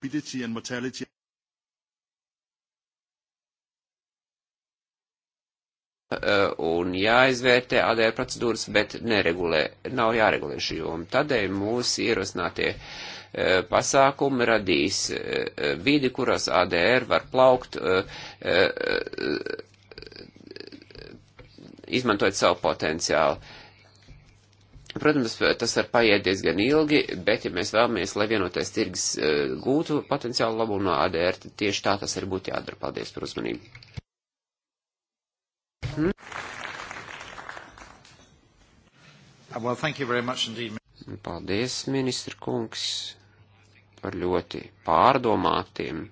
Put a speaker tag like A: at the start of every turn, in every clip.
A: morbidity and mortality.
B: Uh, un jāizvērtē ADR procedūras, bet neregulē, nav jāregulē šī joma. Tādēļ mūsu ierosinātie uh, pasākumi radīs uh, vidi, kuras ADR var plaukt, izmantojot savu potenciālu Protams, tas var paiet diezgan ilgi, bet ja mēs vēlamies, lai vienotais tirgs e, gūtu potenciālu labumu no ADR, tad tieši tā tas ir būtu jādara. Paldies par uzmanību.
A: Hmm? Uh, well, thank
C: you very much indeed.
B: Paldies, ministra kungs, par ļoti pārdomātiem e,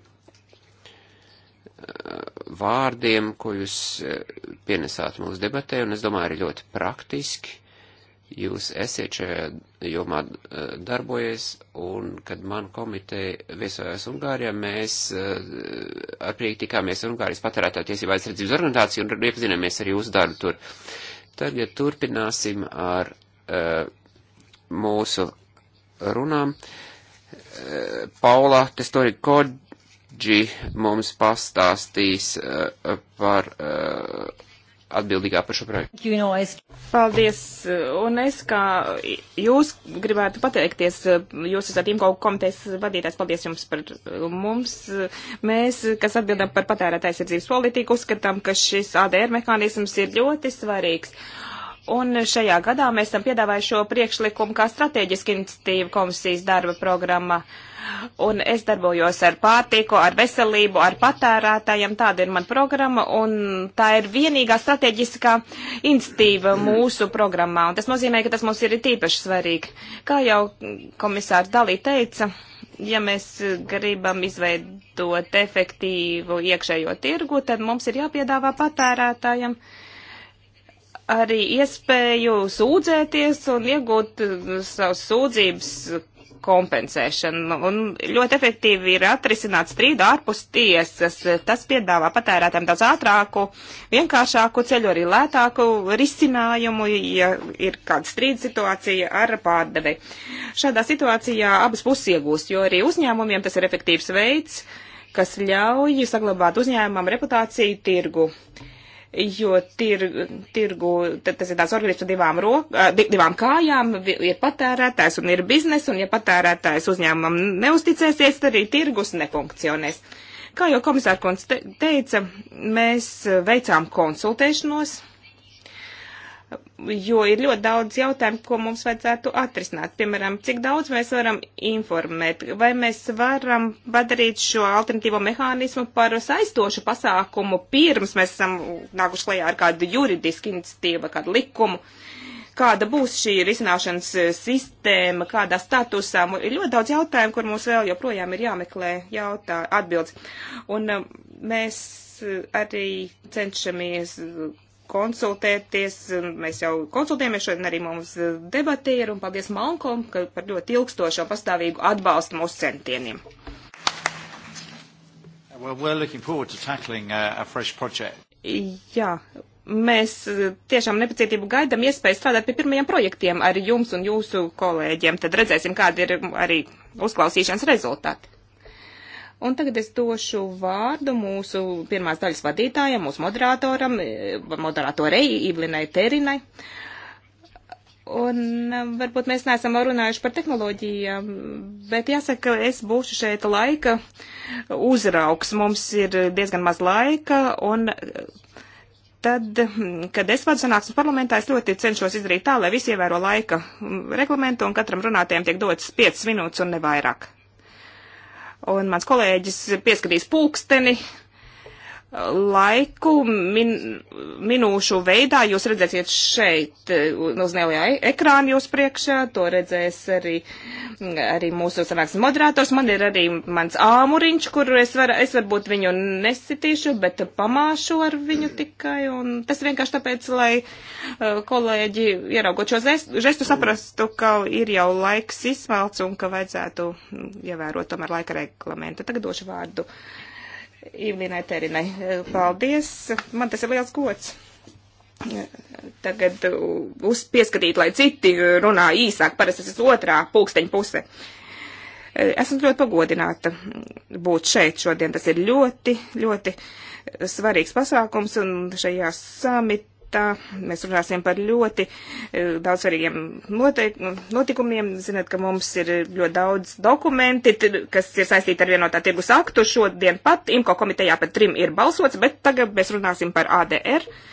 B: vārdiem, ko jūs e, pienesāt mūsu debatē, un es domāju, arī ļoti praktiski jūs esiet šajā jomā eh, darbojies, un kad man komiteja viesojās Ungārijā, mēs eh, ar prieku tikāmies ar Ungārijas patērētāju tiesību aizsardzības organizāciju un iepazināmies ar jūsu darbu tur. Tagad turpināsim ar uh, mūsu runām. Uh, Paula Testori Kodži mums pastāstīs uh, par. Uh, atbildīgā par šo
A: projektu. Paldies, un es kā jūs gribētu pateikties, jūs esat IMCO komitejas vadītājs, paldies jums par mums. Mēs, kas atbildam par patērētājs sardzības politiku, uzskatām, ka šis ADR mehānisms ir ļoti svarīgs. Uh, Un šajā gadā mēs esam piedāvājuši šo priekšlikumu kā strateģisku iniciatīvu komisijas darba programma. Un es darbojos ar pārtiku, ar veselību, ar patērētājiem. Tāda ir mana programma, un tā ir vienīgā strateģiskā iniciatīva mūsu programmā. Un tas nozīmē, ka tas mums ir tīpaši svarīgi. Kā jau komisārs Dalī teica, ja mēs gribam izveidot efektīvu iekšējo tirgu, tad mums ir jāpiedāvā patērētājiem. Uh, arī iespēju sūdzēties un iegūt savas sūdzības kompensēšanu. Un ļoti efektīvi ir atrisināt strīdu ārpus tiesas. Tas piedāvā patērētājiem daudz ātrāku, vienkāršāku ceļu, arī lētāku risinājumu, ja ir kāda strīda situācija ar pārdevi. Šādā situācijā abas puses iegūst, jo arī uzņēmumiem tas ir efektīvs veids, kas ļauj saglabāt uzņēmumam reputāciju tirgu. Uh, jo tir, tirgu, tas ir tāds organisms ar divām, rok, divām kājām, ir patērētājs un ir biznes, un ja patērētājs uzņēmumam neusticēsies, tad arī tirgus nefunkcionēs. Kā jau komisārkons teica, mēs veicām konsultēšanos jo ir ļoti daudz jautājumu, ko mums vajadzētu atrisināt. Piemēram, cik daudz mēs varam informēt, vai mēs varam padarīt šo alternatīvo mehānismu par saistošu pasākumu pirms mēs esam nākuši klajā ar kādu juridisku iniciatīvu, kādu likumu. Kāda būs šī risināšanas sistēma, kādā statusā? Ir ļoti daudz jautājumu, kur mums vēl joprojām ir jāmeklē jautā, atbildes. Un um, mēs uh, arī cenšamies konsultēties. Mēs jau konsultējamies šodien arī mums debatē ir un paldies Malkom par ļoti ilgstošo pastāvīgu atbalstu mūsu centieniem. Uh, Jā, mēs uh, tiešām nepacietību gaidam iespēju strādāt pie pirmajiem projektiem ar jums un jūsu kolēģiem. Tad redzēsim, kāda ir arī uzklausīšanas rezultāti. Un tagad es došu vārdu mūsu pirmās daļas vadītājam, mūsu moderatoram, e, moderatorei Ivlinai Terinai. Un e, varbūt mēs neesam runājuši par tehnoloģijām, bet jāsaka, es būšu šeit laika uzrauks. Mums ir diezgan maz laika, un tad, kad es vadu sanāksmu parlamentā, es ļoti cenšos izdarīt tā, lai visi ievēro laika reglamentu, un katram runātiem tiek dots 5 minūtes un nevairāk. Un mans kolēģis pieskatīs pulksteni, laiku min, minūšu veidā jūs redzēsiet šeit uh, uz nelielā ekrāna jūs priekšā, to redzēs arī, arī mūsu sanāksmes moderators. Man ir arī mans āmuriņš, kur es, var, es varbūt viņu nesitīšu, bet pamāšu ar viņu tikai. Un tas vienkārši tāpēc, lai uh, kolēģi ieraugot šo žestu saprastu, ka ir jau laiks izsmelts un ka vajadzētu mm, ievērot tomēr laika reglamentu. Tagad došu vārdu. Uh, Ivlinai Terinai. Paldies! Man tas ir liels gods. Tagad uh, uzpieskatīt, lai citi runā īsāk, parasti tas ir otrā pulksteņa puse. Uh, esmu ļoti pagodināta būt šeit šodien. Tas ir ļoti, ļoti svarīgs pasākums, un šajā samitā martā mēs runāsim par ļoti e, daudz svarīgiem notikumiem. Ziniet, ka mums ir ļoti daudz dokumenti, kas ir saistīti ar vienotā tirgus aktu. Šodien pat IMKO komitejā par trim ir balsots, bet tagad mēs runāsim par ADR. Uh,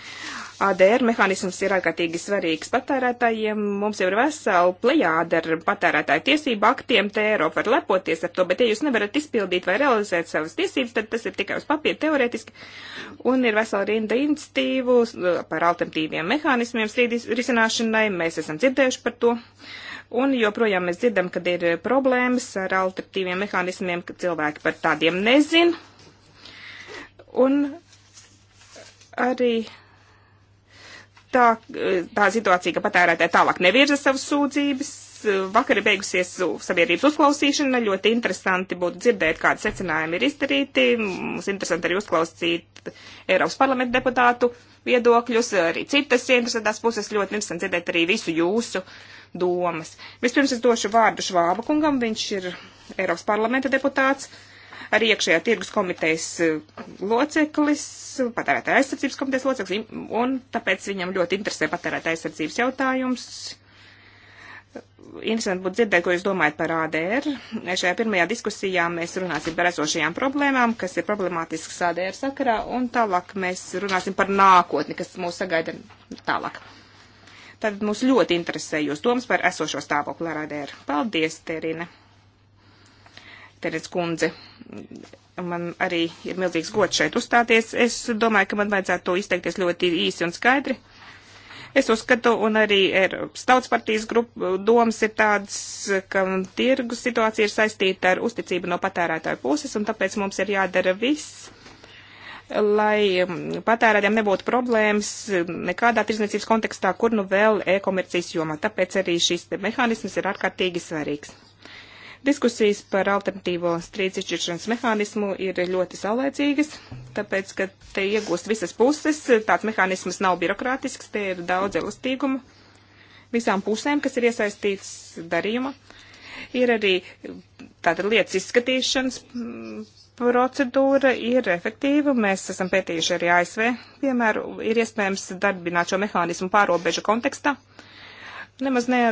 A: ADR mehānisms ir ārkārtīgi svarīgs patērētājiem. Mums jau ir vesela plejāda ar patērētāju tiesību aktiem, te Eiropa var lepoties ar to, bet ja jūs nevarat izpildīt vai realizēt savas tiesības, tad tas ir tikai uz papīra teoretiski. Un ir vesela rinda institīvu par alternatīviem mehānismiem strīdīs risināšanai. Mēs esam dzirdējuši par to. Un joprojām mēs dzirdam, kad ir problēmas ar alternatīviem mehānismiem, ka cilvēki par tādiem nezin. Un arī tā, tā situācija, ka patērētāji tālāk nevirza savas sūdzības. Vakar ir beigusies sabiedrības uzklausīšana. Ļoti interesanti būtu dzirdēt, kādi secinājumi ir izdarīti. Mums interesanti arī uzklausīt Eiropas parlamenta deputātu viedokļus, arī citas interesantās puses. Ļoti interesanti dzirdēt arī visu jūsu domas. Vispirms es došu vārdu Švāba kungam. Viņš ir Eiropas parlamenta deputāts. Uh, arī iekšējā tirgus komitejas eh, loceklis, patērētāja aizsardzības komitejas loceklis, un tāpēc viņam ļoti interesē patērētāja aizsardzības jautājums. Interesanti būtu dzirdēt, ko jūs domājat par ADR. Šajā pirmajā diskusijā mēs runāsim par esošajām problēmām, kas ir problemātiskas ADR sakarā, un tālāk mēs runāsim par nākotni, kas mūs sagaida tālāk. Tad mūs ļoti interesē jūs domas par esošo stāvokli ar ADR. Paldies, Terina! Terez kundze. Man arī ir milzīgs gods šeit uzstāties. Es domāju, ka man vajadzētu to izteikties ļoti īsi un skaidri. Es uzskatu, un arī Eiropas tautas partijas grupa domas ir tāds, ka tirgus situācija ir saistīta ar uzticību no patērētāju puses, un tāpēc mums ir jādara viss, lai um, patērētājiem nebūtu problēmas nekādā tirdzniecības kontekstā, kur nu vēl e-komercijas jomā. Tāpēc arī šis mehānisms ir ārkārtīgi svarīgs. Diskusijas par alternatīvo strīdus izšķiršanas mehānismu ir ļoti saulēcīgas, tāpēc, ka te iegūst visas puses, tāds mehānisms nav birokrātisks, te ir daudz elastīguma visām pusēm, kas ir iesaistīts darījuma. Ir arī tāda lietas izskatīšanas mm, procedūra ir efektīva. Mēs esam pētījuši arī ASV. Piemēram, ir iespējams darbināt šo mehānismu pārobežu kontekstā. Nemaz ne,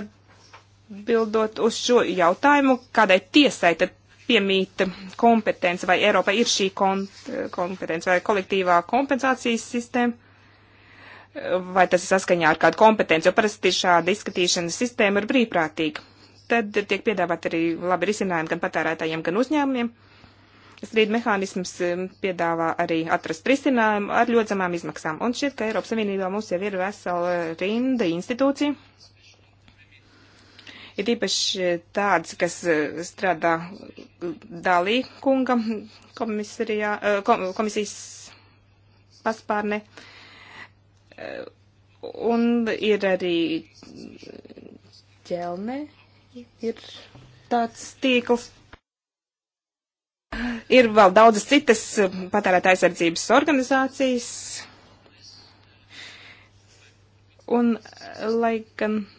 A: atbildot uz šo jautājumu, kādai tiesai tad piemīta kompetence, vai Eiropā ir šī kompetence, vai kolektīvā kompensācijas sistēma, vai tas ir saskaņā ar kādu kompetenci, jo parasti šāda izskatīšanas sistēma ir brīvprātīga. Tad tiek piedāvāt arī labi risinājumi gan patērētājiem, gan uzņēmumiem. Strīd mehānisms um, piedāvā arī atrast risinājumu ar ļoti zemām izmaksām. Un šķiet, ka Eiropas Savienībā mums jau ir vesela uh, rinda institūcija, ir īpaši tāds, kas e, strādā Dalī kunga e, komisijas paspārne. E, un ir arī ķelne, ir tāds tīkls. Ir vēl daudzas citas patērētāja aizsardzības organizācijas. Un, lai gan. Like,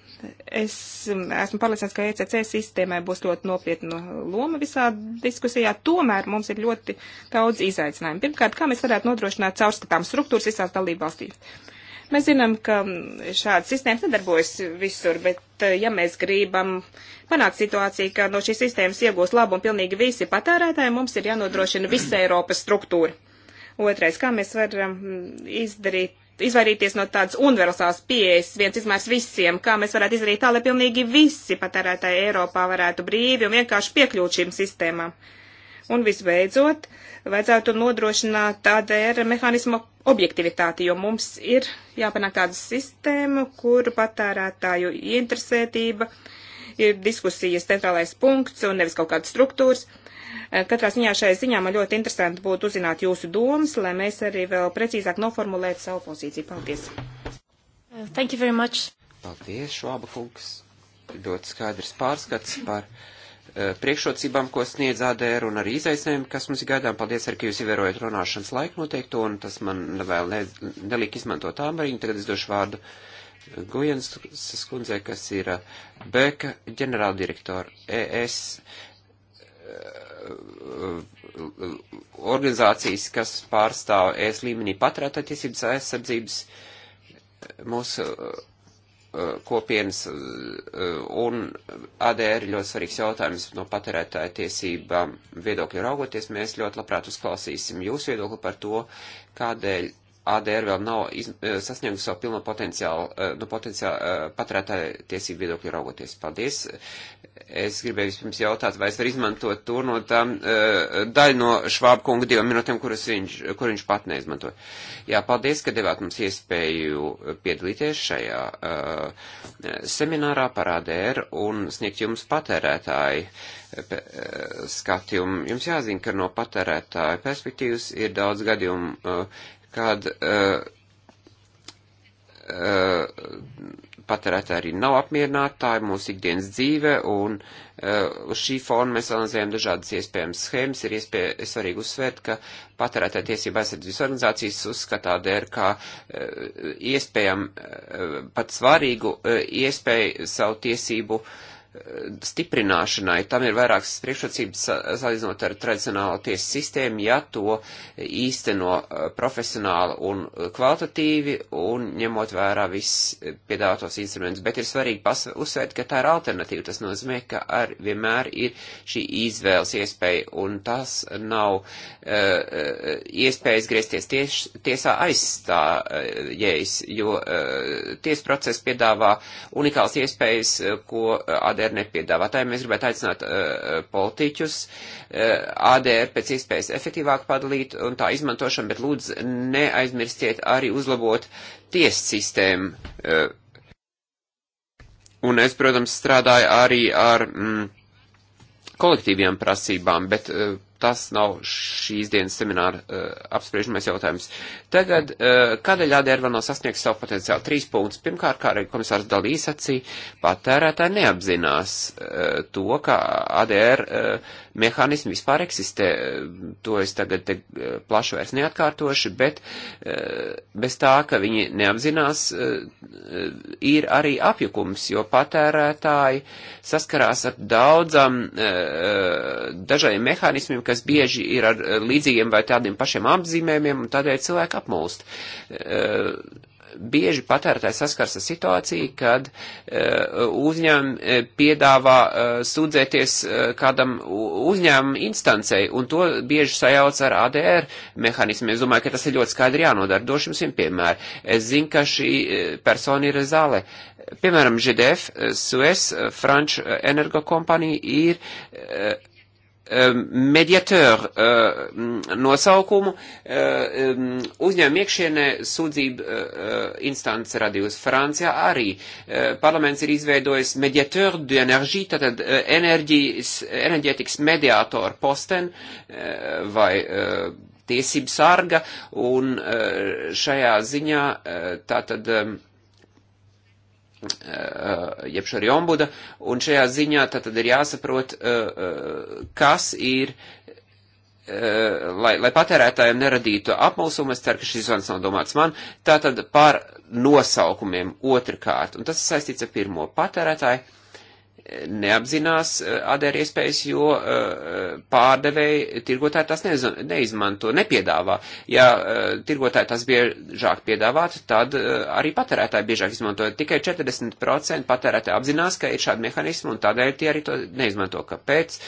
A: Es esmu pārliecināts, ka ECC sistēmai būs ļoti nopietna loma visā diskusijā, tomēr mums ir ļoti daudz izaicinājumu. Pirmkārt, kā mēs varētu nodrošināt caurskatām struktūras visās dalībvalstīs? Mēs zinām, ka mm, šāda sistēma nedarbojas visur, bet eh, ja mēs gribam panākt situāciju, ka no šīs sistēmas iegūs labumu pilnīgi visi patērētāji, mums ir jānodrošina visa Eiropas struktūra. Otrais, kā mēs varam mm, izdarīt izvairīties no tādas universālas pieejas, viens izmērs visiem, kā mēs varētu izdarīt tā, lai pilnīgi visi patērētāji Eiropā varētu brīvi un vienkārši piekļūt šīm sistēmām. Un visbeidzot, vajadzētu nodrošināt tādēļ mehānismu objektivitāti, jo mums ir jāpanāk tāda sistēma, kur patērētāju interesētība ir diskusijas centrālais punkts un nevis kaut kādas struktūras. Eh, katrā ziņā šai ziņā man ļoti interesanti būtu uzzināt jūsu domas, lai mēs arī vēl precīzāk noformulētu savu pozīciju. Paldies! Eh, thank you very much!
B: Paldies, Švaba kungs! Ļoti skaidrs pārskats par uh, priekšrocībām, ko sniedz ADR un arī izaicinājumi, kas mums ir gaidām. Paldies, arī, ka jūs ievērojat runāšanas laiku noteikto, un tas man vēl ne, nelika izmantot tāmariņu. Tagad es došu vārdu Gujens skundzē, kas ir Beka ģenerāldirektora ES organizācijas, kas pārstāv ES līmenī patrētātiesības aizsardzības mūsu uh, kopienas uh, un ADR ļoti svarīgs jautājums no patērētāja tiesībām viedokļa raugoties. Mēs ļoti labprāt uzklausīsim jūsu viedokli par to, kādēļ ADR vēl nav iz, e, sasniegusi savu pilno potenciālu, e, nu, potenciālu e, paturētāju tiesību viedokļu raugoties. Paldies! Es gribēju vispirms jautāt, vai es varu izmantot to no tām daļu no Švāba kunga divām minūtēm, kuras viņš, kur viņš pat neizmantoja. Jā, paldies, ka devāt mums iespēju piedalīties šajā uh, seminārā par ADR un sniegt jums patērētāju skatījumu. Jums jāzina, ka no patērētāja perspektīvas ir daudz gadījumu. Uh, kad uh, uh, patērētāji arī nav apmierināti, tā ir mūsu ikdienas dzīve, un uh, uz šī fona mēs analizējam dažādas iespējamas schēmas. Ir iespēja, svarīgi uzsvērt, ka patērētāja tiesība aizsardzības organizācijas uzskatā dēļ, kā uh, iespējam uh, pat svarīgu uh, iespēju savu tiesību uh, stiprināšanai. Tam ir vairākas priekšrocības salīdzinot ar tradicionālo tiesu sistēmu, ja to īsteno eh, profesionāli un kvalitatīvi un ņemot vērā viss eh, piedāvātos instrumentus. Bet ir svarīgi uzsvērt, ka tā ir alternatīva. Tas nozīmē, ka ar vienmēr ir šī izvēles iespēja un tas nav uh, iespējas griezties ties, tiesā aizstājējis, jo uh, tiesprocess piedāvā unikāls iespējas, ko uh, ADR nepiedāvā. Tā mēs gribētu aicināt uh, uh politiķus uh, ADR pēc iespējas efektīvāk padalīt un tā izmantošanu, bet lūdzu neaizmirstiet arī uzlabot tiesu sistēmu. Uh, un es, protams, strādāju arī ar mm, kolektīviem prasībām, bet uh, tas nav šīs dienas semināra uh, apspriežamais jautājums. Tagad, uh, kādēļ ADR vēl nav sasniegts savu potenciālu? Trīs punktus. Pirmkārt, kā arī komisārs Dalī sacīja, patērētāji neapzinās uh, to, ka ADR uh, mehānismi vispār eksistē. Uh, to es tagad te uh, plaši vairs neatkārtošu, bet uh, bez tā, ka viņi neapzinās, uh, uh ir arī apjukums, jo patērētāji saskarās ar daudzam, uh, uh dažādiem mehānismiem, kas bieži ir ar eh, līdzīgiem vai tādiem pašiem apzīmējumiem, un tādēļ cilvēki apmulst. Eh, bieži patērētājs saskars ar situāciju, kad eh, uzņēmumi piedāvā sūdzēties kādam uzņēmumu instancei, un to bieži sajauc ar ADR mehānismiem. Es domāju, ka tas ir ļoti skaidri jānodara. Došu jums vienu piemēru. Es zinu, ka šī persona ir zālē piemēram, GDF, Suez, Franču energokompanija ir Um, mediatora uh, nosaukumu uh, um, uzņēmuma iekšienē sūdzību uh, uh instance radījusi. Francijā arī uh, parlaments ir izveidojis mediatoru de enerģiju, tātad uh, enerģijas, enerģētikas mediātoru posteni vai tiesību sārga, un šajā ziņā tātad. Um, Eh, jeb šo arī ombuda, un šajā ziņā tad ir jāsaprot, eh, eh, kas ir, lai, lai patērētājiem neradītu apmalsumu, es ceru, ka šis zvans nav domāts man, tātad par nosaukumiem otrkārt, un tas ir saistīts ar pirmo patērētāju neapzinās eh, ADR iespējas, jo eh, pārdevēji tirgotāji tas neizmanto, nepiedāvā. Ja eh, tirgotāji tas biežāk piedāvātu, tad arī patērētāji biežāk izmanto. Tikai 40% patērētāji apzinās, ka ir šādi mehānismi un tādēļ tie arī to neizmanto. Kāpēc?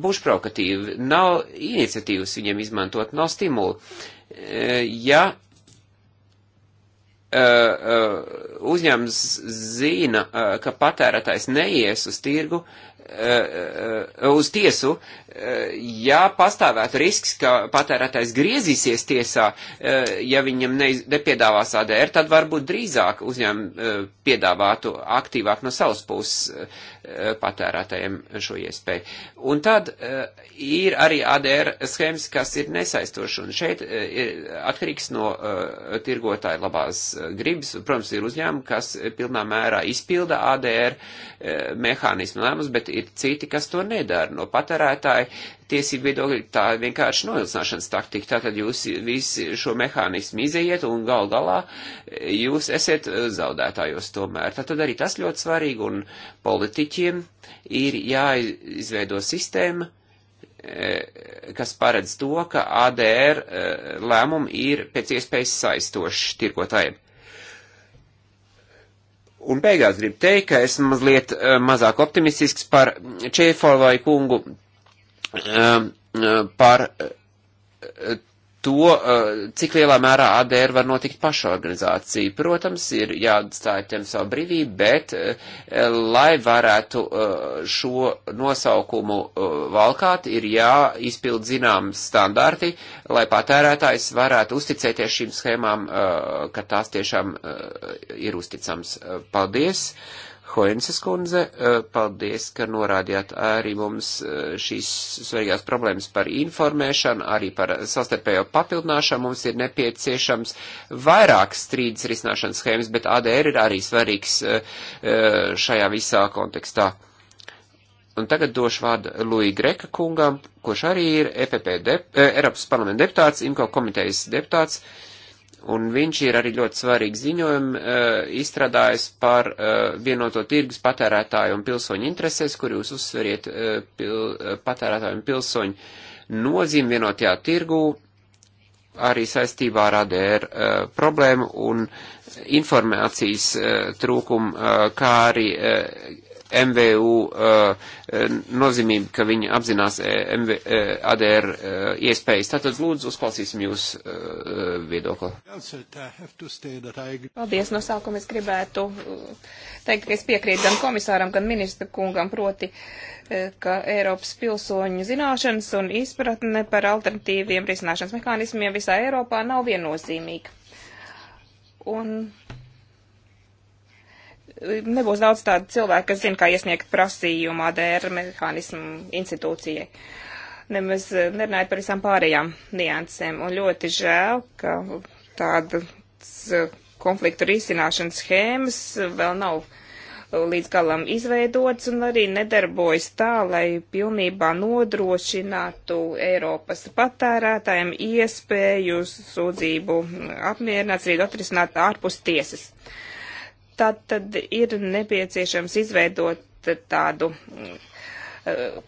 B: Būšu provokatīvi. Nav iniciatīvas viņiem izmantot, nav stimulu. Ja Uh, uh, uzņēmums zina, uh, ka patērētājs neies uz tirgu, uh, Eh, eh, uz tiesu, eh, ja pastāvētu risks, ka patērētājs griezīsies tiesā, ja viņam ne, nepiedāvās ADR, tad varbūt drīzāk uzņēmumu piedāvātu aktīvāk no savas puses patērētājiem šo iespēju. Un tad ir arī ADR schēmas, kas ir nesaistošas, un šeit ir atkarīgs no tirgotāja labās gribas. Protams, ir uzņēmumi, kas pilnā mērā izpilda ADR mehānismu lēmumus, bet ir citi, kas to nedara. No patērētāja tiesību viedokļa tā ir vienkārši noilsināšanas taktika. Tātad jūs visu šo mehānismu izējiet un gal galā jūs esat zaudētājos tomēr. Tātad arī tas ļoti svarīgi un politiķiem ir jāizveido sistēma e, kas paredz to, ka ADR e, lēmumi ir pēc iespējas saistoši tirkotājiem. Un beigās gribu teikt, ka esmu mazliet eh, mazāk optimistisks par Čēfolvai kungu, eh, eh, par to, uh, cik lielā mērā ADR var notikt pašorganizācija. Protams, ir jāatstāj tiem savu brīvību, bet uh, lai varētu uh, šo nosaukumu valkāt, ir jāizpild zinām standarti, lai patērētājs varētu uzticēties šīm schēmām, ka tās tiešām ir uzticams. Paldies! Hoenses kundze, eh, paldies, ka norādījāt arī mums eh, šīs svarīgās problēmas par informēšanu, arī par sastarpējo papildināšanu. Mums ir nepieciešams vairāk strīdas risināšanas schēmas, bet ADR ir arī svarīgs eh, šajā visā kontekstā. Un tagad došu vārdu Lui Greka kungam, kurš arī ir EPP, dep, Eiropas parlamenta deputāts, IMCO komitejas deputāts. Uh, Un viņš ir arī ļoti svarīgi ziņojumi e, eh, izstrādājis par e, vienoto tirgus patērētāju un pilsoņu interesēs, kur jūs uzsveriet e, pil, patērētāju un pilsoņu nozīmi vienotajā tirgū, arī saistībā ar ADR e, problēmu un informācijas e, trūkumu, e, kā arī e, MVU uh, eh, nozīmību, ka viņi apzinās eh, MV, uh, eh, ADR uh, iespējas. Tātad, lūdzu, uzklausīsim jūs uh, viedokli.
A: Paldies. No sākuma es gribētu teikt, ka es piekrītu gan komisāram, gan ministra kungam proti, ka Eiropas pilsoņu zināšanas un izpratne par alternatīviem risināšanas mehānismiem visā Eiropā nav viennozīmīga. Un nebūs daudz tādu cilvēku, kas zina, kā iesniegt prasījumu ADR mehānismu institūcijai. Nemaz eh, nerunājot par visām pārējām niansēm. Un ļoti žēl, ka tādas konfliktu risināšanas schēmas vēl nav eh, līdz galam izveidots un arī nedarbojas tā, lai pilnībā nodrošinātu Eiropas patērētājiem iespēju sūdzību apmierināt, arī atrisināt ārpus tiesas. Uh, Tad, tad ir nepieciešams izveidot tādu eh,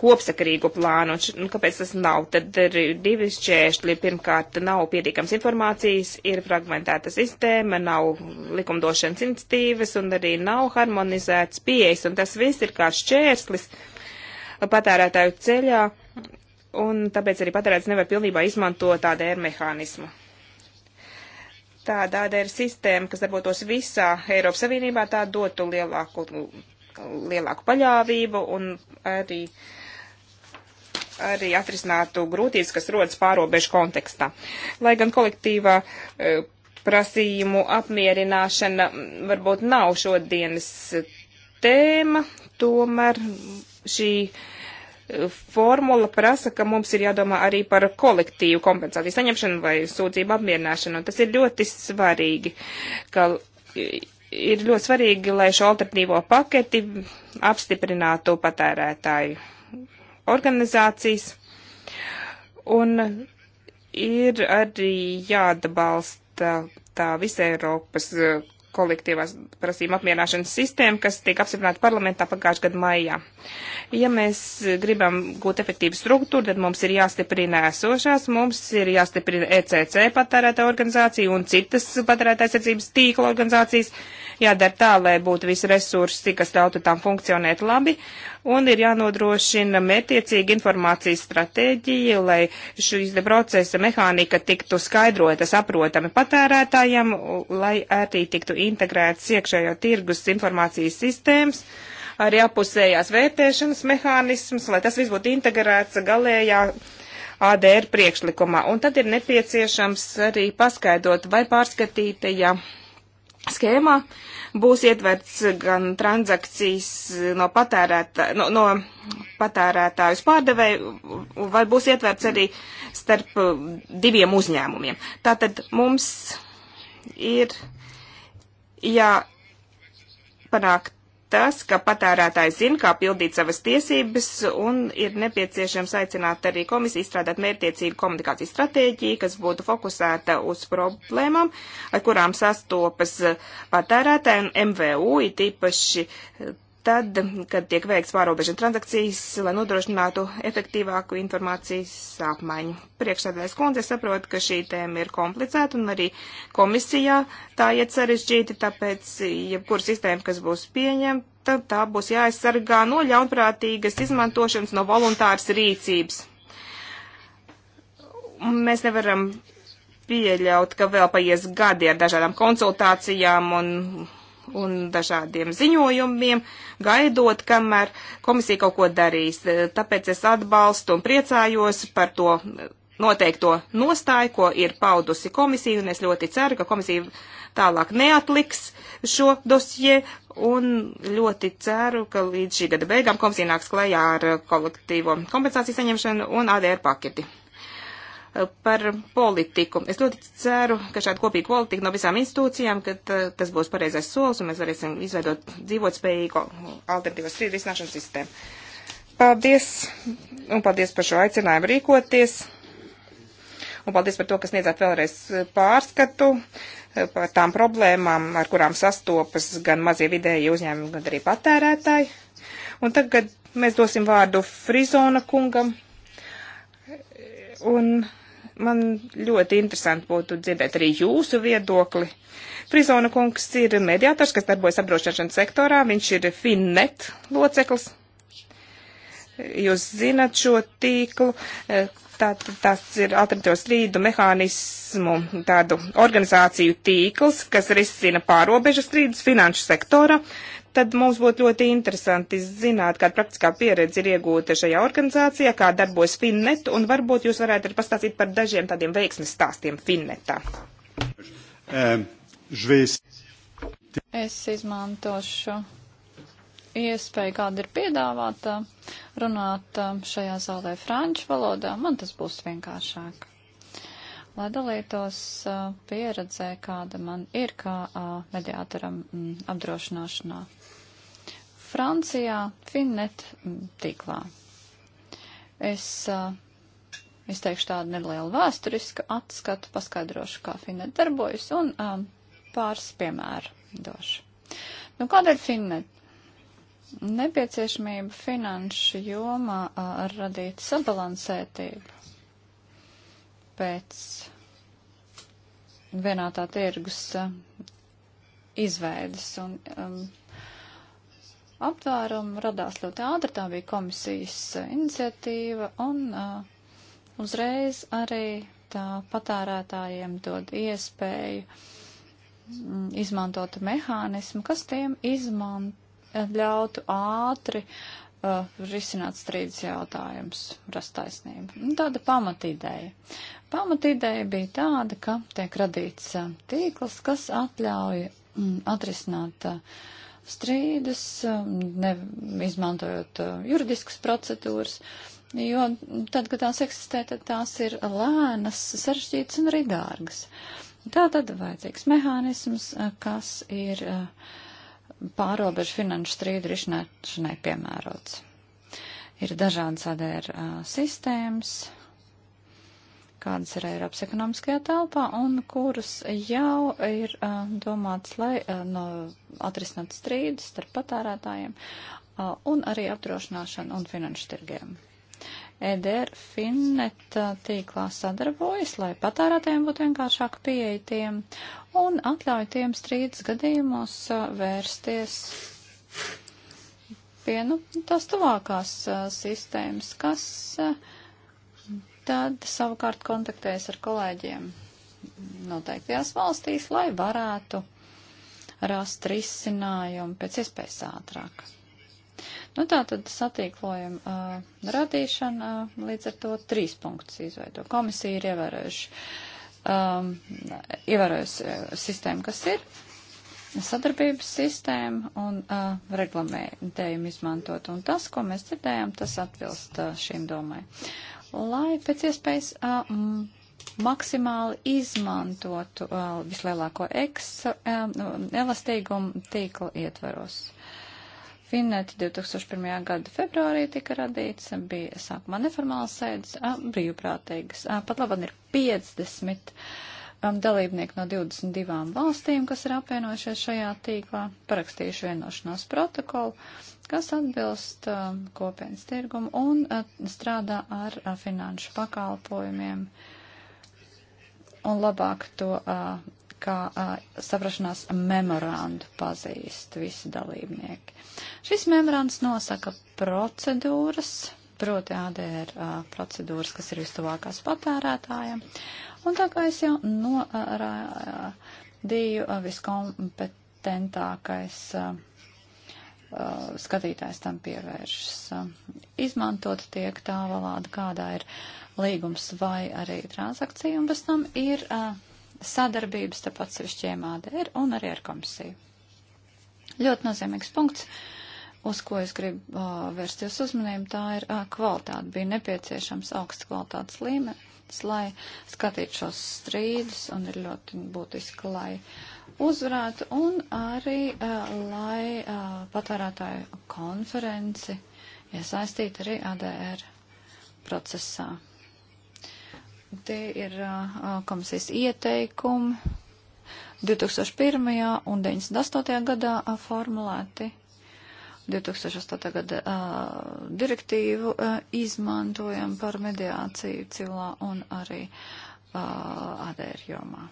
A: kopsakarīgu plānu. Un, nu, kāpēc tas nav? Tad ir divi šķēršļi. Pirmkārt, nav pietiekams informācijas, ir fragmentēta sistēma, nav likumdošanas institīvas un arī nav harmonizēts pieejas. Un tas viss ir kā šķērslis patērētāju ceļā. Un tāpēc arī patērētājs nevar pilnībā izmantot tādu ērmehānismu. E Tāda ADR sistēma, kas darbotos visā Eiropas Savienībā, tā dotu lielāku, lielāku paļāvību un arī, arī atrisinātu grūtības, kas rodas pārobežu kontekstā. Lai gan kolektīvā e, prasījumu apmierināšana varbūt nav šodienas tēma, tomēr šī uh, formula prasa, ka mums ir jādomā arī par kolektīvu kompensāciju saņemšanu vai sūdzību apmierināšanu. Un tas ir ļoti svarīgi, ka ir ļoti svarīgi, lai šo alternatīvo paketi apstiprinātu patērētāju organizācijas. Un ir arī jāatbalsta tā visa Eiropas kolektīvās prasība apmierināšanas sistēma, kas tiek apstiprināta parlamentā pagājušā gada maijā. Ja mēs gribam gūt efektīvu struktūru, tad mums ir jāstiprina esošās, mums ir jāstiprina ECC patērētāja organizācija un citas patērētājas aizsardzības tīkla organizācijas. Uh, jādara tā, lai būtu visi resursi, kas ļautu tām funkcionēt labi, un ir jānodrošina mērķiecīga informācijas stratēģija, lai šīs procesa mehānika tiktu skaidrota, saprotami patērētājiem, lai arī tiktu integrēts iekšējo tirgus informācijas sistēmas arī apusējās vērtēšanas mehānisms, lai tas viss būtu integrēts galējā ADR priekšlikumā. Un tad ir nepieciešams arī paskaidrot vai pārskatītajā ja schēmā būs ietverts gan transakcijas no, patērētā, no, no patērētāju uz pārdevēju, vai būs ietverts arī starp uh, diviem uzņēmumiem. Tātad mums ir jāpanāk tas, ka patērētāji zina, kā pildīt savas tiesības, un ir nepieciešams aicināt arī komisiju izstrādāt mērķiecīgu komunikācijas stratēģiju, kas būtu fokusēta uz problēmām, ar kurām sastopas patērētāji un MVU, it īpaši tad, kad tiek veikts pārobežu transakcijas, lai nodrošinātu efektīvāku informācijas apmaiņu. Priekšsēdājas kundze saprot, ka šī tēma ir komplicēta un arī komisijā tā iet sarežģīti, tāpēc jebkur sistēma, kas būs pieņemta, tā būs jāaizsargā no ļaunprātīgas izmantošanas, no voluntāras rīcības. Mēs nevaram pieļaut, ka vēl paies gadi ar dažādām konsultācijām un un dažādiem ziņojumiem, gaidot, kamēr komisija kaut ko darīs. Tāpēc es atbalstu un priecājos par to noteikto nostāju, ko ir paudusi komisija, un es ļoti ceru, ka komisija tālāk neatliks šo dosie, un ļoti ceru, ka līdz šī gada beigām komisija nāks klajā ar kolektīvo kompensāciju saņemšanu un ADR paketi par politiku. Es ļoti ceru, ka šāda kopīga politika no visām institūcijām, ka tas būs pareizais solis un mēs varēsim izveidot dzīvotspējīgu alternatīvas strīdu risināšanas sistēmu. Paldies, un paldies par šo aicinājumu rīkoties, un paldies par to, kas niedzāt vēlreiz pārskatu eh, par tām problēmām, ar kurām sastopas gan mazie vidēji uzņēmumi, gan arī patērētāji. Un tagad mēs dosim vārdu Frizona kungam. Un Man ļoti interesanti būtu dzirdēt arī jūsu viedokli. Prizona kungs ir mediātors, kas darbojas apdrošināšanas sektorā. Viņš ir Finnet loceklis. Jūs zinat šo tīklu. Tā, tas ir alternatīvo strīdu mehānismu tādu organizāciju tīkls, kas risina pārobežu strīdus finanšu sektora. Uh, tad mums būtu ļoti interesanti zināt, kāda praktiskā pieredze ir iegūta šajā organizācijā, kā darbojas Finnet, un varbūt jūs varētu arī pastāstīt par dažiem tādiem veiksmes stāstiem Finnetā. Es
C: izmantošu iespēju, kāda ir piedāvāta, runāt šajā zālē franču valodā. Man tas būs vienkāršāk. Lai dalītos pieredzē, kāda man ir kā mediātoram apdrošināšanā. Francijā Finnet mm, tīklā. Es uh, eh, izteikšu tādu nelielu vēsturisku atskatu, paskaidrošu, kā Finnet darbojas un um, pāris piemēru došu. Nu, kādēļ Finnet? Nepieciešamība finanšu jomā uh, radīt sabalansētību pēc vienā tā tirgus uh, izveidas un um, aptvērumu radās ļoti ātri. Tā bija komisijas eh, iniciatīva un uh, uzreiz arī tā patērētājiem dod iespēju mm, izmantot mehānismu, kas tiem izman, eh, ļautu ātri uh, risināt strīdus jautājumus, rast taisnību. Tāda pamatideja. Pamatideja bija tāda, ka tiek radīts uh, tīkls, kas atļauj mm, atrisināt uh, strīdus, um, ne, izmantojot uh, juridiskas procedūras, jo tad, kad tās eksistē, tad tās ir lēnas, sarežģītas un arī dārgas. Tā tad vajadzīgs mehānisms, uh, kas ir uh, pārobežu finanšu strīdu risināšanai piemērots. Ir dažādas ADR sistēmas, kādas ir Eiropas ekonomiskajā telpā un kuras jau ir uh, domāts, lai uh, no, atrisināt strīdus starp patērētājiem uh, un arī apdrošināšanu un finanšu tirgiem. EDR Finnet tīklā sadarbojas, lai patērētājiem būtu vienkāršāk pieeja tiem un atļauj tiem strīdus gadījumos vērsties pie nu, tās tuvākās sistēmas, kas uh, tad savukārt kontaktējas ar kolēģiem noteiktajās valstīs, lai varētu rast risinājumu pēc iespējas ātrāk. Nu, tā tad satīklojuma uh, radīšana uh, līdz ar to trīs punktus izveido. Komisija ir ievērojuši, um, ievērojusi uh, sistēmu, kas ir, sadarbības sistēma un uh, reglamentējumu izmantot. Un tas, ko mēs dzirdējām, tas atbilst uh, šīm domai lai pēc iespējas uh, maksimāli izmantotu uh, vislielāko eks, uh, elastīgumu tīkla ietvaros. Finneti 2001. gada februārī tika radīts, bija sākumā neformāls sēdes, brīvprātīgas. Pat labam ir 50 um, dalībnieki no 22 valstīm, kas ir apvienojušies šajā tīklā, parakstījuši vienošanās protokolu, kas atbilst um, kopienas tirgumu un uh, strādā ar uh, finanšu pakalpojumiem un labāk to uh, kā uh, saprašanās memorandu pazīst visi dalībnieki. Šis memorands nosaka procedūras, proti ADR uh, procedūras, kas ir vistuvākās patērētājiem, Un tā kā es jau norādīju viskompetentākais skatītājs tam pievēršas. Izmantot tiek tā valāda, kādā ir līgums vai arī transakcija, un bez tam ir sadarbības starp atsevišķiem ADR un arī ar komisiju. Ļoti nozīmīgs punkts, uz ko es gribu vērst jūs uzmanību, tā ir kvalitāte. Bija nepieciešams augsts kvalitātes līmenis vērsts, lai skatītu šos strīdus un ir ļoti būtiski, lai uzvarētu un arī, lai patērētāju konferenci iesaistītu arī ADR procesā. Tie ir komisijas ieteikumi 2001. un 98. gadā formulēti 2008. gada uh, direktīvu uh, izmantojam par mediāciju civilā un arī uh, ADR jomā.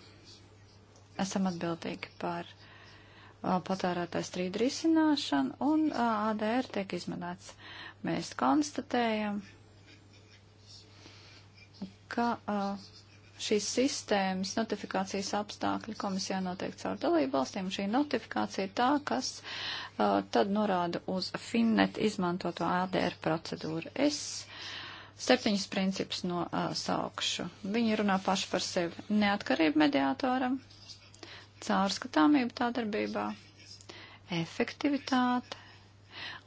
C: Esam atbildīgi par uh, patērētāju strīdu risināšanu un uh, ADR tiek izmanāts. Mēs konstatējam, ka uh, šīs sistēmas notifikācijas apstākļi komisijā noteikti caur dalību valstīm. Šī notifikācija ir tā, kas uh, tad norāda uz Finnet izmantoto ADR procedūru. Es septiņus principus nosaukšu. Uh, Viņi runā paši par sevi. Neatkarība mediātoram, caurskatāmība tā darbībā, efektivitāte,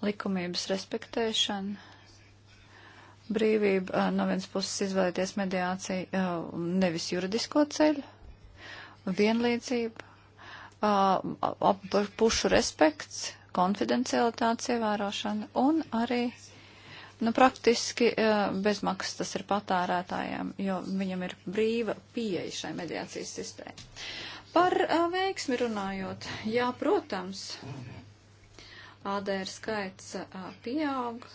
C: likumības respektēšana brīvība no vienas puses izvēlēties mediāciju nevis juridisko ceļu, vienlīdzību, pušu respekts, konfidencialitātes ievērošana un arī Nu, praktiski bezmaksas tas ir patērētājiem, jo viņam ir brīva pieeja šai mediācijas sistēmai. Par a, veiksmi runājot, jā, protams, ADR skaits a, pieaug,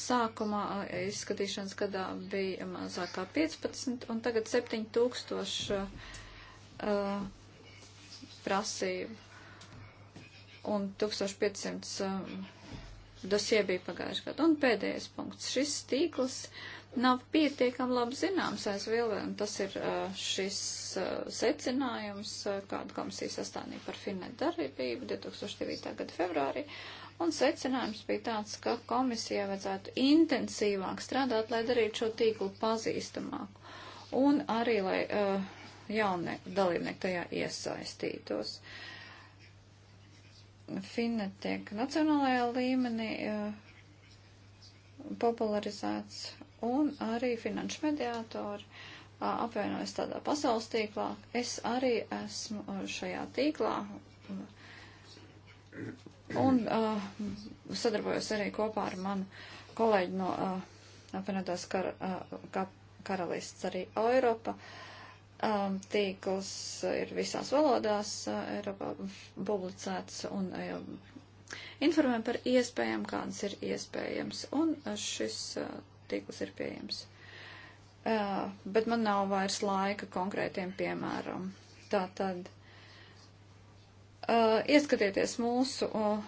C: sākumā izskatīšanas gadā bija mazāk kā 15, un tagad 7000 uh, prasību, un 1500 uh, dosie bija pagājuši gadu. Un pēdējais punkts. Šis tīkls nav pietiekam labi zināms aizvilvē, un tas ir uh, šis secinājums, kādu komisija sastāvīja par finēt darbību 2009. gada februārī, Un secinājums bija tāds, ka komisijai vajadzētu intensīvāk strādāt, lai darītu šo tīklu pazīstamāku. Un arī, lai uh, jaunie dalībnieki tajā iesaistītos. Finne tiek nacionālajā līmenī uh, popularizēts un arī finanšu mediātori uh, apvienojas tādā pasaules tīklā. Es arī esmu uh, šajā tīklā. Uh, Un uh, sadarbojos arī kopā ar manu kolēģi no uh, apvienotās kar, uh, ka, karalists arī Eiropa. Um, tīkls ir visās valodās uh, Eiropā publicēts un um, informē par iespējām, kādas ir iespējams. Un uh, šis uh, tīkls ir pieejams. Uh, bet man nav vairs laika konkrētiem piemēram. Tā tad. Uh, uh, ieskatieties mūsu uh,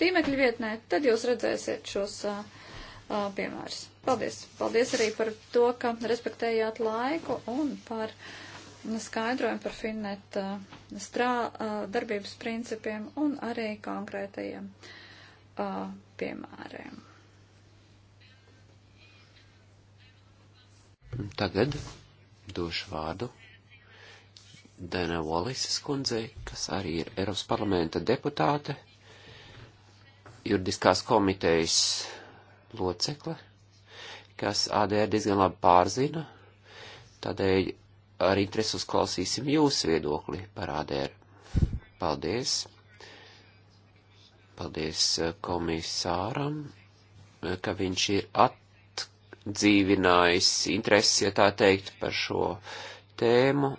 C: tīmekļa vietnē, tad jūs redzēsiet šos uh, uh, piemērus. Paldies! Paldies arī par to, ka respektējāt laiku un par skaidrojumu par Finnet uh, strā, uh, darbības principiem un arī konkrētajiem uh, piemēriem.
B: Tagad došu vārdu Dana Wallisas kundzei, kas arī ir Eiropas parlamenta deputāte, juridiskās komitejas locekle, kas ADR diezgan labi pārzina, tādēļ ar interesi uzklausīsim jūsu viedokli par ADR. Paldies! Paldies eh, komisāram, eh, ka viņš ir atdzīvinājis interesi, ja tā teikt, par šo tēmu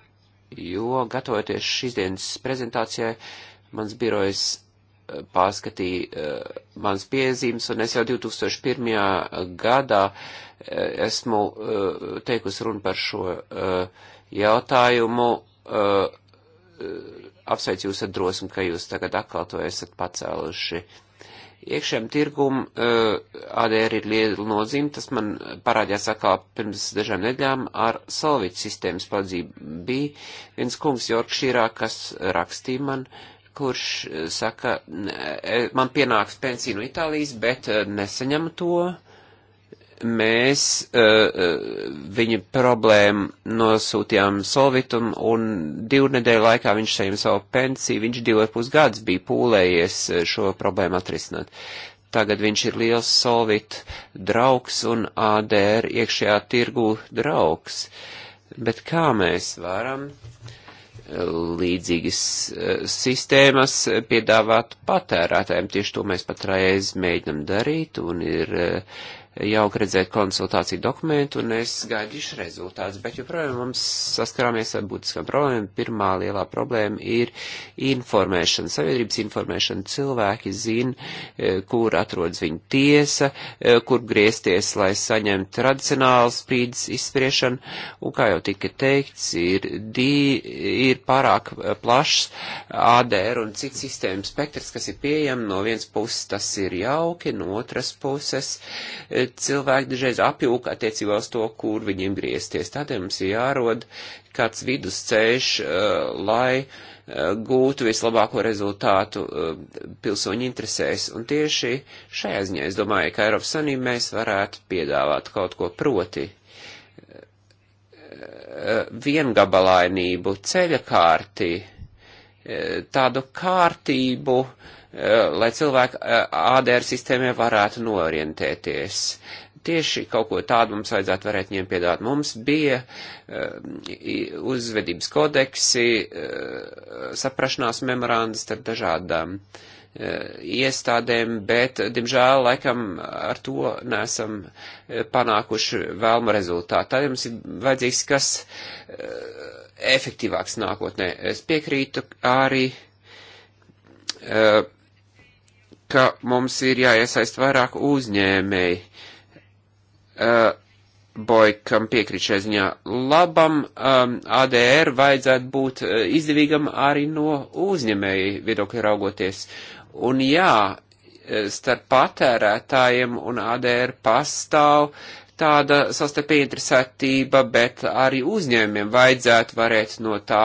B: jo gatavoties šīs dienas prezentācijai, mans birojas eh, pārskatīja uh, mans piezīmes, un es jau 2001. gadā eh, esmu uh, teikusi runu par šo uh, jautājumu. Apsveicu jūs ar drosmi, ka jūs tagad atkal to esat pacēluši. Uh, Iekšējiem tirgum eh, ADR ir liela nozīme, tas man parādījās atkal pirms dažām nedēļām ar salvītu sistēmas padzību. Bija viens kungs Jorkšīrā, kas rakstīja man, kurš eh, saka, eh, man pienāks pensija no Itālijas, bet nesaņem to. Uh, mēs uh, viņa problēmu nosūtījām Solvitum, un divu nedēļu laikā viņš saņem savu pensiju, viņš divu ar pus gadus bija pūlējies eh, šo problēmu atrisināt. Tagad viņš ir liels Solvit draugs un ADR iekšējā tirgu draugs. Bet kā mēs varam līdzīgas sistēmas piedāvāt patērētājiem? Tieši to mēs patreiz mēģinam darīt, un ir uh, jauki redzēt konsultāciju dokumentu, un es gaidīšu rezultātus, bet joprojām mums saskarāmies ar būtiskām problēmām. Pirmā lielā problēma ir informēšana, sabiedrības informēšana. Cilvēki zina, e, kur atrodas viņa tiesa, e, kur griezties, lai saņemtu tradicionālu sprīdus izspriešanu, un kā jau tika teikts, ir, di, ir pārāk plašs ADR un cits sistēmas spektrs, kas ir pieejams. No vienas puses tas ir jauki, no otras puses e, bet cilvēki dažreiz apjūka attiecībā uz to, kur viņiem griezties. Tādēļ mums ir jārod kāds vidusceļš, uh, lai uh, gūtu vislabāko rezultātu uh, pilsoņu interesēs. Un tieši šajā ziņā es domāju, ka Eiropas Sanība mēs varētu piedāvāt kaut ko proti viengabalainību, ceļakārti, tādu kārtību, uh, Eh, lai cilvēki eh, ADR sistēmē varētu norientēties. Tieši kaut ko tādu mums vajadzētu varēt ņemt piedāt. Mums bija eh, uzvedības kodeksi, saprašanās memorandas ar dažādām iestādēm, bet, dimžēl, laikam ar to nesam panākuši vēlmu rezultātu. Tad mums ir vajadzīgs kas efektīvāks nākotnē. Es piekrītu arī ka mums ir jāiesaist vairāk uzņēmēji. Uh, Boikam piekrīt šai ziņā labam, um, ADR vajadzētu būt uh, izdevīgam arī no uzņēmēji viedokļa raugoties. Un jā, uh, starp patērētājiem un ADR pastāv tāda sastarpīga interesētība, bet arī uzņēmiem vajadzētu varēt no tā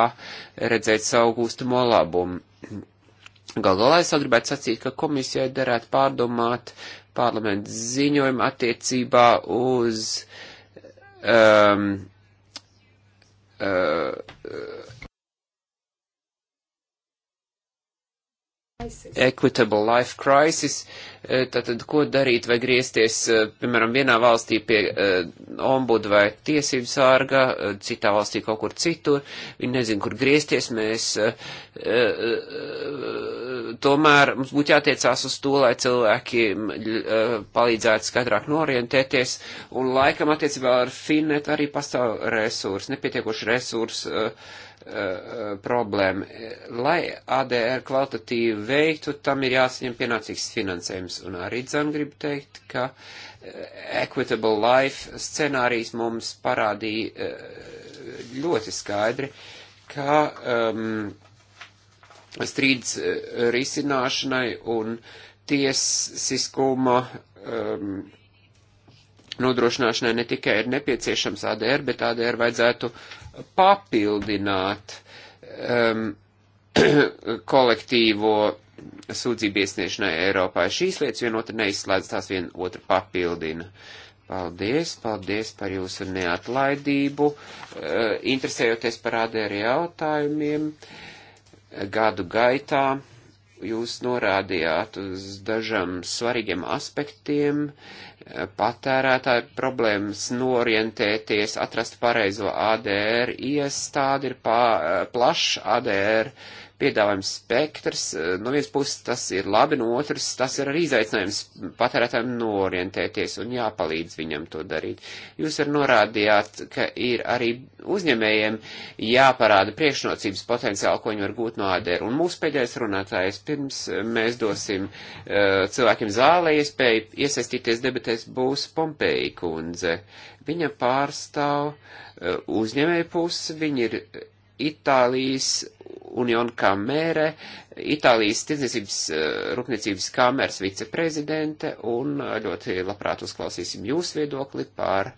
B: redzēt savu gūstamo labumu Gal galā es vēl gribētu sacīt, ka komisijai derētu pārdomāt parlamentu ziņojumu attiecībā uz um, uh, Equitable Life Crisis, eh, tātad ko darīt vai griezties, eh, piemēram, vienā valstī pie eh, ombuda vai tiesību sārga, citā valstī kaut kur citur, viņi nezin, kur griezties, mēs tomēr mums būtu jātiecās uz to, lai cilvēki palīdzētu skatrāk norientēties, un laikam attiecībā ar Finnet arī pastāv resursi, nepietiekoši resursi problēma. Lai ADR kvalitatīvi veiktu, tam ir jāsaņem pienācīgs finansējums. Un arī dzan gribu teikt, ka eh, Equitable Life scenārijs mums parādīja eh, ļoti skaidri, ka um, strīds eh, risināšanai un tiesiskuma um, nodrošināšanai ne tikai ir nepieciešams ADR, bet ADR vajadzētu uh, papildināt um, kolektīvo sūdzību iesniešanai Eiropā. Šīs lietas vienotra neizslēdz, tās vien otru papildina. Paldies, paldies par jūsu neatlaidību, uh, interesējoties par ADR jautājumiem gadu gaitā jūs norādījāt uz dažam svarīgiem aspektiem, patērētāju problēmas norientēties, atrast pareizo ADR iestādi, ir pā, plašs ADR uh, piedāvājums spektrs, eh, no vienas puses tas ir labi, no otras tas ir arī izaicinājums patērētājiem norientēties un jāpalīdz viņam to darīt. Jūs arī norādījāt, ka ir arī uzņēmējiem jāparāda priekšnocības potenciāli, ko viņi var gūt no ADR. Un mūsu pēdējais runātājs pirms mēs dosim uh, cilvēkiem zālē iespēju iesaistīties debatēs būs Pompeja kundze. Viņa pārstāv uh, uzņēmēju pusi, viņa ir Itālijas Union Kamere, Itālijas tirdzniecības eh, rūpniecības kameras viceprezidente, un eh, ļoti labprāt uzklausīsim jūsu viedokli par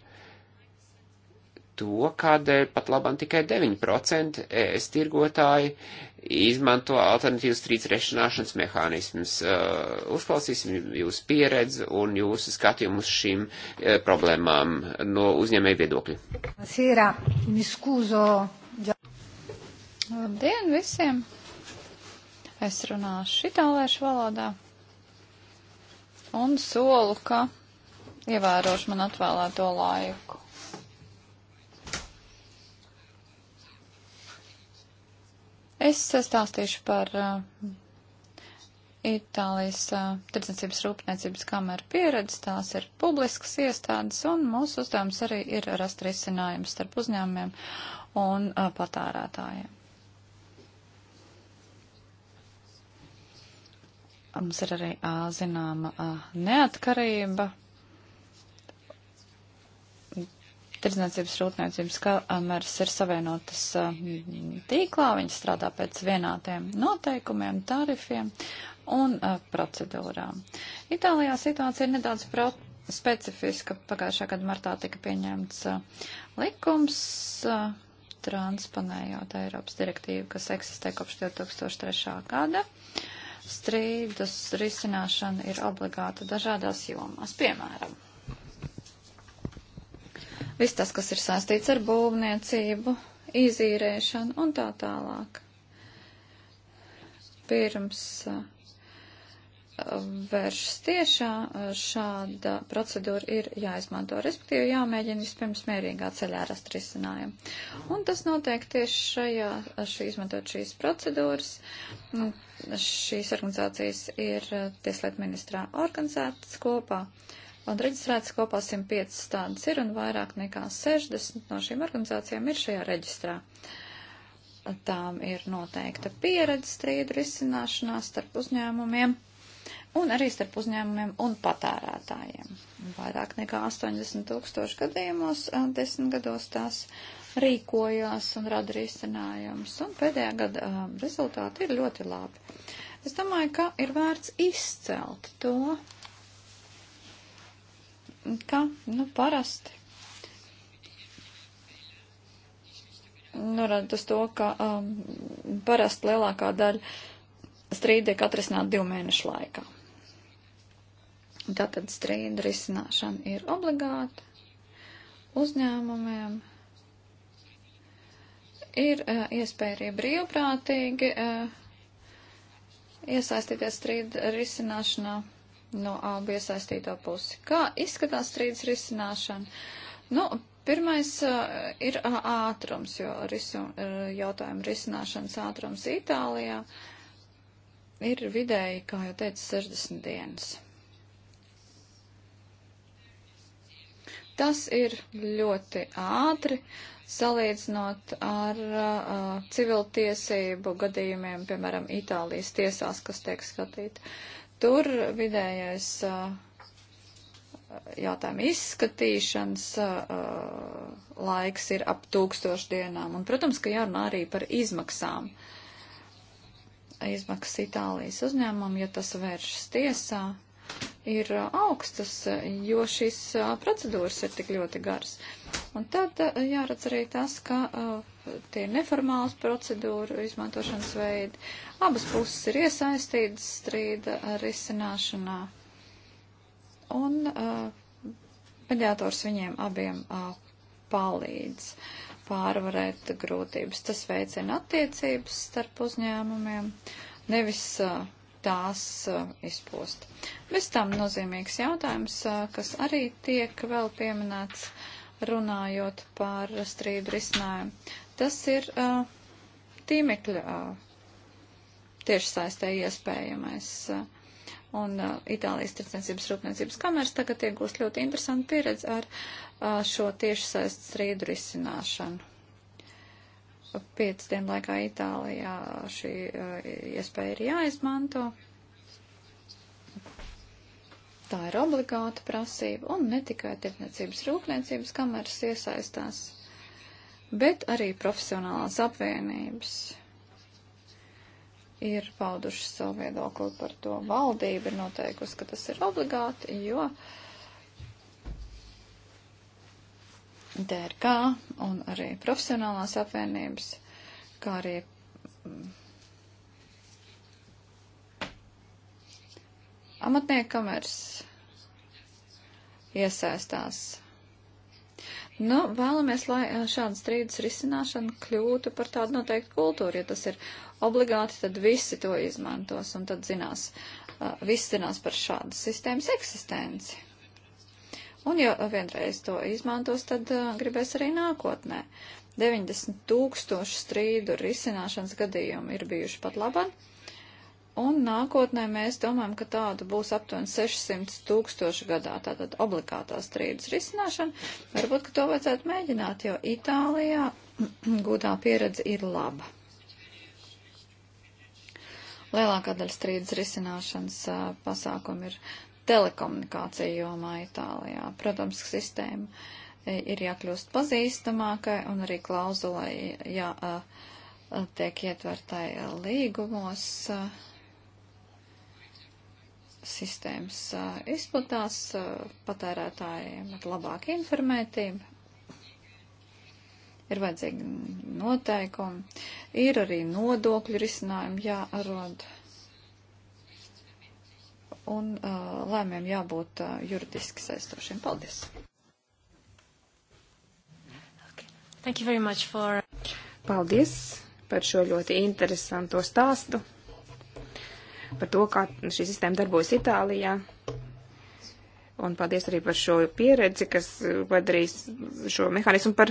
B: to, kādēļ pat labam tikai 9% ES tirgotāji izmanto alternatīvas trīsrešināšanas mehānismus. Eh, uzklausīsim jūsu pieredzi un jūsu skatījumu uz šīm problēmām no uzņēmēja viedokļa.
C: Sīra, miskūzo. Labdien visiem! Es runāšu itāliešu valodā un solu, ka ievērošu man atvēlēto laiku. Es stāstīšu par uh, Itālijas uh, tirdzniecības rūpniecības kamera pieredze, tās ir publiskas iestādes, un mūsu uzdevums arī ir rast risinājumu starp uzņēmumiem un uh, patērētājiem. Mums ir arī zināma neatkarība. Tirdzniecības rūpniecības kameras ir savienotas tīklā, viņas strādā pēc vienādiem noteikumiem, tarifiem un procedūrām. Itālijā situācija ir nedaudz specifiska. Pagājušā gada martā tika pieņemts likums, transponējot Eiropas direktīvu, kas eksistē kopš 2003. gada strīdus risināšana ir obligāta dažādās jomās. Piemēram, viss tas, kas ir saistīts ar būvniecību, izīrēšanu un tā tālāk. Pirms uh, vēršas tiešā, eh, šāda procedūra ir jāizmanto, respektīvi jāmēģina vispirms mierīgā ceļā rast risinājumu. Un tas notiek tieši šajā, šī, izmantot šīs procedūras. Šīs organizācijas ir eh, Tieslietu ministrā organizētas kopā. Un reģistrētas kopā 105 tādas ir, un vairāk nekā 60 no šīm organizācijām ir šajā reģistrā. Uh, tām ir noteikta pieredze strīdu risināšanā starp uzņēmumiem un arī starp uzņēmumiem un patērētājiem. Vairāk nekā 80 tūkstoši gadījumos desmit gados tās rīkojās un rada risinājumus, un pēdējā gada rezultāti ir ļoti labi. Es domāju, ka ir vērts izcelt to, ka, nu, parasti norāda uz to, ka um, parasti lielākā daļa strīda tiek atrisināt divu mēnešu laikā. Tātad strīdu risināšana ir obligāta uzņēmumiem. Ir uh, iespēja arī brīvprātīgi uh, iesaistīties strīdu risināšanā no abu iesaistīto pusi. Kā izskatās strīdus risināšana? Nu, pirmais uh, ir uh, ātrums, jo risu, uh, jautājumu risināšanas ātrums Itālijā ir vidēji, kā jau teicu, 60 dienas. Tas ir ļoti ātri salīdzinot ar uh, civiltiesību gadījumiem, piemēram, Itālijas tiesās, kas tiek skatīti. Tur vidējais uh, jautājuma izskatīšanas uh, laiks ir ap tūkstošu dienām. Un, protams, ka jārunā arī par izmaksām. Izmaksas Itālijas uzņēmumam, ja tas vēršas tiesā, ir augstas, jo šīs procedūras ir tik ļoti garas. Un tad jāredz arī tas, ka tie ir neformāls procedūru izmantošanas veidi. Abas puses ir iesaistītas strīda risināšanā. Un mediātors viņiem abiem palīdz pārvarēt grūtības. Tas veicina attiecības starp uzņēmumiem, nevis uh, tās uh, izpost. Bez tam nozīmīgs jautājums, uh, kas arī tiek vēl pieminēts runājot par strīdu risinājumu. Tas ir uh, tīmekļa tiešsaistē iespējamais. Un Itālijas tirdzniecības rūpniecības kameras tagad iegūst ļoti interesantu pieredzi ar šo tiešsaistes strīdu risināšanu piecu dienu laikā Itālijā šī uh, iespēja ir jāizmanto. Tā ir obligāta prasība, un ne tikai tirdzniecības rūpniecības kameras iesaistās, bet arī profesionālās apvienības ir pauduši savu viedokli par to. Valdība ir noteikusi, ka tas ir obligāti, jo uh, DRK un arī profesionālās apvienības, kā arī mm, amatnieku kameras iesaistās. Nu, vēlamies, lai eh, šāda strīdas risināšana kļūtu par tādu noteiktu kultūru. Ja tas ir obligāti, tad visi to izmantos un tad zinās, uh, visi zinās par šādas sistēmas eksistenci. Un ja vienreiz to izmantos, tad uh, gribēs arī nākotnē. 90 tūkstoši strīdu risināšanas gadījumu ir bijuši pat labāk. Un nākotnē mēs domājam, ka tādu būs aptuveni 600 tūkstoši gadā, tātad obligātā strīdus risināšana. Varbūt, ka to vajadzētu mēģināt, jo Itālijā gūtā pieredze ir laba. Lielākā daļa strīdus risināšanas uh, pasākumu ir telekomunikāciju jomā Itālijā. Protams, sistēma e, ir jākļūst pazīstamākai un arī klauzulai jā, tiek ietvertai līgumos sistēmas izplatās, patērētājiem ir labāka informētība, ir vajadzīgi noteikumi, ir arī nodokļu risinājumi jāarod. Ja un uh, lēmiem jābūt uh, juridiski saistošiem. Paldies!
A: Okay. Thank you very much for... Paldies par šo ļoti interesanto stāstu, par to, kā šī sistēma darbojas Itālijā. Un paldies arī par šo pieredzi, kas padarīs šo mehānismu par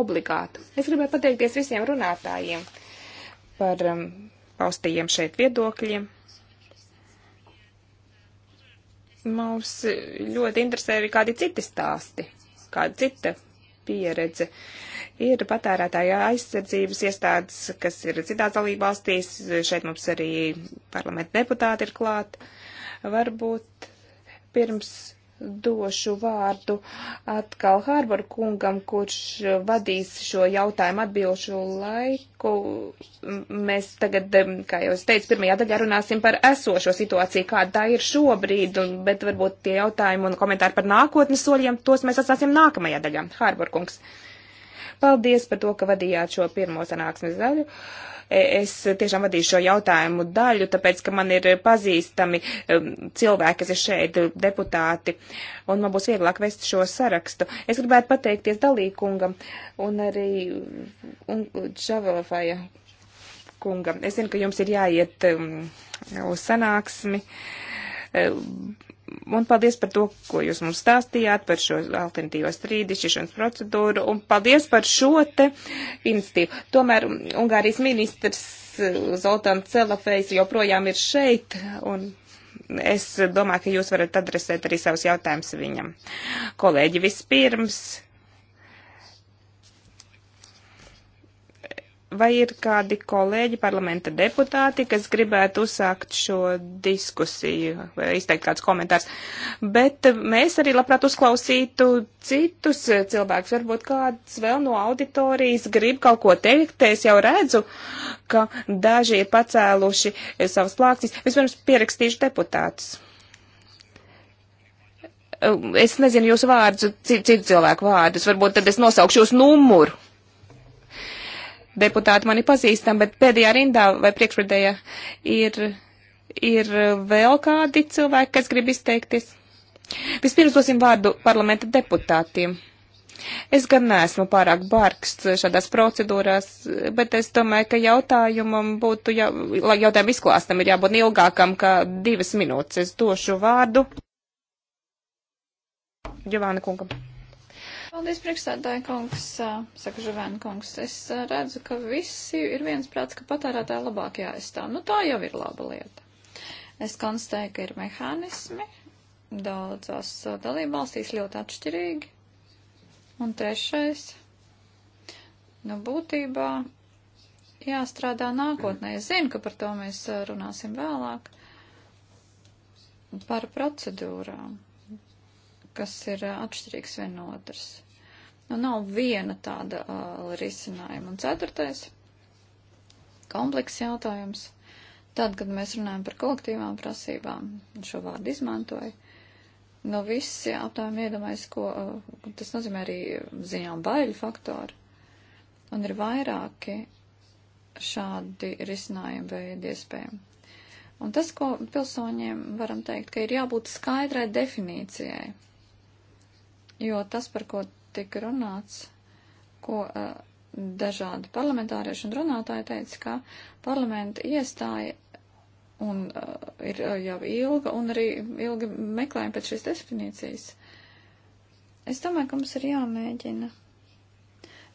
A: obligātu. Es gribēju pateikties visiem runātājiem par um, paustajiem šeit viedokļiem. Mums ļoti interesē arī kādi citi stāsti, kāda cita pieredze. Ir patērētāja aizsardzības iestādes, kas ir citās dalībvalstīs, šeit mums arī parlamenta deputāti ir klāt. Varbūt pirms došu vārdu atkal Hārbaru kungam, kurš vadīs šo jautājumu atbilšu laiku. Mēs tagad, kā jau es teicu, pirmajā daļā runāsim par esošo situāciju, kāda tā ir šobrīd, un, bet varbūt tie jautājumi un komentāri par nākotnes soļiem, tos mēs atstāsim nākamajā daļā. Hārbar kungs. Paldies par to, ka vadījāt šo pirmo sanāksmes daļu. Uh, Es tiešām vadīšu šo jautājumu daļu, tāpēc, ka man ir pazīstami um, cilvēki, kas ir šeit deputāti, un man būs vieglāk vest šo sarakstu. Es gribētu pateikties dalīkungam un arī un Čavafaja kungam. Es zinu, ka jums ir jāiet um, uz sanāksmi. Um, Un paldies par to, ko jūs mums stāstījāt par šo alternatīvo strīdišķišanas procedūru un paldies par šo te institīvu. Tomēr Ungārijas ministrs eh, Zoltāns Celafejs joprojām ir šeit un es domāju, ka jūs varat adresēt arī savus jautājumus viņam. Kolēģi, vispirms Vai ir kādi kolēģi, parlamenta deputāti, kas gribētu uzsākt šo diskusiju vai izteikt kāds komentārs? Bet mēs arī labprāt uzklausītu citus cilvēkus. Varbūt kāds vēl no auditorijas grib kaut ko teikt. Es jau redzu, ka daži ir pacēluši savas plāksnes. Vispirms pierakstīšu deputātus es nezinu jūsu vārdus, citu cilvēku vārdus, varbūt tad es nosaukšu jūsu numuru deputāti mani pazīstam, bet pēdējā rindā vai priekšpēdējā ir, ir vēl kādi cilvēki, kas grib izteikties. Vispirms dosim vārdu parlamenta deputātiem. Es gan neesmu pārāk barksts šādās procedūrās, bet es domāju, ka jautājumam būtu, jā, lai jautājumu izklāstam ir jābūt ilgākam kā divas minūtes. Es došu vārdu. Jovāna kungam.
C: Paldies, priekšstādāja kungs, saka Žavēna kungs. Es redzu, ka visi ir viens prāts, ka patērētāji labāk jāaizstāv. Nu, tā jau ir laba lieta. Es konstatēju, ka ir mehānismi daudzās dalībvalstīs ļoti atšķirīgi. Un trešais, nu, būtībā jāstrādā nākotnē. Es zinu, ka par to mēs runāsim vēlāk. Par procedūrām kas ir atšķirīgs vien otrs. Nu, nav viena tāda uh, risinājuma. Un ceturtais - kompleks jautājums. Tad, kad mēs runājam par kolektīvām prasībām, šo vārdu izmantoju, no visi aptājumi iedomājas, ko uh, tas nozīmē arī ziņām baiļu faktori. Un ir vairāki šādi risinājumi veidi iespējami. Un tas, ko pilsoņiem varam teikt, ka ir jābūt skaidrai definīcijai jo tas, par ko tika runāts, ko uh, dažādi parlamentārieši un runātāji teica, ka parlamenta iestāja un, uh, ir uh, jau ilga un arī ilgi meklējumi pēc šīs definīcijas. Es domāju, ka mums ir jāmēģina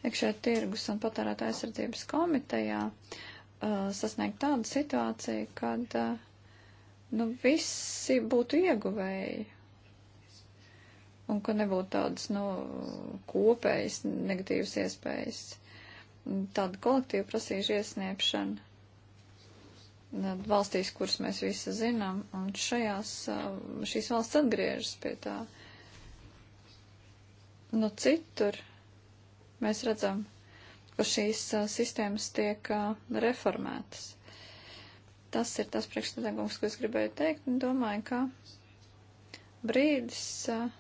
C: iekšē tirgus un patērētā aizsardzības komitejā uh, sasniegt tādu situāciju, kad uh, nu, visi būtu ieguvēji un ka nebūtu tādas, nu, kopējas negatīvas iespējas. Tāda kolektīva prasīžu iesniegšana valstīs, kuras mēs visi zinām, un šajās, šīs valsts atgriežas pie tā. No nu, citur mēs redzam, ka šīs sistēmas tiek reformētas. Tas ir tas priekšstādākums, ko es gribēju teikt, un domāju, ka brīdis. Uh,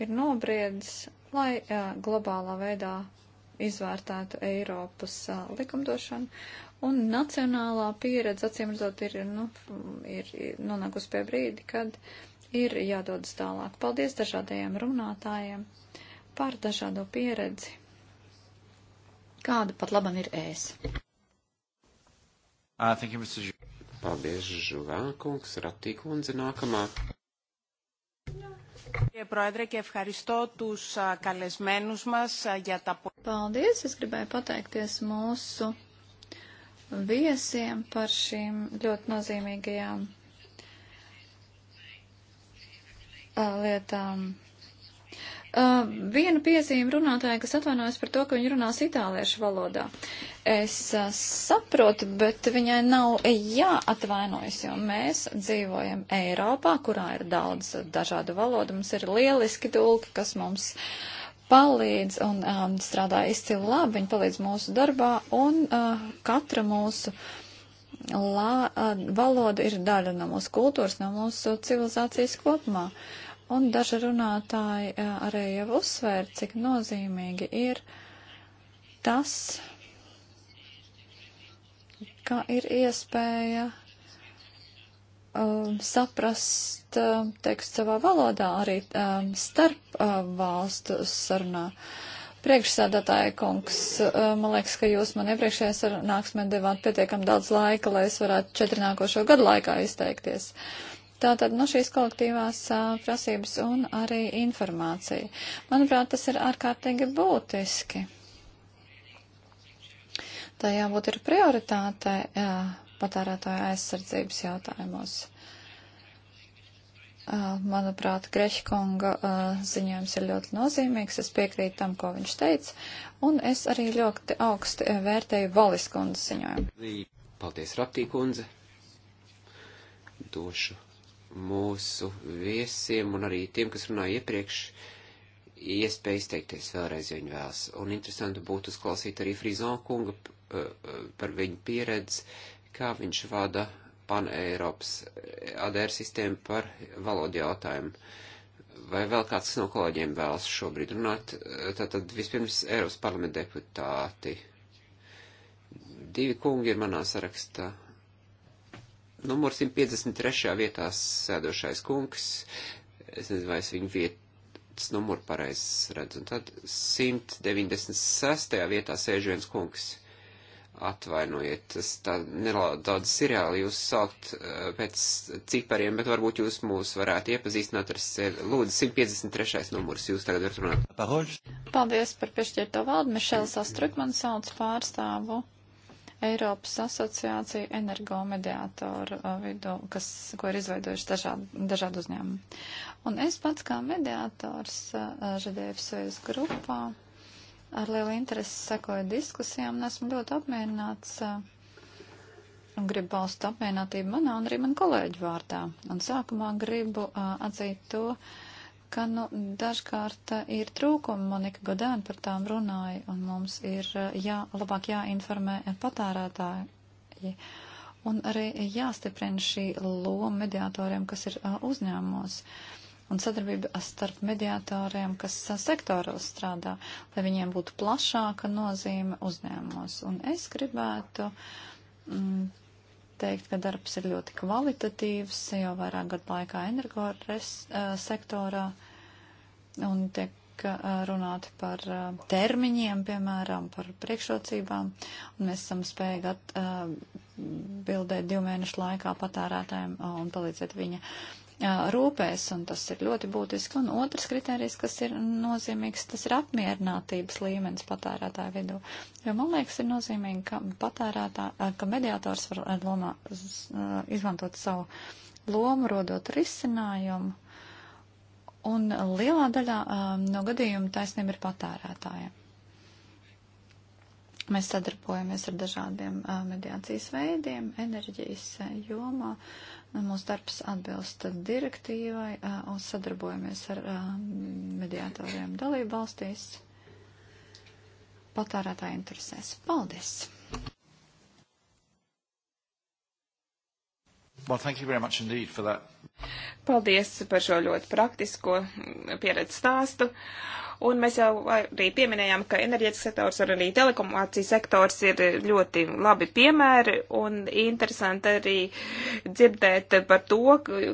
C: ir nobriedis, lai uh, globālā veidā izvērtētu Eiropas uh, likumdošanu. Un nacionālā pieredze, acīm redzot, ir, nu, ir nonākusi pie brīdi, kad ir jādodas tālāk. Paldies dažādajiem runātājiem par dažādo pieredzi. Kāda pat laban ir ēs?
B: Uh, you, Paldies, Žuvā kungs, Ratī kundze nākamā.
A: Paldies!
C: Es gribēju pateikties mūsu viesiem par šīm ļoti nozīmīgajām lietām. Uh, viena piezīme runātāja, kas atvainojas par to, ka viņa runās itāliešu valodā. Es uh, saprotu, bet viņai nav jāatvainojas, jo mēs dzīvojam Eiropā, kurā ir daudz dažādu valodu. Mums ir lieliski tulki, kas mums palīdz un um, strādā izcili labi. Viņi palīdz mūsu darbā un uh, katra mūsu. La, uh, valoda ir daļa no mūsu kultūras, no mūsu civilizācijas kopumā. Uh, Un daži runātāji eh, arī jau uzsvēra, cik nozīmīgi ir tas, ka ir iespēja um, saprast um, tekstu savā valodā arī um, starp um, valstu sarunā. Priekšsēdētāja kungs, um, man liekas, ka jūs man iepriekšējā sarunāksmē devāt pietiekam daudz laika, lai es varētu četri nākošo gadu laikā izteikties. Uh, Tātad no nu, šīs kolektīvās a, prasības un arī informācija. Manuprāt, tas ir ārkārtīgi būtiski. Tā jābūt ir prioritāte jā, patērētāja aizsardzības jautājumos. Manuprāt, Greškonga ziņojums ir ļoti nozīmīgs. Es piekrītu tam, ko viņš teica, un es arī ļoti augsti vērtēju Valis kundzes ziņojumu.
B: Paldies, Raptī kundze. Došu mūsu viesiem un arī tiem, kas runāja iepriekš, iespēja izteikties vēlreiz, ja viņi vēlas. Un interesanti būtu uzklausīt arī Frizon kunga uh, uh, par viņu pieredzi, kā viņš vada Pan-Eiropas eh, ADR sistēmu par valodu jautājumu. Vai vēl kāds no kolēģiem vēlas šobrīd runāt? Eh, tātad vispirms Eiropas parlamenta deputāti. Divi kungi ir manā sarakstā numur 153. vietā sēdošais kungs, es nezinu, vai es viņu vietas numuru pareizs redzu, un tad 196. vietā sēž viens kungs. Atvainojiet, tas tā nedaudz seriāli jūs saukt eh, pēc cipariem, bet varbūt jūs mūs varētu iepazīstināt ar sevi. Lūdzu, 153. numurs, jūs tagad varat runāt.
C: Paldies par piešķirto valdu. Mišels Astrukman sauc pārstāvu Eiropas asociācija energomediātoru uh, vidū, kas, ko ir izveidojuši dažādi, dažādi uzņēmumi. Un es pats kā mediātors uh, Žadēvsvejas grupā ar lielu interesi sekoju diskusijām un esmu ļoti apmierināts uh, un gribu balstu apmierinātību manā un arī man kolēģu vārdā. Un sākumā gribu atzīt to, uh, ka nu, dažkārt eh, ir trūkumi, Monika Godēna par tām runāja, un mums ir eh, jā, labāk jāinformē patērētāji. Un arī jāstiprina šī loma mediatoriem, kas ir eh, uzņēmumos, un sadarbība starp mediatoriem, kas sektoros strādā, lai viņiem būtu plašāka nozīme uzņēmumos. Un es gribētu mm, teikt, ka darbs ir ļoti kvalitatīvs jau vairāk gadu laikā energores uh, sektorā un tiek runāti par termiņiem, piemēram, par priekšrocībām, un mēs esam spējīgi atbildēt divu mēnešu laikā patērētājiem un palīdzēt viņa rūpēs, un tas ir ļoti būtiski. Un otrs kriterijs, kas ir nozīmīgs, tas ir apmierinātības līmenis patērētāju vidū. Jo man liekas, ir nozīmīgi, ka patērētā, ka mediātors var lomā izmantot savu lomu, rodot risinājumu, un lielā daļā no gadījuma taisnība ir patērētājiem. Mēs sadarbojamies ar dažādiem mediācijas veidiem, enerģijas jomā, uh, Mūsu darbs atbilst direktīvai un sadarbojamies ar mediatoriem dalību valstīs patērētāja interesēs. Paldies! Well, thank you very much indeed for that.
A: Paldies par šo ļoti praktisko pieredzi stāstu. Uh, Un mēs jau arī pieminējām, ka enerģētikas sektors un arī telekomunikācijas sektors ir ļoti labi piemēri un interesanti arī dzirdēt par to,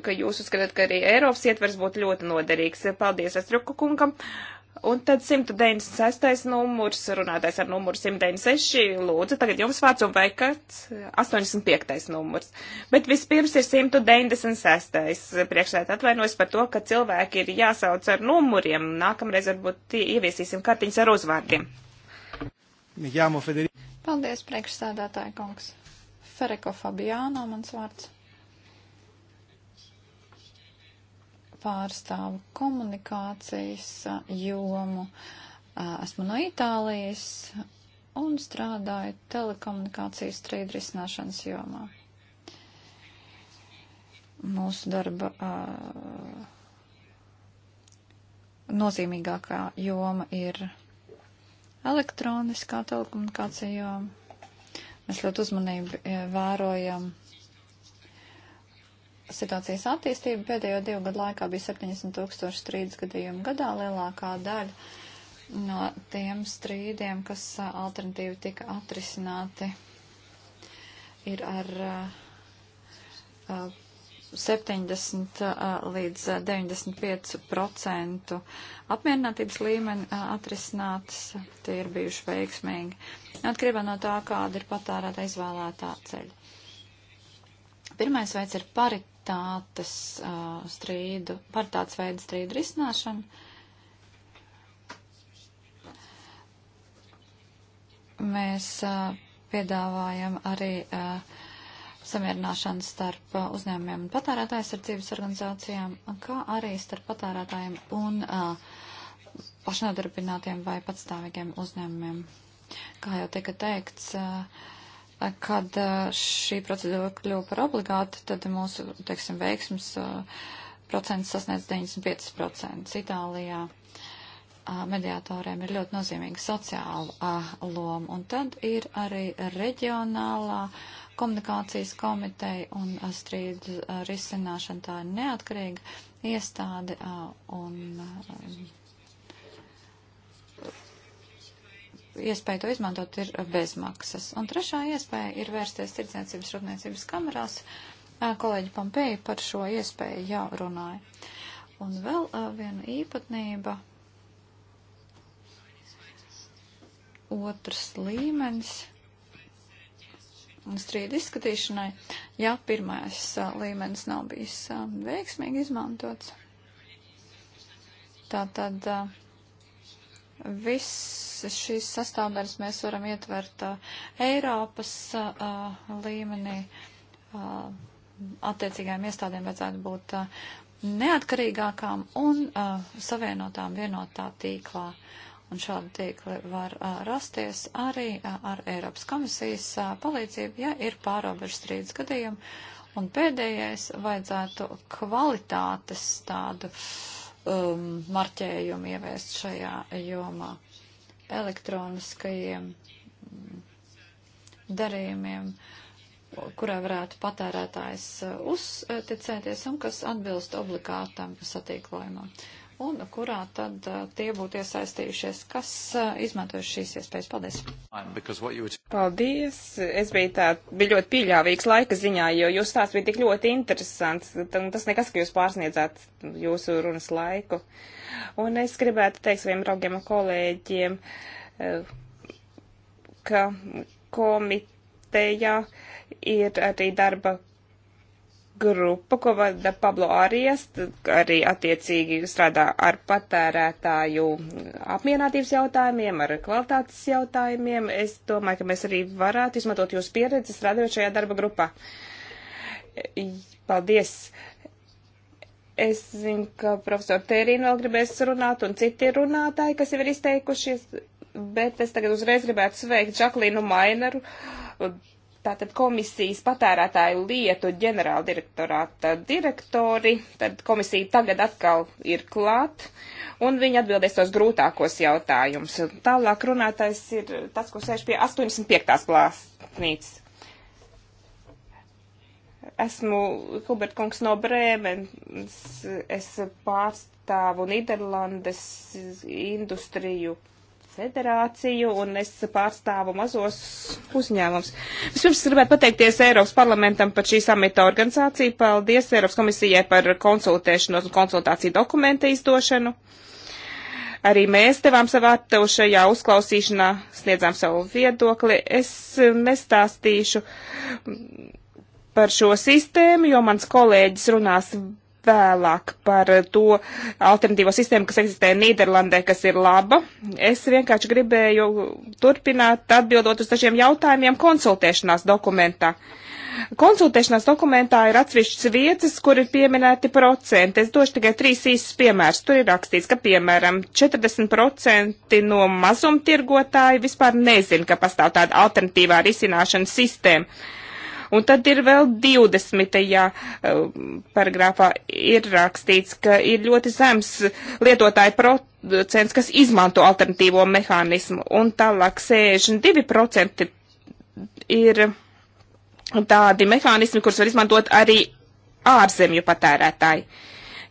A: ka jūs uzskatāt, ka arī Eiropas ietvers būtu ļoti noderīgs. Paldies Astruku kungam. Uh, Un tad 196. numurs, runātais ar numuru 196, lūdzu, tagad jums vārds un vai kāds 85. Eh, numurs. Bet vispirms ir 196. priekšlēt atvainojas par to, ka cilvēki ir jāsauc ar numuriem. Nākamreiz varbūt ieviesīsim kartiņas ar uzvārdiem.
C: Paldies, priekšsēdētāji kungs. Fereko Fabiāno, mans vārds. pārstāvu komunikācijas jomu. Esmu no Itālijas un strādāju telekomunikācijas strīdu risināšanas jomā. Mūsu darba uh, nozīmīgākā joma ir elektroniskā telekomunikācija joma. Mēs ļoti uzmanību e, vērojam situācijas attīstību. Pēdējo divu gadu laikā bija 70 tūkstoši strīdus gadījumu gadā. Lielākā daļa no tiem strīdiem, kas alternatīvi tika atrisināti, ir ar uh, 70 uh, līdz 95% apmierinātības līmeni uh, atrisinātas. Tie ir bijuši veiksmīgi. Atkarībā no tā, kāda ir patērēta izvēlētā ceļa. Pirmais veids ir parit tātas uh, strīdu, par tāds veidu strīdu risināšanu. Mēs uh, piedāvājam arī uh, samierināšanu starp uh, uzņēmumiem un patērētāju aizsardzības organizācijām, kā arī starp patērētājiem un uh, pašnodarbinātiem vai patstāvīgiem uzņēmumiem. Kā jau tika teikts, uh, kad šī procedūra kļuva par obligātu, tad mūsu, teiksim, veiksmes procents sasniedz 95%. Itālijā mediātoriem ir ļoti nozīmīga sociāla loma, un tad ir arī reģionālā komunikācijas komiteja un strīdu risināšana. Tā ir neatkarīga iestāde, un iespēja to izmantot ir bezmaksas. Un trešā iespēja ir vērsties tirdzniecības rūpniecības kamerās. Kolēģi Pompeji par šo iespēju jau runāja. Un vēl viena īpatnība. Otrs līmenis strīdu izskatīšanai, ja pirmais a, līmenis nav bijis a, veiksmīgi izmantots. Tā tad, tad Visas šīs sastāvdaļas mēs varam ietvert uh, Eiropas uh, līmenī. Uh, attiecīgajām iestādēm vajadzētu būt uh, neatkarīgākām un uh, savienotām vienotā tīklā. Un šādi tīkli var uh, rasties arī uh, ar Eiropas komisijas uh, palīdzību, ja ir pārobežu strīdus gadījumi. Un pēdējais vajadzētu kvalitātes tādu uh, um, marķējumu ieviest šajā jomā. Elektroniskajiem mm, darījumiem, kurā varētu patērētājs uh, uzticēties un kas atbilst obligātam satīklojumam. Uh, un kurā tad uh, tie būtu iesaistījušies, kas uh,
A: izmantojuši šīs iespējas. Paldies! Paldies! Es biju tā, biju ļoti pieļāvīgs laika ziņā, jo jūsu stāsts bija tik ļoti interesants. Tas nekas, ka jūs pārsniedzāt jūsu runas laiku. Un es gribētu teikt saviem draugiem un kolēģiem, eh, ka komitejā ir arī darba grupa, ko vada Pablo Arijas, arī attiecīgi strādā ar patērētāju apmierinātības jautājumiem, ar kvalitātes jautājumiem. Es domāju, ka mēs arī varētu izmantot jūsu pieredzi strādājot šajā darba grupā. Paldies! Es zinu, ka profesori Tērīna vēl gribēs runāt un citi runātāji, kas jau ir izteikušies, bet es tagad uzreiz gribētu sveikt Žaklīnu Maineru Tātad komisijas patērētāju lietu ģenerāla direktorāta direktori, tad komisija tagad atkal ir klāt, un viņi atbildēs tos grūtākos jautājumus. Tālāk runātais ir tas, ko sēž pie 85. klāstnīcas. Esmu Hubert Kungs no Brēmenes, es pārstāvu Nīderlandes industriju federāciju un es pārstāvu mazos uzņēmums. Vispirms gribētu pateikties Eiropas parlamentam par šī samita organizāciju. Paldies Eiropas komisijai par konsultēšanos un konsultāciju dokumenta izdošanu. Arī mēs devām savu atdevu šajā uzklausīšanā, sniedzām savu viedokli. Es nestāstīšu par šo sistēmu, jo mans kolēģis runās vēlāk par to alternatīvo sistēmu, kas eksistē Nīderlandē, kas ir laba. Es vienkārši gribēju turpināt atbildot uz dažiem jautājumiem konsultēšanās dokumentā. Konsultēšanās dokumentā ir atsevišķas vietas, kur ir pieminēti procenti. Es došu tikai trīs īsus piemērus. Tur ir rakstīts, ka, piemēram, 40% no mazumtirgotāji vispār nezin, ka pastāv tāda alternatīvā risināšanas sistēma Un tad ir vēl 20. Eh, paragrāfā ir rakstīts, ka ir ļoti zems lietotāju procents, kas izmanto alternatīvo mehānismu, un tālāk 62% ir tādi mehānismi, kurus var izmantot arī ārzemju patērētāji.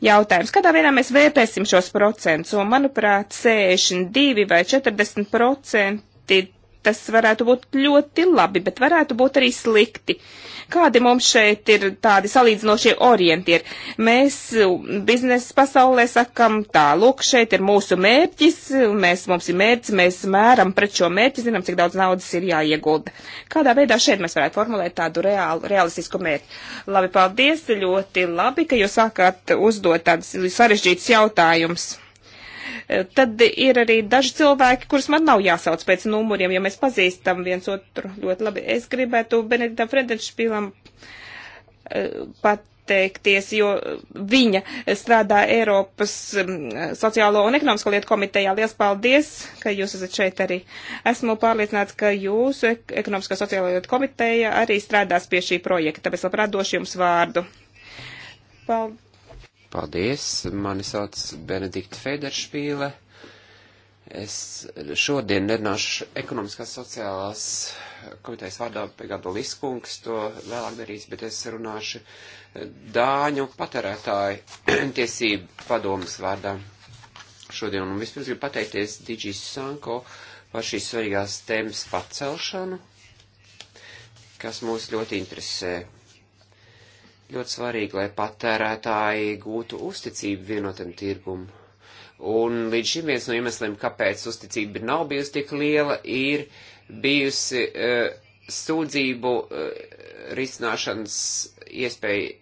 A: Jautājums, kādā veidā mēs vērtēsim šos procentus, un manuprāt, 62 vai 40 procenti tas varētu būt ļoti labi, bet varētu būt arī slikti. Kādi mums šeit ir tādi salīdzinošie orientieri? Mēs biznesa pasaulē sakam tā, lūk, šeit ir mūsu mērķis, mēs, mums ir mērķis, mēs mēram pret šo mērķi, zinām, cik daudz naudas ir jāiegulda. Kādā veidā šeit mēs varētu formulēt tādu reālu, realistisku mērķi? Labi, paldies, ļoti labi, ka jūs sākāt uzdot tādus sarežģītus jautājumus. Tad ir arī daži cilvēki, kurus man nav jāsauc pēc numuriem, ja mēs pazīstam viens otru ļoti labi. Es gribētu Benediktam Fredenšpīlam pat eh, pateikties, jo viņa strādā Eiropas mm, sociālo un ekonomisko lietu komitejā. Lielas paldies, ka jūs esat šeit arī. Esmu pārliecināts, ka jūsu ekonomisko sociālo lietu komiteja arī strādās pie šī projekta, tāpēc labprāt došu jums vārdu. Paldies.
B: Paldies, mani sauc Benedikta Federšpīle. Es šodien nerunāšu ekonomiskās sociālās komitejas vārdā pie gada Liskungs, to vēlāk darīs, bet es runāšu Dāņu patērētāju tiesību padomas vārdā šodien. Un vispirms gribu pateikties Digis Sanko par šīs svarīgās tēmas pacelšanu, kas mūs ļoti interesē ļoti svarīgi, lai patērētāji gūtu uzticību vienotam tirgumam. Un līdz šim viens no iemesliem, kāpēc uzticība nav bijusi tik liela, ir bijusi uh, sūdzību uh, risināšanas iespēja eh,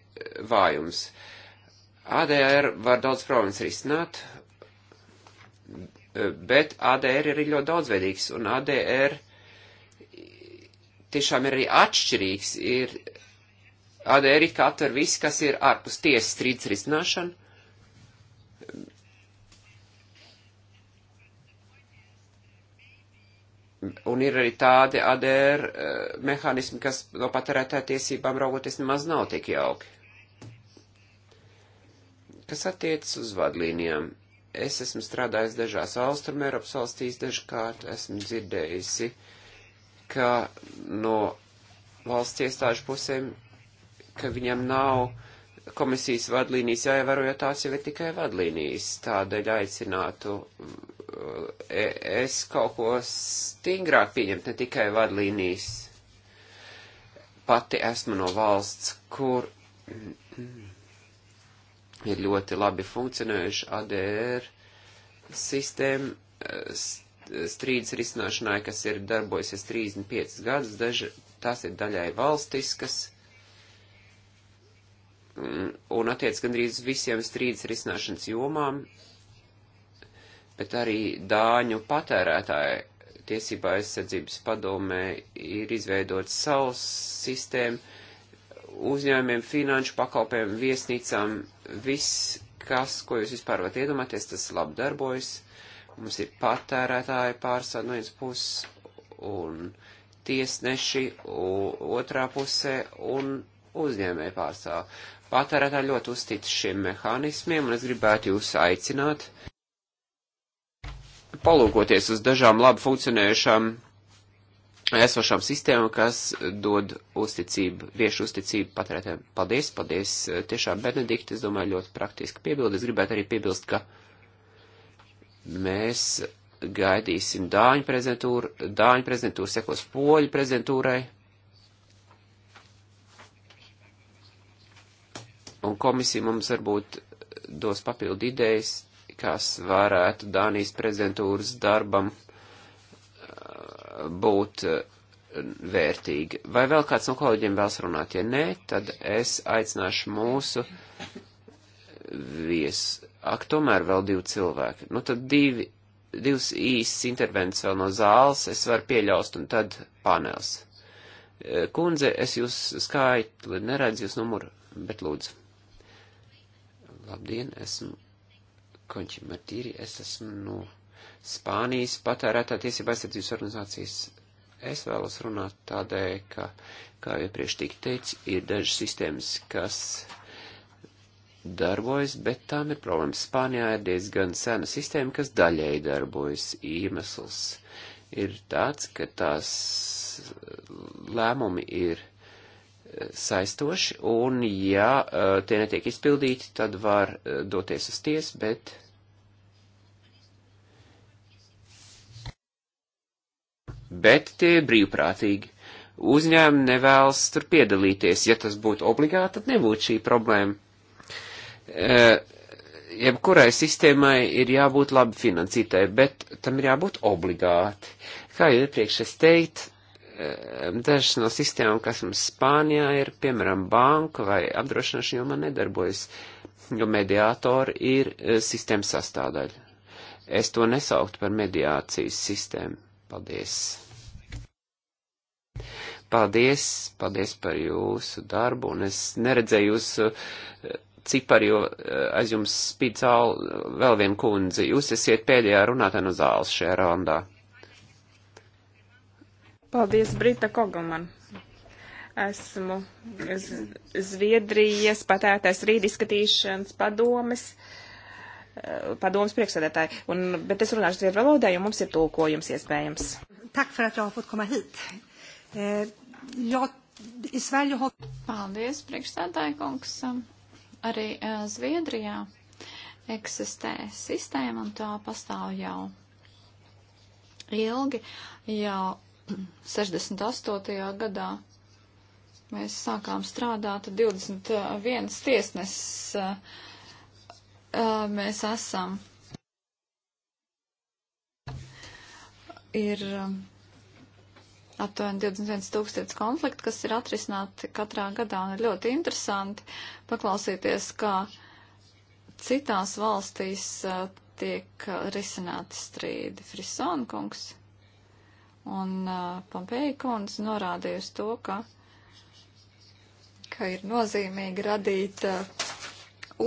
B: vājums. ADR var daudz problēmas risināt, bet ADR ir ļoti daudzveidīgs, un ADR tiešām ir arī atšķirīgs, ir Adērika atver viss, kas ir ārpus tiesas strīds risināšana. Un ir arī tādi ADR er, eh, mehānismi, kas no patērētāja tiesībām raugoties nemaz nav tik jauki. Kas attiecas uz vadlīnijām? Es esmu strādājis dažās Austrum Eiropas valstīs, dažkārt esmu dzirdējusi, ka no valsts iestāžu pusēm ka viņam nav komisijas vadlīnijas jāievēro, jo tās jau ir tikai vadlīnijas. Tādēļ aicinātu mm, e, es kaut ko stingrāk pieņemt, ne tikai vadlīnijas. Pati esmu no valsts, kur mm, ir ļoti labi funkcionējuši ADR sistēma e, strīdas risināšanai, kas ir darbojusies 35 gadus, daži, tās ir daļai valstiskas, un attiec gandrīz visiem strīdus risināšanas jomām, bet arī Dāņu patērētāju tiesībā aizsardzības padomē ir izveidot savus sistēmu uzņēmumiem, finanšu pakalpēm, viesnīcām, viss, kas, ko jūs vispār varat iedomāties, tas labi darbojas. Mums ir patērētāji pārstāv no vienas puses un tiesneši otrā pusē un uzņēmēji pārstāv. Patērētāji ļoti uztic šiem mehānismiem, un es gribētu jūs aicināt palūkoties uz dažām labi funkcionējušām esošām sistēmām, kas dod uzticību, viešu uzticību patērētājiem. Paldies, paldies, tiešām Benedikta, es domāju, ļoti praktiski piebildi. Es gribētu arī piebilst, ka mēs gaidīsim Dāņu prezentūru, Dāņu prezentūru sekos Poļu prezentūrai. Un komisija mums varbūt dos papildu idejas, kas varētu Dānijas prezidentūras darbam uh, būt uh, vērtīgi. Vai vēl kāds no kolēģiem vēlas runāt? Ja nē, tad es aicināšu mūsu viesu. Ak, tomēr vēl divi cilvēki. Nu tad divi, divas īsas intervences vēl no zāles es varu pieļaust un tad panels. Uh, kundze, es jūs skaitli neredzu, jūs numuru, bet lūdzu. Labdien, esmu Konči Martīri, es esmu no Spānijas patērētā tiesība aizsardzības organizācijas. Es vēlos runāt tādēļ, ka, kā iepriekš tika teicis, ir dažas sistēmas, kas darbojas, bet tām ir problēmas. Spānijā ir diezgan sena sistēma, kas daļai darbojas. Iemesls ir tāds, ka tās lēmumi ir saistoši, un ja eh, tie netiek izpildīti, tad var eh, doties uz tiesu, bet. Bet tie ir brīvprātīgi. Uzņēmumi nevēlas tur piedalīties. Ja tas būtu obligāti, tad nebūtu šī problēma. E, jebkurai sistēmai ir jābūt labi finansītai, bet tam ir jābūt obligāti. Kā jau iepriekš es teicu, Eh, dažas no sistēmām, kas mums Spānijā ir, piemēram, banka vai apdrošināšana jomā nedarbojas, jo mediātori ir eh, sistēmas sastāvdaļa. Es to nesauktu par mediācijas sistēmu. Paldies! Paldies, paldies par jūsu darbu, un es neredzēju jūsu eh, cipari, jo aiz jums spīd vēl viena kundze. Jūs esiet pēdējā runātāja no zāles šajā raundā.
A: Paldies, Brita Kogoman. Esmu Zviedrijas patērtais rīdiskatīšanas padomes eh, padomas priekšsēdētāji, un, bet es runāšu zviedru valodā, jo mums ir tulkojums iespējams.
C: Tak for at jag har fått komma hit. Eh, jag, i Sverige har... Paldies, priekšsēdētāji kungs. Arī eh, Zviedrijā eksistē sistēma, un tā pastāv jau ilgi, jau 68. gadā mēs sākām strādāt 21 tiesnesis. Eh, eh, mēs esam. Ir eh, aptuveni 21 tūkstotis konflikti, kas ir atrisināti katrā gadā, un ir ļoti interesanti paklausīties, kā citās valstīs tiek risināti strīdi. Frisonkungs. kungs. Un uh, Pompeja kundze norādīja uz to, ka, ka ir nozīmīgi radīt uh,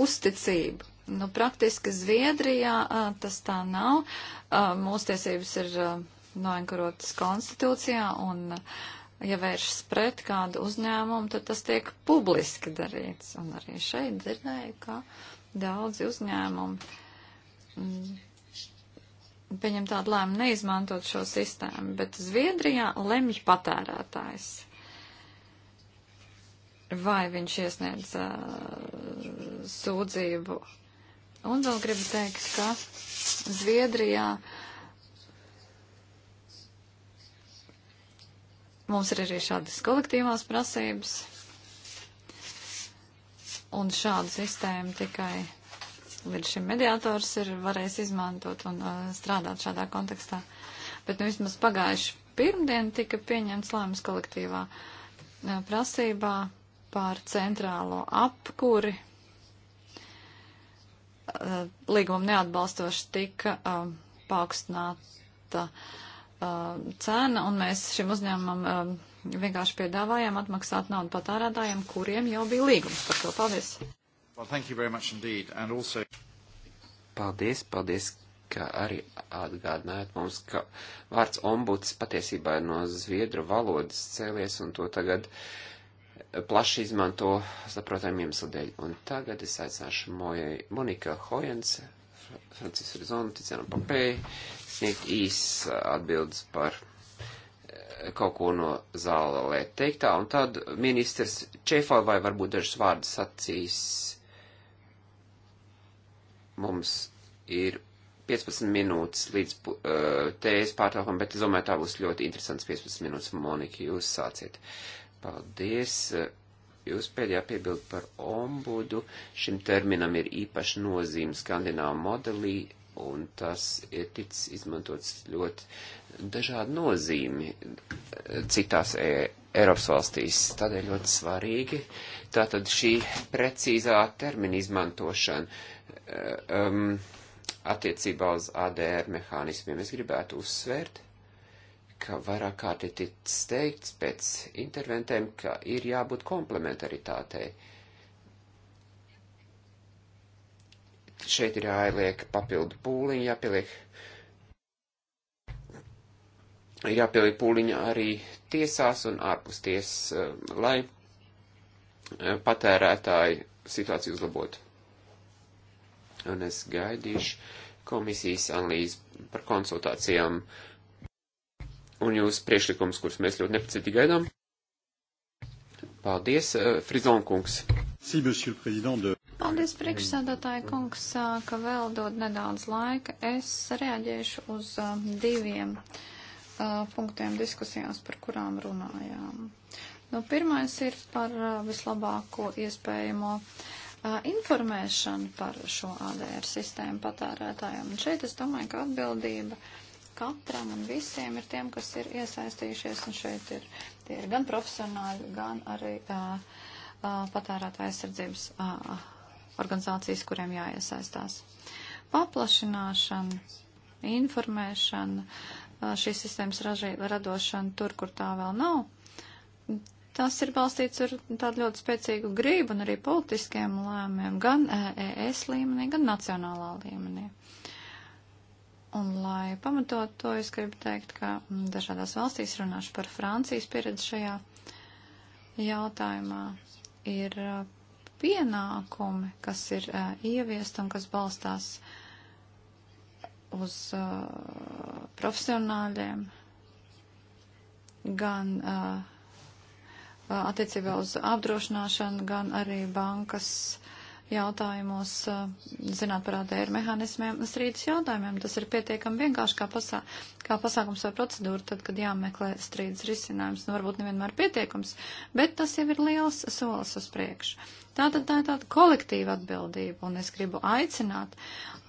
C: uzticību. Nu, praktiski Zviedrijā uh, tas tā nav. Uh, mūsu tiesības ir uh, noenkarotas konstitūcijā un uh, ja vēršas pret kādu uzņēmumu, tad tas tiek publiski darīts. Un arī šeit dzirdēju, ka daudzi uzņēmumi mm, pieņem tādu lēmumu neizmantot šo sistēmu, bet Zviedrijā lemj patērētājs. Vai viņš iesniedz uh, sūdzību. Un vēl gribu teikt, ka Zviedrijā mums ir arī šādas kolektīvās prasības. Un šāda sistēma tikai Līdz šim mediātors ir varējis izmantot un uh, strādāt šādā kontekstā. Bet nu vismaz pagājuši pirmdien tika pieņemts lēmums kolektīvā uh, prasībā pār centrālo apkuri. Uh, Līgumam neatbalstoši tika uh, paaugstināta um, cena, un mēs šim uzņēmumam um, vienkārši piedāvājām atmaksāt naudu patērētājiem, kuriem jau bija līgums par to. Paldies!
B: Well, thank you very much indeed, and also... Paldies, paldies, ka arī atgādinājāt mums, ka vārds ombuds patiesībā ir no zviedru valodas cēlies, un to tagad plaši izmanto saprotam iemeslu dēļ. Un tagad es aicināšu Mojai Monika Hojens, Francis Rizonu, Ticianu Pompeju, sniegt īs atbildes par eh, kaut ko no zālē teiktā, un tad ministrs Čefovai varbūt dažus vārdus sacīs Mums ir 15 minūtes līdz uh, eh, tējas pārtraukumam, bet es domāju, tā būs ļoti interesants 15 minūtes. Monika, jūs sāciet. Paldies. Jūs pēdējā piebilda par ombudu. Šim terminam ir īpaši nozīme skandināvu modelī, un tas ir ticis izmantots ļoti dažādi nozīmi eh, citās e Eiropas valstīs. Tādēļ ļoti svarīgi. Tātad šī precīzā termina izmantošana um, attiecībā uz ADR mehānismiem es gribētu uzsvērt, ka vairāk kārt ir ticis teikts pēc interventēm, ka ir jābūt komplementaritātei. Šeit ir jāieliek papildu pūliņi, jāpieliek, ir jāpieliek pūliņi arī tiesās un ārpus tiesas, um, lai uh, patērētāji situāciju uzlabotu un es gaidīšu komisijas analīzi par konsultācijām un jūsu priekšlikumus, kurus mēs ļoti nepaciti gaidām. Paldies, eh, Frizon kungs.
C: Paldies, priekšsēdētāja kungs, eh, ka vēl dod nedaudz laika. Es reaģēšu uz eh, diviem punktiem diskusijās, par kurām runājām. Nu, pirmais ir par vislabāko iespējamo uh, informēšanu par šo ADR sistēmu patērētājiem. Un šeit es domāju, ka atbildība katram un visiem ir tiem, kas ir iesaistījušies, un šeit ir, tie ir gan profesionāļi, gan arī uh, uh, patērētāja aizsardzības uh, organizācijas, kuriem jāiesaistās. Paplašināšana, informēšana, šīs sistēmas ražī, radošana tur, kur tā vēl nav Tas ir balstīts ar tādu ļoti spēcīgu grību un arī politiskiem lēmiem gan ES e līmenī, gan nacionālā līmenī. Un, lai pamatot to, es gribu teikt, ka mm, dažādās valstīs runāšu par Francijas pieredzi šajā jautājumā. Ir e, pienākumi, kas ir e, ieviest un kas balstās uz profesionāļiem, gan uh, attiecībā uz apdrošināšanu, gan arī bankas jautājumos eh, zināt par ADR mehānismiem, es rītas jautājumiem. Tas ir pietiekami vienkārši kā, pasā, kā pasākums vai procedūra, tad, kad jāmeklē strīdas risinājums, nu varbūt nevienmēr pietiekums, bet tas jau ir liels solis uz priekšu. Tātad tā ir tāda kolektīva atbildība, un es gribu aicināt,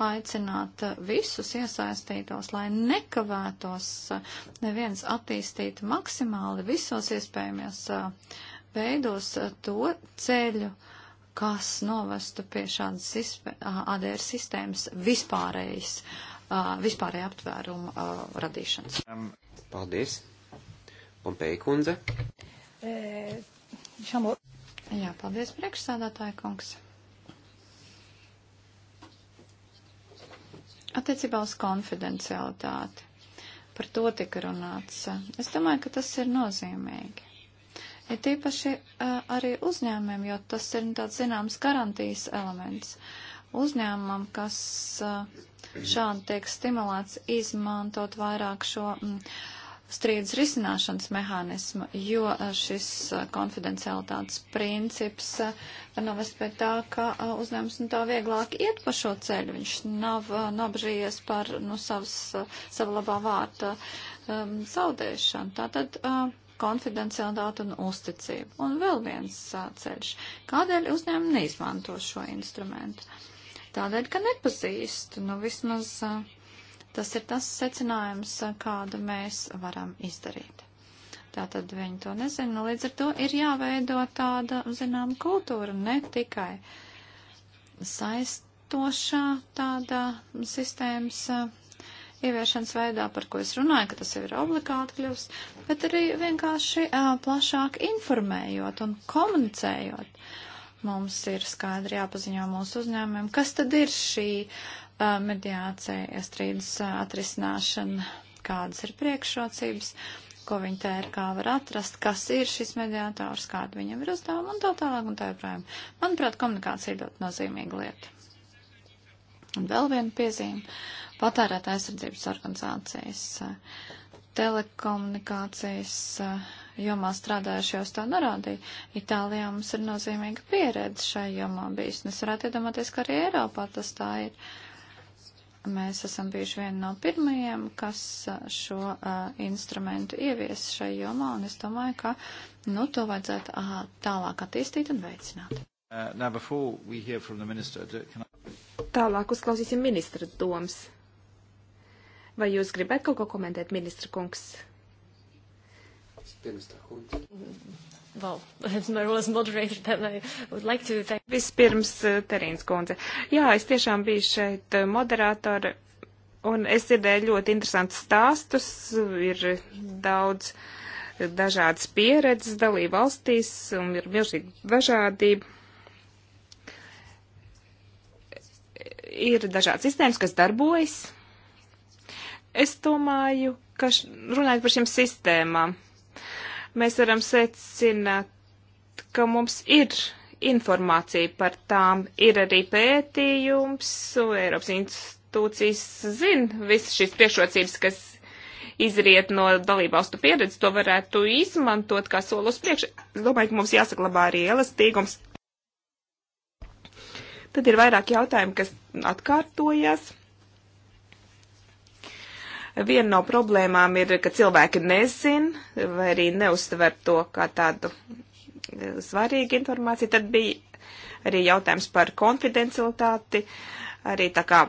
C: aicināt eh, visus iesaistītos, lai nekavētos eh, neviens attīstīt maksimāli visos iespējamajos veidos to ceļu, uh, kas novestu pie šādas ADR sistēmas vispārējas, vispārēja aptvēruma radīšanas. Um,
B: paldies. Pompeja kundze.
C: E, šamo... Jā, paldies priekšsādātāja kungs. Attiecībā uz konfidencialitāti. Par to tika runāts. Es domāju, ka tas ir nozīmīgi ir tīpaši arī uzņēmumiem, jo tas ir tāds zināms garantijas elements. Uzņēmumam, kas šādi tiek stimulēts izmantot vairāk šo strīdus risināšanas mehānismu, jo šis konfidencialitātes princips var novest pie tā, ka uzņēmums nu, tā vieglāk iet pa šo ceļu. Viņš nav nobrījies par nu, savas, savu labā vārta um, zaudēšanu. Tātad uh, konfidencialitāti un uzticību. Un vēl viens uh, ceļš. Kādēļ uzņēmumi neizmanto šo instrumentu? Tādēļ, ka nepazīst. Nu, vismaz uh, tas ir tas secinājums, uh, kādu mēs varam izdarīt. Tātad viņi to nezina. Līdz ar to ir jāveido tāda, zinām, kultūra, ne tikai saistošā tāda sistēmas ieviešanas veidā, par ko es runāju, ka tas jau ir obligāti kļūst, bet arī vienkārši uh, plašāk informējot un komunicējot. Mums ir skaidri jāpaziņo mūsu uzņēmumiem, kas tad ir šī uh, mediācija, strīdus uh, atrisināšana, kādas ir priekšrocības, ko viņi tā ir, kā var atrast, kas ir šis mediātors, kāda viņam ir uzdevuma un tā tālāk un tā joprojām. Manuprāt, komunikācija ir ļoti nozīmīga lieta. Un vēl viena piezīme patērēta aizsardzības organizācijas, telekomunikācijas eh, jomā strādājuši jau tā norādīja. Itālijā mums ir nozīmīga pieredze šai jomā bijis, un es varētu iedomāties, ka arī Eiropā tas tā ir. Mēs esam bijuši vieni no pirmajiem, kas eh, šo uh, instrumentu ievies šai jomā, un es domāju, ka nu, to vajadzētu uh, tālāk attīstīt
A: un veicināt.
C: Uh, now, minister, can I...
A: Tālāk uzklausīsim ministra domas. Vai jūs gribat kaut ko komentēt, ministra kungs? Well, like to... Vispirms, eh, Terīns kundze. Jā, es tiešām biju šeit eh, moderātori, un es dzirdēju ļoti interesantus stāstus. Ir daudz dažādas pieredzes dalību valstīs, un ir milzīga dažādība. Ir dažādas sistēmas, kas darbojas Es domāju, ka runājot par šiem sistēmām, mēs varam secināt, ka mums ir informācija par tām, ir arī pētījums, Eiropas institūcijas zina visas šīs priekšrocības, kas izriet no dalībvalstu pieredzes, to varētu izmantot kā solos priekš. Es domāju, ka mums jāsaklabā arī elastīgums. Tad ir vairāk jautājumu, kas atkārtojas. Viena no problēmām ir, ka cilvēki nezin vai arī neuztver to kā tādu eh, svarīgu informāciju. Tad bija arī jautājums par konfidencialitāti, arī tā kā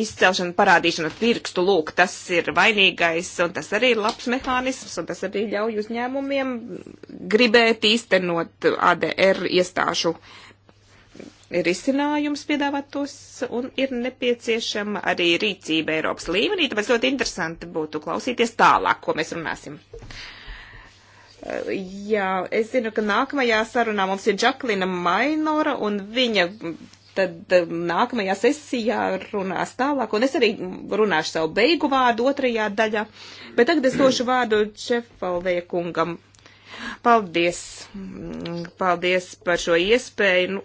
A: izcelšana, parādīšana pirkstu, lūk, tas ir vainīgais, un tas arī ir labs mehānisms, un tas arī ļauj uzņēmumiem gribēt īstenot ADR iestāšu uh, risinājums piedāvāt tos un ir nepieciešama arī rīcība Eiropas līmenī, tāpēc ļoti interesanti būtu klausīties tālāk, ko mēs runāsim. Jā, es zinu, ka nākamajā sarunā mums ir Džaklina Mainora un viņa tad eh, nākamajā sesijā runās tālāk, un es arī runāšu savu beigu vārdu otrajā daļā, bet tagad es došu vārdu Čefalvēkungam. Paldies! Paldies par šo iespēju. Nu,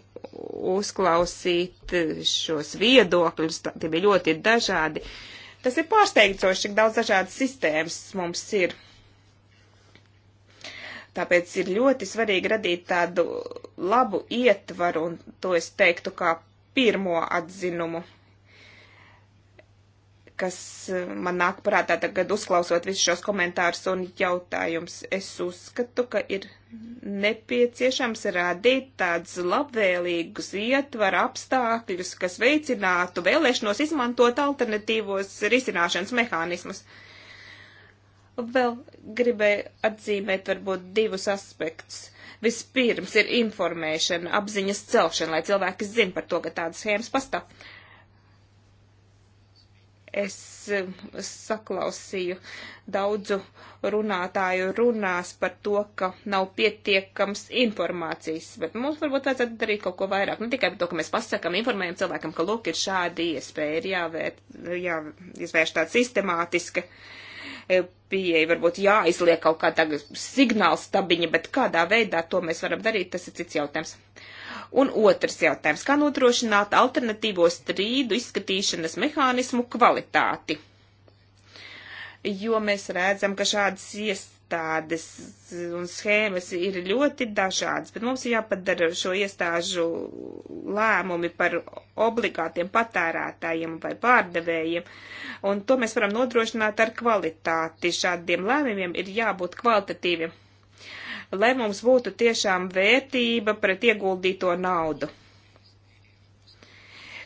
A: uzklausīt šos viedokļus, tie bija ļoti dažādi. Tas ir pārsteidzoši, cik daudz dažādas sistēmas mums ir. Tāpēc ir ļoti svarīgi radīt tādu labu ietvaru, un to es teiktu kā pirmo atzinumu kas eh, man nāk prātā tagad uzklausot visus šos komentārus un jautājums. Es uzskatu, ka ir nepieciešams radīt tādus labvēlīgus ietvaru apstākļus, kas veicinātu vēlēšanos izmantot alternatīvos risināšanas mehānismus. Vēl gribēju atzīmēt varbūt divus aspektus. Vispirms ir informēšana, apziņas celšana, lai cilvēki zin par to, ka tādas schēmas pastāv es eh, saklausīju daudzu runātāju runās par to, ka nav pietiekams informācijas, bet mums varbūt vajadzētu darīt kaut ko vairāk. Ne tikai par to, ka mēs pasakam, informējam cilvēkam, ka lūk, ir šādi iespēja, ir jāvērt, jāizvērš tāda sistemātiska eh, pieeja, varbūt jāizliek kaut kāda signāla stabiņa, bet kādā veidā to mēs varam darīt, tas ir cits jautājums. Uh, Un otrs jautājums, kā nodrošināt alternatīvo strīdu izskatīšanas mehānismu kvalitāti? Jo mēs redzam, ka šādas iestādes un schēmas ir ļoti dažādas, bet mums ir jāpadara šo iestāžu lēmumi par obligātiem patērētājiem vai pārdevējiem, un to mēs varam nodrošināt ar kvalitāti. Šādiem lēmumiem ir jābūt kvalitatīviem lai mums būtu tiešām vērtība pret ieguldīto naudu.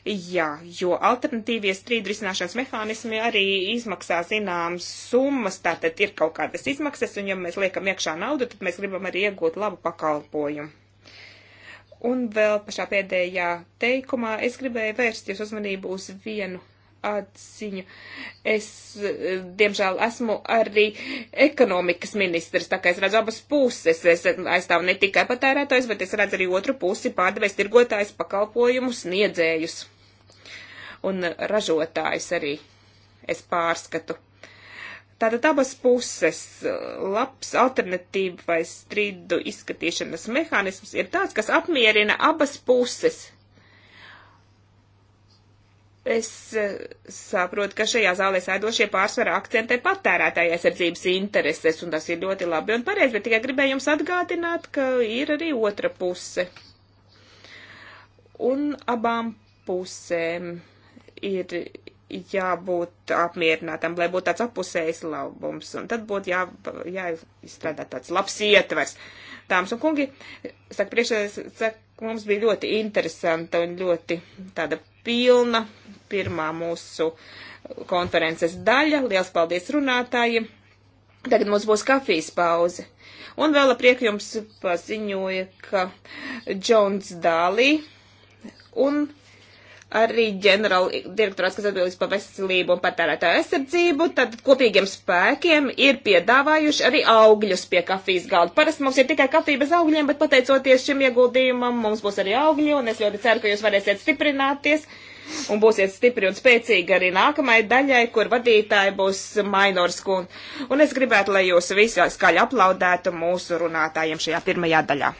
A: Jā, jo alternatīvie strīdu risināšanas mehānismi arī izmaksā zināmas summas, tātad ir kaut kādas izmaksas, un ja mēs liekam iekšā naudu, tad mēs gribam arī iegūt labu pakalpojumu. Un vēl pašā pēdējā teikumā es gribēju vērst jūs uzmanību uz vienu atziņu. Es, eh, diemžēl, esmu arī ekonomikas ministrs, tā kā es redzu abas puses. Es aizstāvu ne tikai patērētājs, bet es redzu arī otru pusi pārdevējs tirgotājs pakalpojumu sniedzējus un ražotājus arī. Es pārskatu. Tātad abas puses labs alternatīva vai strīdu izskatīšanas mehānisms ir tāds, kas apmierina abas puses Es eh, saprotu, ka šajā zālē sēdošie pārsvarā akcentē patērētāja aizsardzības intereses, un tas ir ļoti labi un pareizi, bet tikai gribēju jums atgādināt, ka ir arī otra puse. Un abām pusēm ir jābūt apmierinātam, lai būtu tāds apusējs labums, un tad būtu jā, jāizstrādā tāds labs ietvers. Tāms un kungi, saka priekšsēdētājs, Mums bija ļoti interesanta un ļoti tāda pilna pirmā mūsu konferences daļa. Liels paldies runātājiem! Tagad mums būs kafijas pauze. Un vēl apriek jums paziņoja, ka Džons Dālī un arī ģenerāla direktorāts, kas atbildīgs par veselību un patērētāju aizsardzību, tad kopīgiem spēkiem ir piedāvājuši arī augļus pie kafijas galda. Parasti mums ir tikai kafija bez augļiem, bet pateicoties šim ieguldījumam mums būs arī augļi, un es ļoti ceru, ka jūs varēsiet stiprināties un būsiet stipri un spēcīgi arī nākamajai daļai, kur vadītāji būs Mainors kundze. Un es gribētu, lai jūs visi skaļi aplaudētu mūsu runātājiem šajā pirmajā daļā.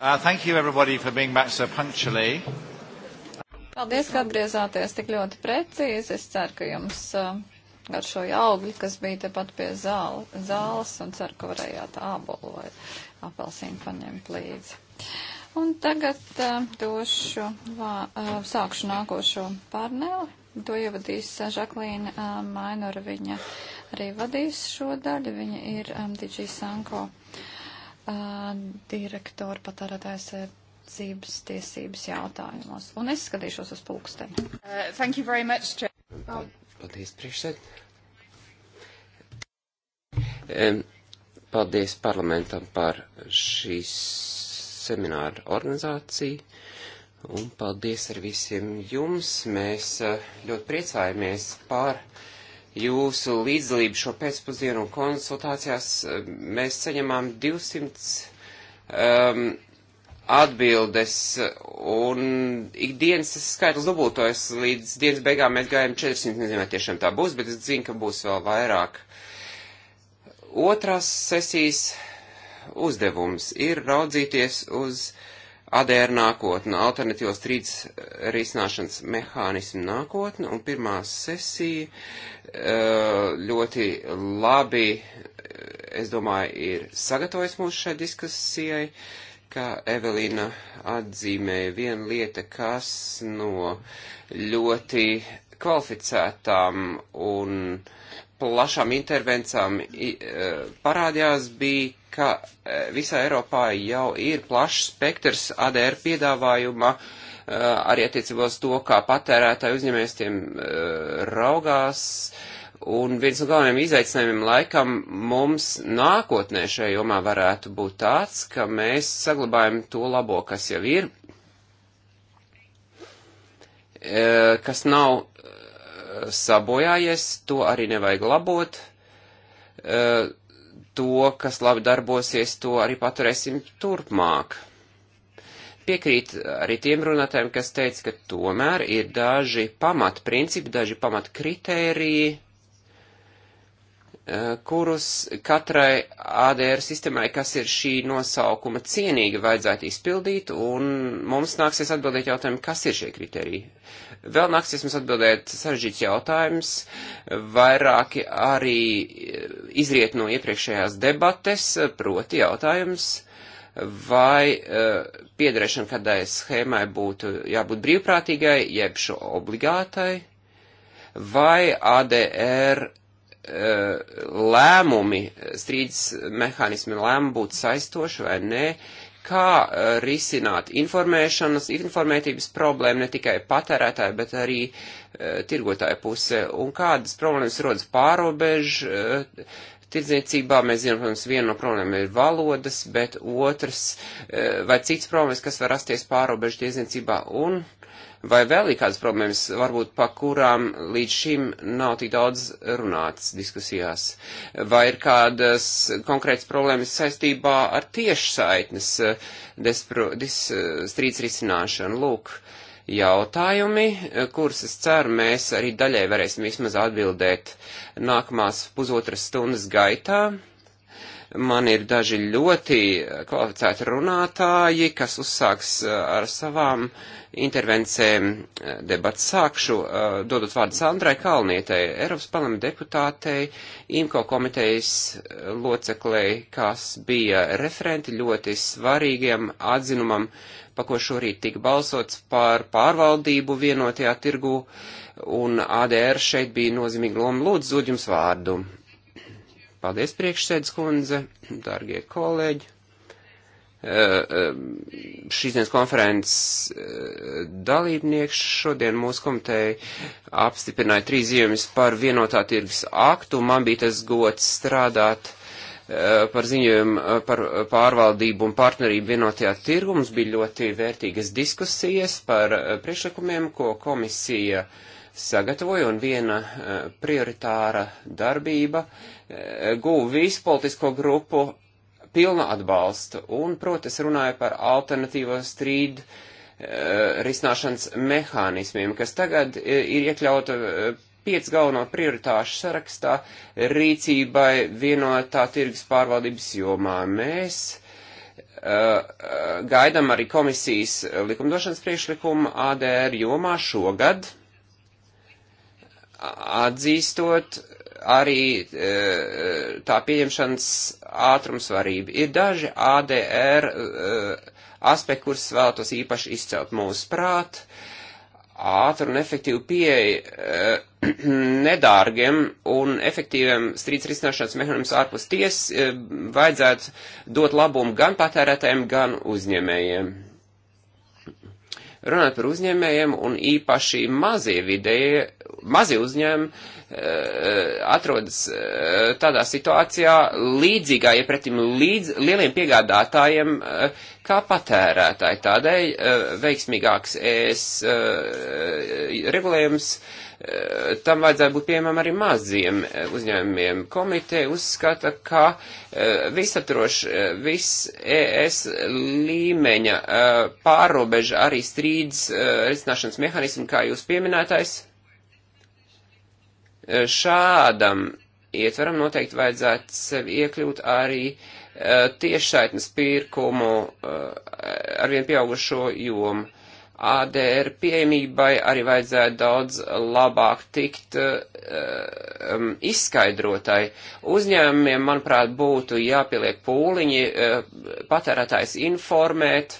C: Uh, thank you everybody for being back so punctually. Paldies, ka atgriezāties tik ļoti precīzi. Es ceru, ka jums uh, garšoja augļi, kas bija tepat pie zāle, zāles, un ceru, ka varējāt ābolu vai apelsīnu paņemt līdzi. Un tagad uh, došu, vā, uh, sākšu nākošo pārneli. To ievadīs uh, Žaklīna uh, Mainora. Viņa arī vadīs šo daļu. Viņa ir um, Digi Sanko. Uh, direktoru patērētājas dzīves tiesības jautājumos. Un es skatīšos uz pulksteni.
B: Uh, thank you very much, Chair. Paldies, priekšsēd. Paldies parlamentam par šīs semināra organizāciju. Un paldies ar visiem jums. Mēs ļoti priecājamies par uh, jūsu līdzdalību šo pēcpusdienu un konsultācijās. Eh, mēs saņemām 200 um, ehm, atbildes, un ikdienas tas skaitlis dubultojas. Līdz dienas beigām mēs gājām 400, nezinu, vai tiešām tā būs, bet es zinu, ka būs vēl vairāk. Otrās sesijas uzdevums ir raudzīties uz uh, ADR nākotne, alternatīvos strīdus eh, risināšanas mehānismu nākotne, un pirmā sesija eh, ļoti labi, eh, es domāju, ir sagatavojis mūs šai diskusijai, ka Evelīna atzīmēja vienu lietu, kas no ļoti kvalificētām un plašām intervencām parādījās bija ka e, visā Eiropā jau ir plašs spektrs ADR piedāvājuma e, arī attiecībos to, kā patērētāji uzņēmējs tiem e, raugās. Un viens no galvenajiem izaicinājumiem laikam mums nākotnē šajā jomā varētu būt tāds, ka mēs saglabājam to labo, kas jau ir, kas nav sabojājies, to arī nevajag labot to, kas labi darbosies, to arī paturēsim turpmāk. Piekrīt arī tiem runātājiem, kas teica, ka tomēr ir daži pamatprincipi, daži pamatkritēriji, kurus katrai ADR sistēmai, kas ir šī nosaukuma cienīga, vajadzētu izpildīt, un mums nāksies atbildēt jautājumu, kas ir šie kriteriji. Vēl nāksies mums atbildēt sarežģīts jautājums, vairāki arī izriet no iepriekšējās debates, proti jautājums, vai uh, piederēšana kādai schēmai būtu jābūt brīvprātīgai, jeb šo obligātai, vai ADR Eh, lēmumi, strīdus mehānismi lēmumi būtu saistoši vai nē, kā eh, risināt informēšanas, informētības problēmu ne tikai patērētāju, bet arī eh, tirgotāju puse, un kādas problēmas rodas pārobežu tirdzniecībā. Mēs zinām, protams, viena no problēmām ir valodas, bet otrs vai cits problēmas, kas var rasties pārobežu tirdzniecībā, un uh, Vai vēl ir kādas problēmas, varbūt pa kurām līdz šim nav tik daudz runāts diskusijās? Vai ir kādas konkrētas problēmas saistībā ar tiešsaitnes eh, eh, strīds risināšanu? Lūk, jautājumi, eh, kurus es ceru mēs arī daļai varēsim vismaz atbildēt nākamās pusotras stundas gaitā man ir daži ļoti kvalificēti runātāji, kas uzsāks ar savām intervencēm eh, debats sākšu, eh, dodot vārdu Sandrai Kalnietai, Eiropas parlamenta deputātei, IMKO komitejas eh, loceklei, kas bija referenti ļoti svarīgiem atzinumam, pa ko šorīt tika balsots par pārvaldību vienotajā tirgu, un ADR šeit bija nozīmīga loma. Lūdzu, dod jums vārdu. Paldies, priekšsēdz kundze, dārgie kolēģi šīs dienas konferences dalībnieks šodien mūsu komiteja apstiprināja trīs ziņojumus par vienotā tirgus aktu. Man bija tas gods strādāt par ziņojumu par pārvaldību un partnerību vienotajā tirgu. Mums bija ļoti vērtīgas diskusijas par priekšlikumiem, ko komisija sagatavoja un viena prioritāra darbība guva visu politisko grupu pilna atbalsta, un, protams, runāju par alternatīvo strīdu eh, risināšanas mehānismiem, kas tagad eh, ir iekļauta eh, piec galveno prioritāšu sarakstā rīcībai vienotā tirgus pārvaldības jomā. Mēs gaidām arī komisijas likumdošanas priekšlikumu ADR jomā šogad, atzīstot arī eh, tā pieņemšanas ātrums varība. Ir daži ADR eh, aspekti, kurus vēlētos īpaši izcelt mūsu prāt. Ātru un efektīvu pieeja eh, nedārgiem un efektīviem strīdus risināšanas mehānismus ārpus ties vajadzētu dot labumu gan patērētājiem, gan uzņēmējiem. Runājot par uzņēmējiem un īpaši mazie vidēji mazi uzņēmumi eh, eh, atrodas eh, tādā situācijā līdzīgā iepretim līdz lieliem piegādātājiem kā patērētāji. Tādēļ veiksmīgāks es regulējums tam vajadzētu būt pieejamam arī maziem uzņēmumiem. Komiteja uzskata, ka visaptroši viss ES līmeņa pārobeža arī strīdas risināšanas mehānismi, kā jūs pieminētais, Šādam ietveram noteikti vajadzētu sev iekļūt arī e, tiešsaitnes pirkumu e, arvien pieaugušo jomu. ADR pieejamībai arī vajadzētu daudz labāk tikt uh, um, izskaidrotai. Uzņēmumiem, manuprāt, būtu jāpieliek pūliņi, uh, patērētājs informēt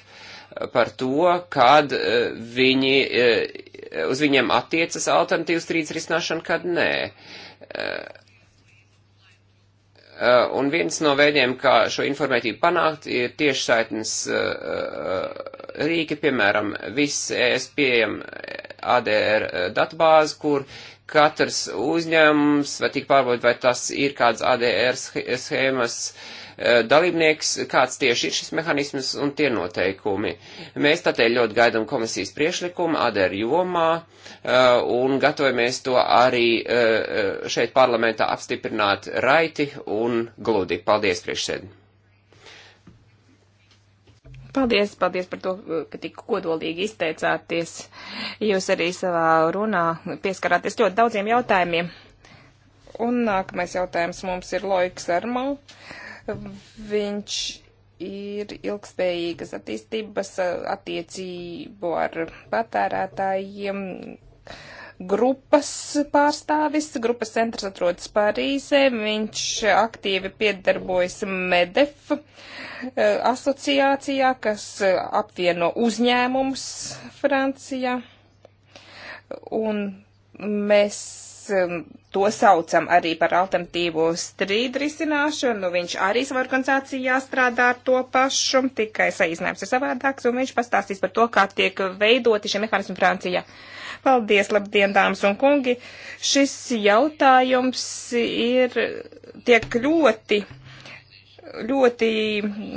B: par to, kad e, viņi, e, uz viņiem attiecas alternatīvas strīdus risināšana, kad nē. E, un viens no veidiem, kā šo informētību panākt, ir tiešsaitnes rīki, piemēram, viss ES pieejam ADR datbāzi, kur katrs uzņēmums vai tik pārbaudīt, vai tas ir kāds ADR schēmas, uh, Eh, dalībnieks, kāds tieši ir šis mehānisms un tie noteikumi. Mēs tātad ļoti gaidām komisijas priešlikumu ADR jomā eh, un gatavojamies to arī eh, šeit parlamentā apstiprināt raiti un gludi. Paldies, priekšsēdētāji!
A: Paldies, paldies par to, ka tik kodolīgi izteicāties. Jūs arī savā runā pieskarāties ļoti daudziem jautājumiem. Un nākamais jautājums mums ir Loiks Armau Viņš ir ilgspējīgas attīstības attiecību ar patērētājiem grupas pārstāvis. Grupas centrs atrodas Parīzē. Viņš aktīvi piedarbojas MEDEF asociācijā, kas apvieno uzņēmumus Francijā. Un mēs Um, to saucam arī par alternatīvo strīdu risināšanu. Nu, viņš arī savā organizācijā strādā ar to pašu, tikai saīsinājums ir savādāks, un viņš pastāstīs par to, kā tiek veidoti šie mehānismi Francijā. Paldies, labdien, dāmas un kungi! Šis jautājums ir, tiek ļoti ļoti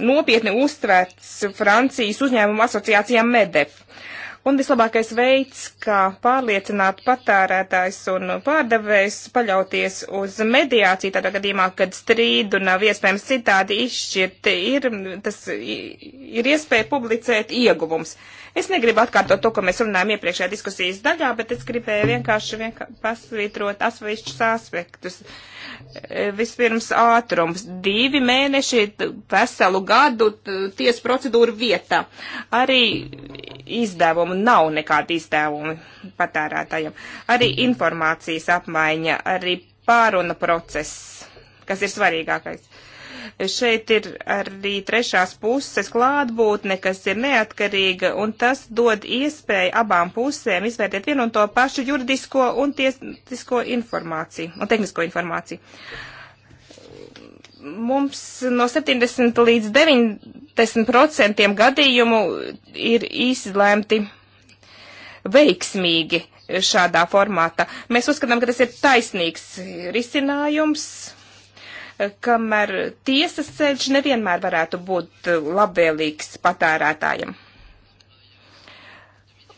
A: nopietni uztvērts Francijas uzņēmumu asociācijām MEDEF. Uh, Un vislabākais veids, kā pārliecināt patērētājs un pārdevējs paļauties uz mediāciju, tādā gadījumā, kad strīdu nav iespējams citādi izšķirt, ir, tas, ir iespēja publicēt ieguvums. Uh, Es negribu atkārtot to, ko mēs runājam iepriekšējā diskusijas daļā, bet es gribēju vienkārši vienkā pasvītrot asveišķus aspektus. E, vispirms ātrums. Divi mēneši veselu gadu ties procedūru vietā. Arī izdevumu nav nekādi izdevumi patērētājiem. Arī informācijas apmaiņa, arī pāruna process, kas ir svarīgākais Šeit ir arī trešās puses klātbūtne, kas ir neatkarīga, un tas dod iespēju abām pusēm izvērtēt vienu un to pašu juridisko un tiesisko informāciju, un tehnisko informāciju mums no 70 līdz 90 procentiem gadījumu ir izlēmti veiksmīgi šādā formātā. Mēs uzskatām, ka tas ir taisnīgs risinājums kamēr tiesas ceļš nevienmēr varētu būt eh, labvēlīgs patērētājiem.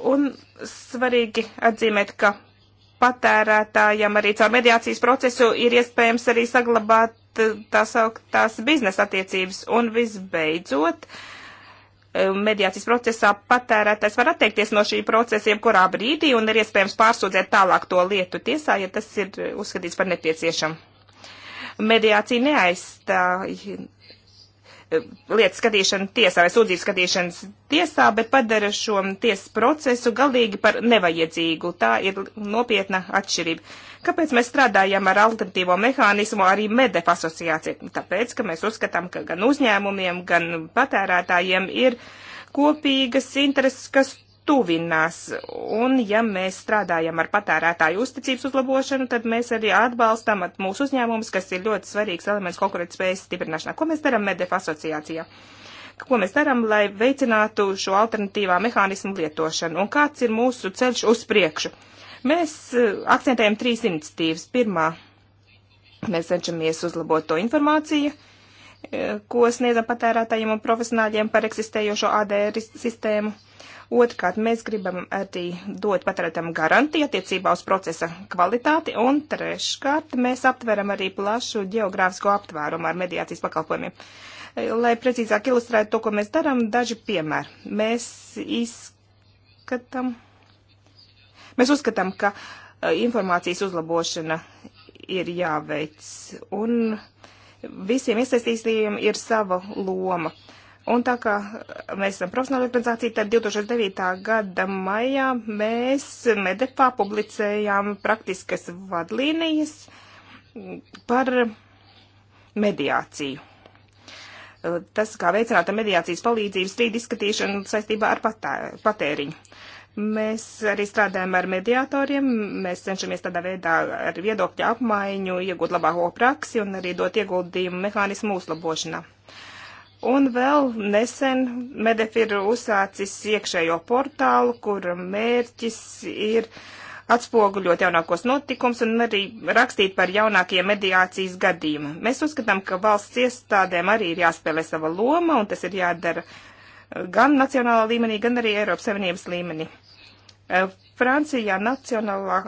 A: Un svarīgi atzīmēt, ka patērētājam arī caur mediācijas procesu ir iespējams arī saglabāt eh, tās augtās biznesa attiecības. Un visbeidzot, eh, mediācijas procesā patērētājs var atteikties no šī procesa jebkurā brīdī un ir iespējams pārsūdzēt tālāk to lietu tiesā, ja tas ir uzskatīts par nepieciešamu mediācija neaizstāja eh, lietas skatīšanu tiesā vai sūdzību skatīšanas tiesā, bet padara šo tiesas procesu galīgi par nevajadzīgu. Tā ir nopietna atšķirība. Kāpēc mēs strādājam ar alternatīvo mehānismu arī MEDEF asociācija? Tāpēc, ka mēs uzskatām, ka gan uzņēmumiem, gan patērētājiem ir kopīgas intereses, kas tuvinās. Un ja mēs strādājam ar patērētāju uzticības uzlabošanu, tad mēs arī atbalstam at mūsu uzņēmumus, kas ir ļoti svarīgs elements konkurētspējas stiprināšanā. Ko mēs darām MEDEF asociācijā? Ko mēs darām, lai veicinātu šo alternatīvā mehānismu lietošanu? Un kāds ir mūsu ceļš uz priekšu? Mēs eh, akcentējam trīs iniciatīvas. Pirmā, mēs cenšamies uzlabot to informāciju eh, ko sniedzam patērētājiem un profesionāļiem par eksistējošo ADR sistēmu. Uh, Otrkārt, mēs gribam arī dot patērētam garantiju attiecībā uz procesa kvalitāti. Un treškārt, mēs aptveram arī plašu geogrāfisko aptvērumu ar mediācijas pakalpojumiem. Lai precīzāk ilustrētu to, ko mēs darām, daži piemēri. Mēs izskatām. Mēs uzskatām, ka eh, informācijas uzlabošana ir jāveic, un visiem iesaistītījiem ir sava loma. Uh, Un tā kā mēs esam profesionāla organizācija, tad 2009. gada maijā mēs Medepā publicējām praktiskas vadlīnijas par mediāciju. Tas, kā veicināt mediācijas palīdzības strīdu izskatīšanu saistībā ar patē, patēriņu. Mēs arī strādājam ar mediatoriem, mēs cenšamies tādā veidā ar viedokļu apmaiņu iegūt labāko praksi un arī dot ieguldījumu mehānismu uzlabošanā. Uh, Un vēl nesen Medef ir uzsācis iekšējo portālu, kur mērķis ir atspoguļot jaunākos notikums un arī rakstīt par jaunākajiem mediācijas gadījumiem. Mēs uzskatām, ka valsts iestādēm arī ir jāspēlē sava loma, un tas ir jādara eh, gan nacionālā līmenī, gan arī Eiropas Savienības līmenī. Eh, Francijā Nacionālā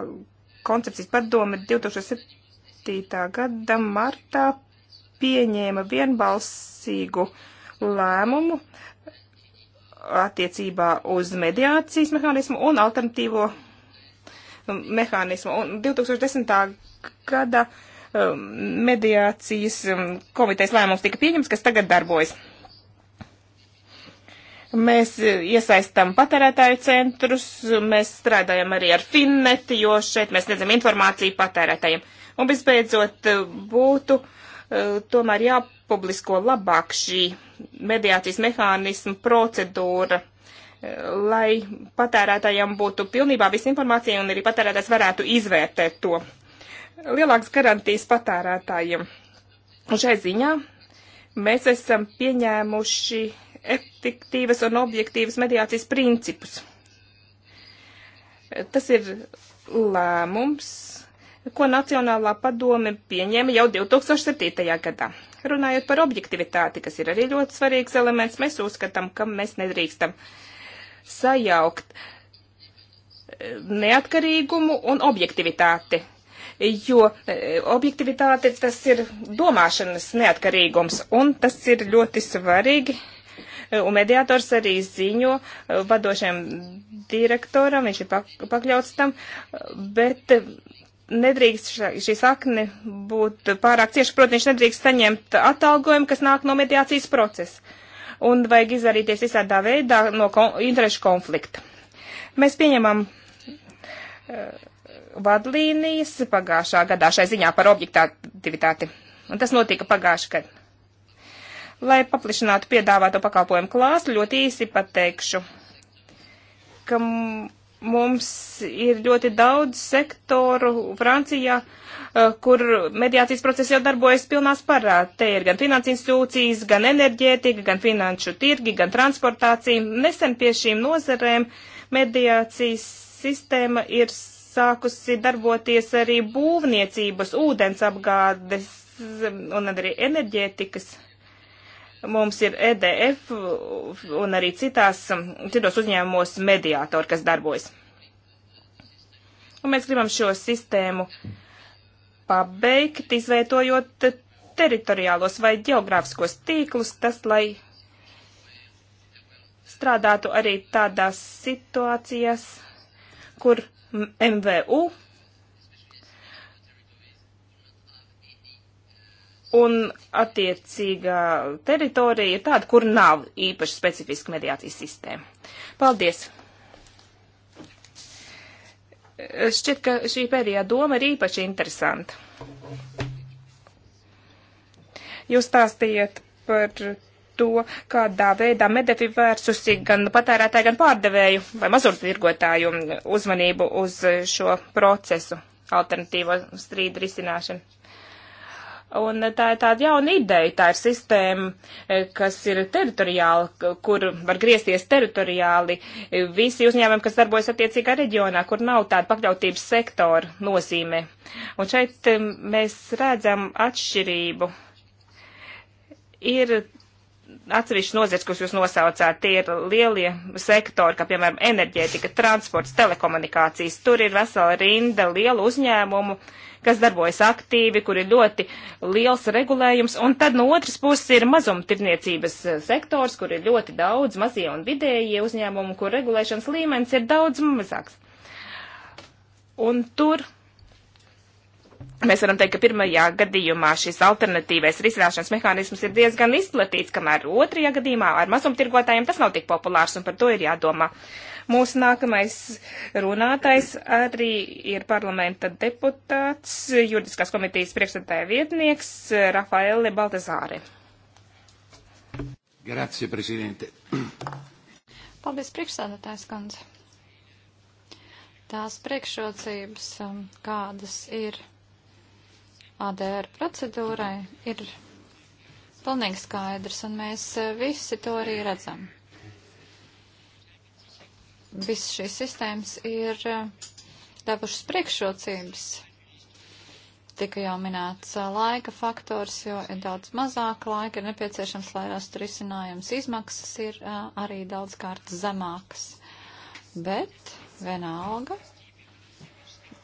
A: koncepcijas padome 2007. gada martā pieņēma vienbalsīgu lēmumu attiecībā uz mediācijas mehānismu un alternatīvo um, mehānismu. Un 2010. gada um, mediācijas um, komitejas lēmums tika pieņems, kas tagad darbojas. Mēs uh, iesaistam patērētāju centrus, mēs strādājam arī ar Finneti, jo šeit mēs sniedzam informāciju patērētājiem. Un visbeidzot uh, būtu uh, Eh, tomēr jāpublisko labāk šī mediācijas mehānismu procedūra eh, lai patērētājiem būtu pilnībā visa informācija un arī patērētājs varētu izvērtēt to. Lielāks garantijas patērētājiem. Un šai ziņā mēs esam pieņēmuši efektīvas un objektīvas mediācijas principus. Tas ir lēmums, ko Nacionālā padome pieņēma jau 2007. gadā. Runājot par objektivitāti, kas ir arī ļoti svarīgs elements, mēs uzskatām, ka mēs nedrīkstam sajaukt eh, neatkarīgumu un objektivitāti jo eh, objektivitāte tas ir domāšanas neatkarīgums, un tas ir ļoti svarīgi. Eh, un mediātors arī ziņo vadošajam direktoram, viņš ir pakļauts tam, bet nedrīkst šī sakne būt pārāk cieša, protams, viņš nedrīkst saņemt atalgojumu, kas nāk no mediācijas procesa. Un vajag izvairīties visādā veidā no kon interešu konflikta. Mēs pieņemam uh, vadlīnijas pagājušā gadā šai ziņā par objektivitāti. Un tas notika pagājušajā gadā. Lai paplišinātu piedāvāto pakalpojumu klāstu, ļoti īsi pateikšu, ka Mums ir ļoti daudz sektoru Francijā, eh, kur mediācijas process jau darbojas pilnā sparā. Te ir gan finanses institūcijas, gan enerģētika, gan finanšu tirgi, gan transportācija. Nesen pie šīm nozarēm mediācijas sistēma ir sākusi darboties arī būvniecības, ūdens apgādes mm, un arī enerģētikas Mums ir EDF un arī citās, um, citos uzņēmumos mediātori, kas darbojas. Un mēs gribam šo sistēmu pabeigt, izveidojot teritoriālos vai geogrāfiskos tīklus, tas, lai strādātu arī tādās situācijās, kur MVU un attiecīgā teritorija ir tāda, kur nav īpaši specifiska mediācijas sistēma. Paldies! Šķiet, ka šī pēdējā doma ir īpaši interesanta. Jūs stāstījat par to, kādā veidā Medefi vērsusi gan patērētāju, gan pārdevēju vai mazurtirgotāju uzmanību uz šo procesu alternatīvo strīdu risināšanu. Un tā ir tāda jauna ideja, tā ir sistēma, eh, kas ir teritoriāla, kur var griezties teritoriāli visi uzņēmumi, kas darbojas attiecīgā reģionā, kur nav tāda pakļautības sektora nozīme. Un šeit eh, mēs redzam atšķirību. Ir atsevišķi nozars, kurus jūs nosaucāt, tie ir lielie sektori, kā piemēram enerģētika, transports, telekomunikācijas. Tur ir vesela rinda lielu uzņēmumu kas darbojas aktīvi, kur ir ļoti liels regulējums, un tad no otras puses ir mazumtirniecības eh, sektors, kur ir ļoti daudz mazie un vidējie uzņēmumi, kur regulēšanas līmenis ir daudz mazāks. Un tur Mēs varam teikt, ka pirmajā gadījumā šis alternatīvais risināšanas mehānisms ir diezgan izplatīts, kamēr otrajā gadījumā ar mazumtirgotājiem tas nav tik populārs un par to ir jādomā. Mūsu nākamais runātais arī ir parlamenta deputāts, juridiskās komitejas priekšstādāja vietnieks Rafaele Baltazāre.
C: Grazie, prezidente. Paldies, priekšstādātājs Kandze. Tās priekšrocības, um, kādas ir ADR procedūrai ir pilnīgi skaidrs, un mēs e, visi to arī redzam. Viss šīs sistēmas ir e, devušas priekšrocības. Tika jau minēts e, laika faktors, jo ir daudz mazāk laika, ir nepieciešams, lai rastu risinājums. Izmaksas ir arī daudz kārt zemākas. Bet vienalga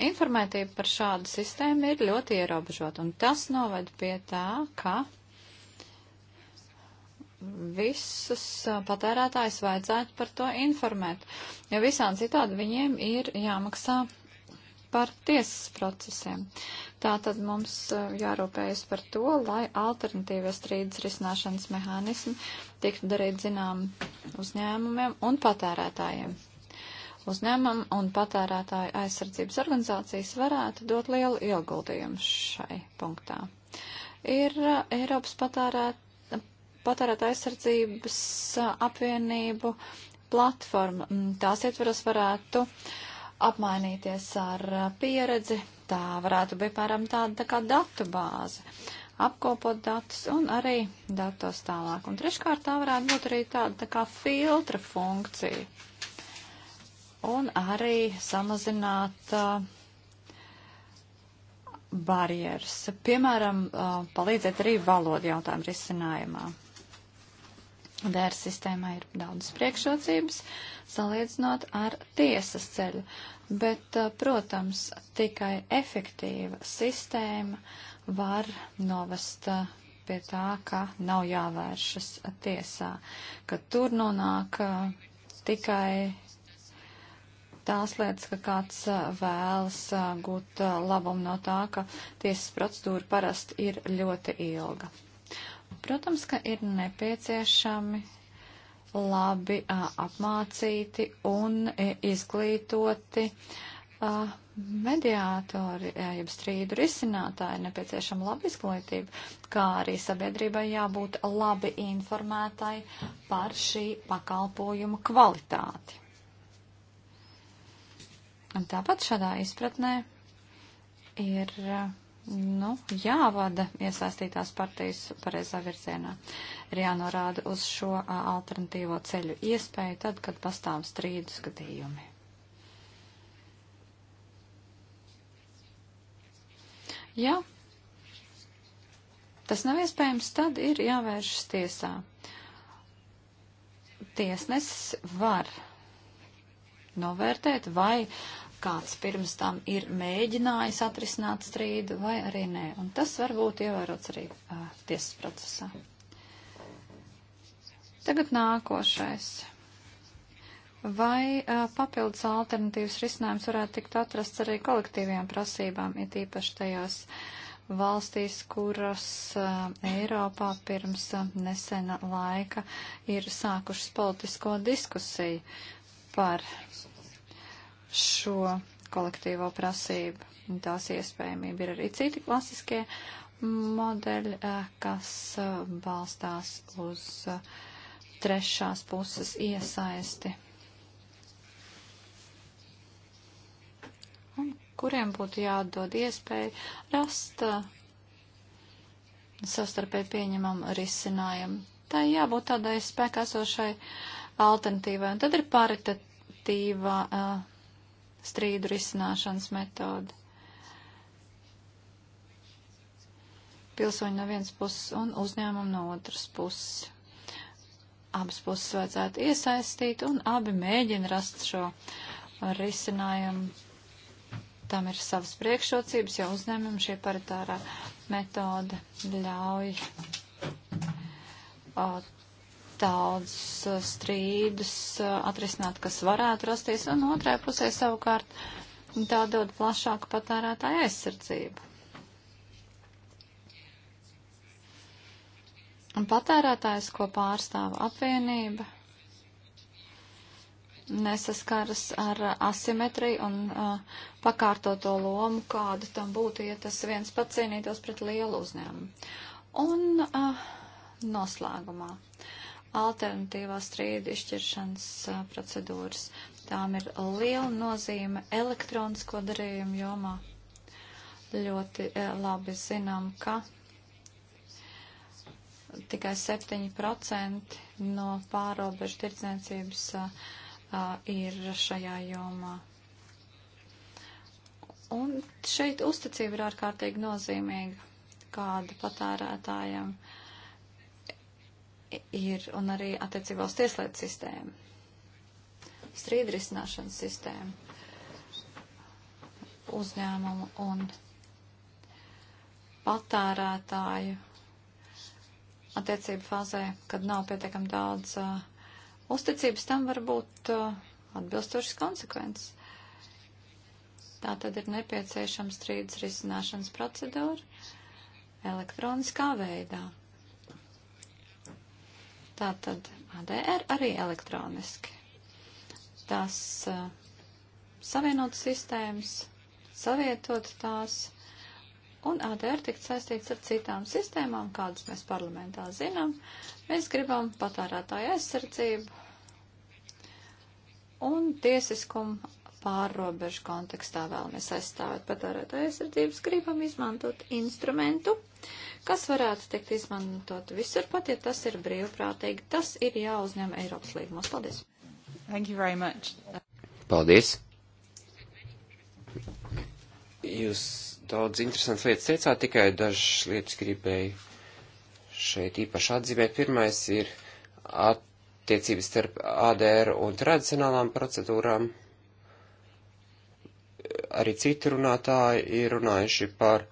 C: informētība par šādu sistēmu ir ļoti ierobežota, un tas noved pie tā, ka visus patērētājus vajadzētu par to informēt, jo visādi citādi viņiem ir jāmaksā par tiesas procesiem. Tātad mums jārūpējas par to, lai alternatīvie strīdus risināšanas mehānismi tiktu darīt zinām uzņēmumiem un patērētājiem uzņēmumu un patērētāju aizsardzības organizācijas varētu dot lielu ieguldījumu šai punktā. Ir uh, Eiropas patērētāja patērēt aizsardzības uh, apvienību platforma. Mm, tās ietveros varētu apmainīties ar uh, pieredzi, tā varētu būt, piemēram, tāda tā kā datu bāze apkopot datus un arī datos tālāk. Un treškārt tā varētu būt arī tāda tā kā filtra funkcija un arī samazināt uh, barjeras. Piemēram, uh, palīdzēt arī valodu jautājumu risinājumā. DR sistēmā ir daudz priekšrocības, salīdzinot ar tiesas ceļu, bet, uh, protams, tikai efektīva sistēma var novest uh, pie tā, ka nav jāvēršas tiesā, ka tur nonāk uh, tikai tās lietas, ka kāds vēlas gūt labumu no tā, ka tiesas procedūra parasti ir ļoti ilga. Protams, ka ir nepieciešami labi apmācīti un izglītoti mediātori, jeb strīdu risinātāji, nepieciešama laba izglītība, kā arī sabiedrībai jābūt labi informētai par šī pakalpojuma kvalitāti. Un tāpat šādā izpratnē ir nu, jāvada iesaistītās partijas pareizā virzienā. Ir jānorāda uz šo alternatīvo ceļu iespēju tad, kad pastāv strīdu skatījumi. Ja tas nav iespējams, tad ir jāvēršas tiesā. Tiesnesis var novērtēt, vai kāds pirms tam ir mēģinājis atrisināt strīdu, vai arī nē. Un tas var būt ievērots arī uh, tiesas procesā. Tagad nākošais. Vai uh, papildus alternatīvas risinājums varētu tikt atrasts arī kolektīvajām prasībām, it īpaši tajās valstīs, kuras uh, Eiropā pirms uh, nesena laika ir sākušas politisko diskusiju par šo kolektīvo prasību. Tās iespējamība ir arī citi klasiskie modeļi, eh, kas eh, balstās uz eh, trešās puses iesaisti. Un kuriem būtu jādod iespēja rast sastarpēji pieņemamu risinājumu. Tā jābūt tādai spēkā esošai alternatīvai. Un tad ir paritatīvā uh, strīdu risināšanas metodi. Pilsoņi no vienas puses un uzņēmumi no otras puses. Abas puses vajadzētu iesaistīt un abi mēģina rast šo risinājumu. Tam ir savas priekšrocības, jo uzņēmumam šī paritārā metode ļauj uh, daudz uh, strīdus uh, atrisināt, kas varētu rasties, un otrai pusē savukārt tā dod plašāku patērētāju aizsardzību. Un patērētājs, ko pārstāv apvienība, nesaskaras ar asimetriju un uh, pakārtoto lomu, kādu tam būtu, ja tas viens pats cīnītos pret lielu uzņēmumu. Un uh, noslēgumā. Uh, alternatīvās strīdu izšķiršanas procedūras. Tām ir liela nozīme elektronisko darījumu jomā. Ļoti labi zinām, ka tikai 7% no pārobežu tirdzniecības ir šajā jomā. Un šeit uzticība ir ārkārtīgi nozīmīga, kāda patērētājiem ir ir un arī attiecībā uz tieslietu sistēmu, strīdu risināšanas sistēmu, uzņēmumu un patērētāju attiecību fazē, kad nav pietiekami daudz uh, uzticības, tam var būt uh, atbilstošas konsekvences. Tā tad ir nepieciešama strīdus risināšanas procedūra elektroniskā veidā. Tātad ADR arī elektroniski. Tas uh, savienot sistēmas, savietot tās, un ADR tikt saistīts ar citām sistēmām, kādas mēs parlamentā zinām. Mēs gribam patērētāju aizsardzību un tiesiskumu pārrobežu kontekstā vēlamies aizstāvēt patērētāju aizsardzības, gribam izmantot instrumentu, uh, kas varētu tikt izmantot visur pat, ja tas ir brīvprātīgi. Tas ir jāuzņem Eiropas līgumos. Paldies! Thank you very much.
B: Paldies! Jūs daudz interesantas lietas teicāt, tikai dažas lietas gribēju šeit īpaši atzīmēt. Pirmais ir attiecības starp ADR un tradicionālām procedūrām. Arī citi runātāji ir runājuši par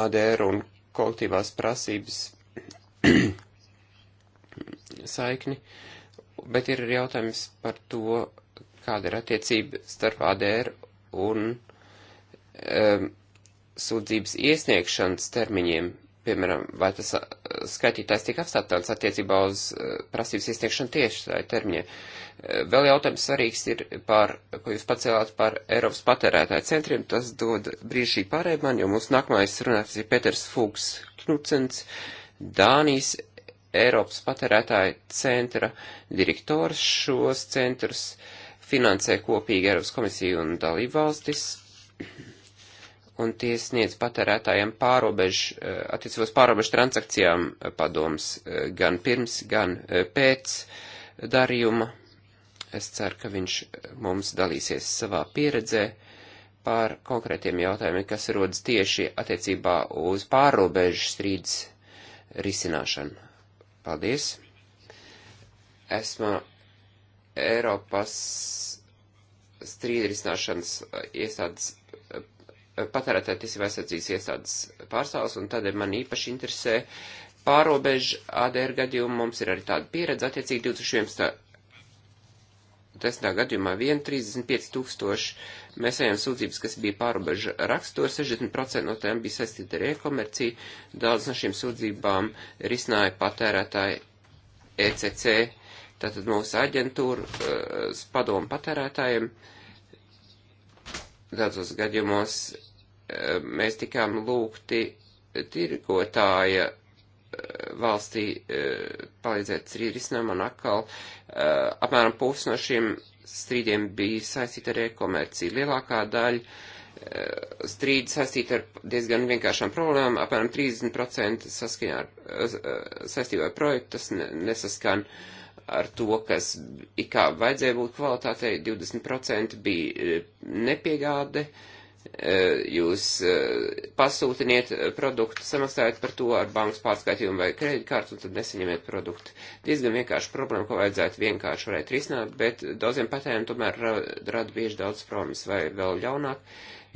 B: ADR un kolektīvās prasības saikni, bet ir arī jautājums par to, kāda ir attiecība starp ADR un um, sūdzības iesniegšanas termiņiem piemēram, vai tas skaitītājs tiek apstāptāts attiecībā uz prasības iesniegšanu tieši tajā termiņā. E, vēl jautājums svarīgs ir par, ko jūs pacēlāt par Eiropas patērētāju centriem. Tas dod brīžī pārēj man, jo mūsu nākamais runātājs ir Peters Fūks Knucens, Dānijas Eiropas patērētāju centra direktors. Šos centrus finansē kopīgi Eiropas komisija un dalībvalstis un tie sniedz patērētājiem pārobežu, eh, attiecībos pārobežu transakcijām eh, padoms eh, gan pirms, gan pēc darījuma. Es ceru, ka viņš mums dalīsies savā pieredzē par konkrētiem jautājumiem, kas rodas tieši attiecībā uz pārobežu strīdus risināšanu. Paldies! Esmu Eiropas strīdrisināšanas iestādes patērētāju tiesību aizsardzības iestādes pārstāvs, un tādēļ man īpaši interesē pārobežu ADR gadījumu. Mums ir arī tāda pieredze attiecīgi 2011. gadījumā 1,35 tūkstoši mēs ejam sūdzības, kas bija pārobežu rakstura, 60% no tām bija saistīta ar e-komerciju, daudz no šīm sūdzībām risināja patērētāji ECC, tātad mūsu aģentūras eh, padomu patērētājiem. Uh, daudzos gadījumos eh, mēs tikām lūgti tirgotāja eh, valstī eh, palīdzēt strīdrisinām un atkal apmēram pusi no šiem strīdiem bija saistīta ar e-komerciju. Lielākā daļa strīdi saistīta ar diezgan vienkāršām problēmām, apmēram 30% saskaņā ar, saistībā ar projektu tas nesaskan. Ne ar to, kas it kā vajadzēja būt kvalitātei, 20% bija eh, nepiegāde, eh, jūs eh, pasūtiniet produktu, samaksājat par to ar bankas pārskaitījumu vai kreditkārtu, un tad nesaņemiet produktu. Diezgan vienkārši problēma, ko vajadzētu vienkārši varētu risināt, bet daudziem patēriem tomēr rada bieži daudz promis vai vēl ļaunāk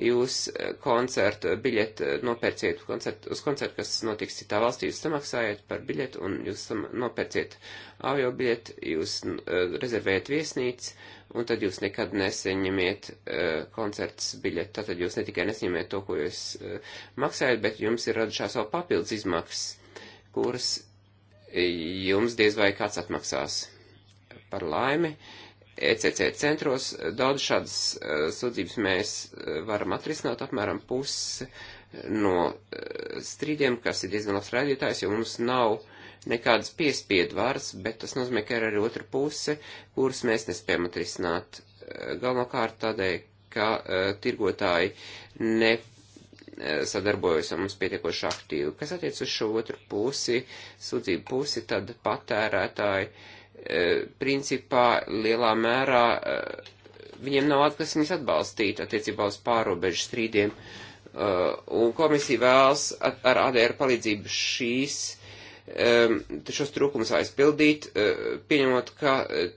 B: jūs eh, koncertu eh, biļeti eh, nopērciet koncertu, uz koncertu, kas notiks citā valstī, jūs samaksājat par biļeti un jūs nopērciet avio biļeti, jūs uh, rezervējat viesnīcu un tad jūs nekad neseņemiet uh, koncerts biļeti. Tātad jūs ne tikai neseņemiet to, ko jūs uh, maksājat, bet jums ir radušās vēl papildus izmaksas, kuras jums diez vai kāds atmaksās. Par laimi. Uh, ECC centros daudz šādas uh, sūdzības mēs uh, varam atrisināt apmēram pusi eh, no uh, strīdiem, kas ir diezgan labs rādītājs, jo mums nav nekādas piespiedu varas, bet tas nozīmē, ka ir arī otra puse, kuras mēs nespējam atrisināt. Galvenokārt tādēļ, ka tirgotāji ne sadarbojas ar mums pietiekoši aktīvi. Kas attiec uz šo otru pusi, sūdzību pusi, tad patērētāji uh, E, principā lielā mērā e, viņiem nav atkas viņus atbalstīt attiecībā uz pārobežu strīdiem. E, un komisija vēlas ar ADR palīdzību šīs, šos trūkumus aizpildīt, pieņemot, ka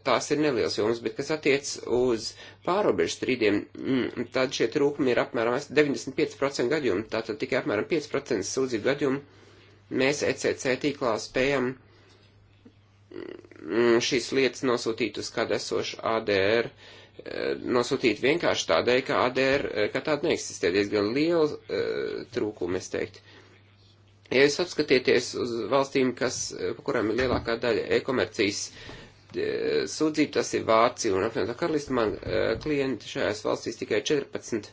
B: tās ir nelielas jomas, bet kas attiec uz pārobežu strīdiem, mm, tad šie trūkumi ir apmēram 95% gadījumu, tātad tikai apmēram 5% sūdzību gadījumu mēs ECC tīklā spējam uh, šīs lietas nosūtīt uz kādu esošu ADR, nosūtīt vienkārši tādēļ, ka ADR, ka tāda neeksistē, diezgan liela uh, eh, trūkuma, es teiktu. Ja jūs apskatieties uz valstīm, kas, pa kurām ir lielākā daļa e-komercijas eh, sūdzību, tas ir Vācija un apvienotā karalista, man uh, klienti šajās valstīs tikai 14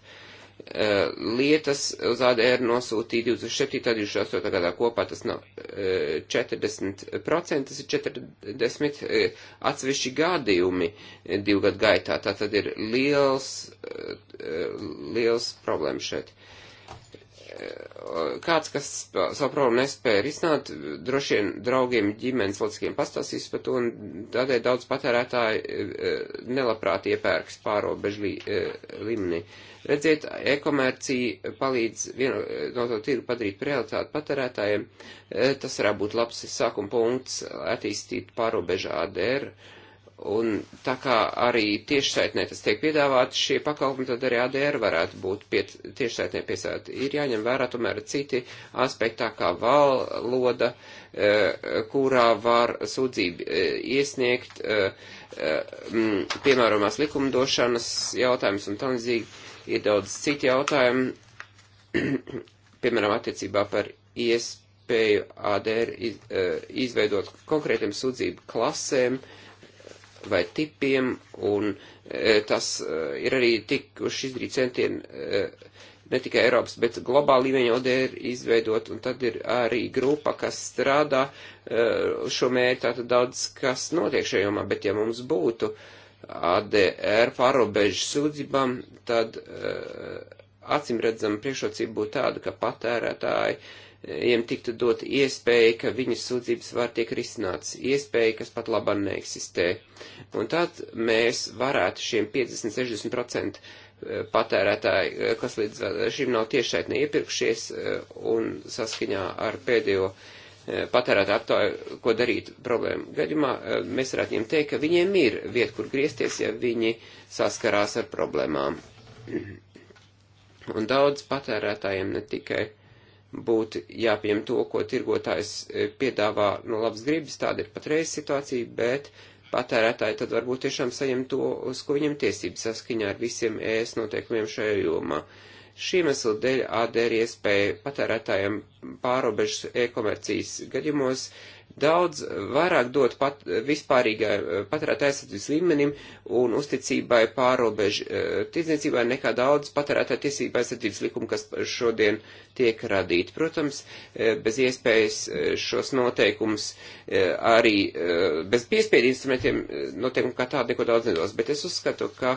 B: Eh, lietas uz ADR nosūtīja 27. 28. gadā kopā tas nav 40%, eh, tas ir 40 eh, atsevišķi gadījumi divu gadu gaitā. Tā tad ir liels, liels problēma šeit kāds, kas savu problēmu nespēja risināt, droši vien draugiem, ģimenes locekļiem pastāstīs par to, un tādēļ daudz patērētāji e, e, nelabprāt iepērks pārobežu e, līmenī. Redziet, e-komercija palīdz vienu no to tirgu padarīt realitāti patērētājiem. Tas varētu būt labs sākuma punkts attīstīt pārobežu ADR Un tā kā arī tiešsaitnē tas tiek piedāvāts, šie pakalpojumi tad arī ADR varētu būt piet, tiešsaitnē piesāti. Ir jāņem vērā tomēr citi aspekti, tā kā valoda, e, kurā var sūdzību e, iesniegt, e, piemēromās likumdošanas jautājumus un tam līdzīgi. Ir daudz citu jautājumu, piemēram, attiecībā par iespēju ADR izveidot konkrētiem sūdzību klasēm. Uh, vai tipiem, un e, tas e, ir arī tikuši izdarīt centieni e, ne tikai Eiropas, bet globāli līmeņa ODE ir izveidot, un tad ir arī grupa, kas strādā šo mērķi, tātad daudz kas notiek šajā jomā, bet ja mums būtu ADR pārobežu sūdzībām, tad acīm redzam priekšrocība būtu tāda, ka patērētāji uh, viņiem tiktu dot iespēja, ka viņas sūdzības var tiek risināts, iespēja, kas pat labāk neeksistē. Un tad mēs varētu šiem 50-60% eh, patērētāji, eh, kas līdz eh, šim nav tiešai neiepirkšies un saskaņā ar pēdējo patērēt aptāju, ko darīt problēmu gadījumā, mēs varētu viņiem teikt, ka viņiem ir vieta, kur griezties, ja viņi saskarās ar problēmām. Un daudz patērētājiem ne tikai uh, būtu jāpiem to, ko tirgotājs e, piedāvā no labas gribas, tāda ir patreiz situācija, bet patērētāji tad varbūt tiešām saņem to, uz ko viņam tiesības saskaņā ar visiem ES noteikumiem šajā jomā. Šī iemesla dēļ AD ir iespēja patērētājiem pārobežas e-komercijas gadījumos uh, daudz vairāk dot pat, vispārīgai eh, patērētāja aizsardzības līmenim un uzticībai pārobežu eh, tirdzniecībai nekā daudz patērētāja tiesība aizsardzības likuma, kas šodien tiek radīti. Protams, eh, bez iespējas šos noteikumus arī bez piespiedu instrumentiem noteikumu kā tādu neko daudz nedos, bet es uzskatu, ka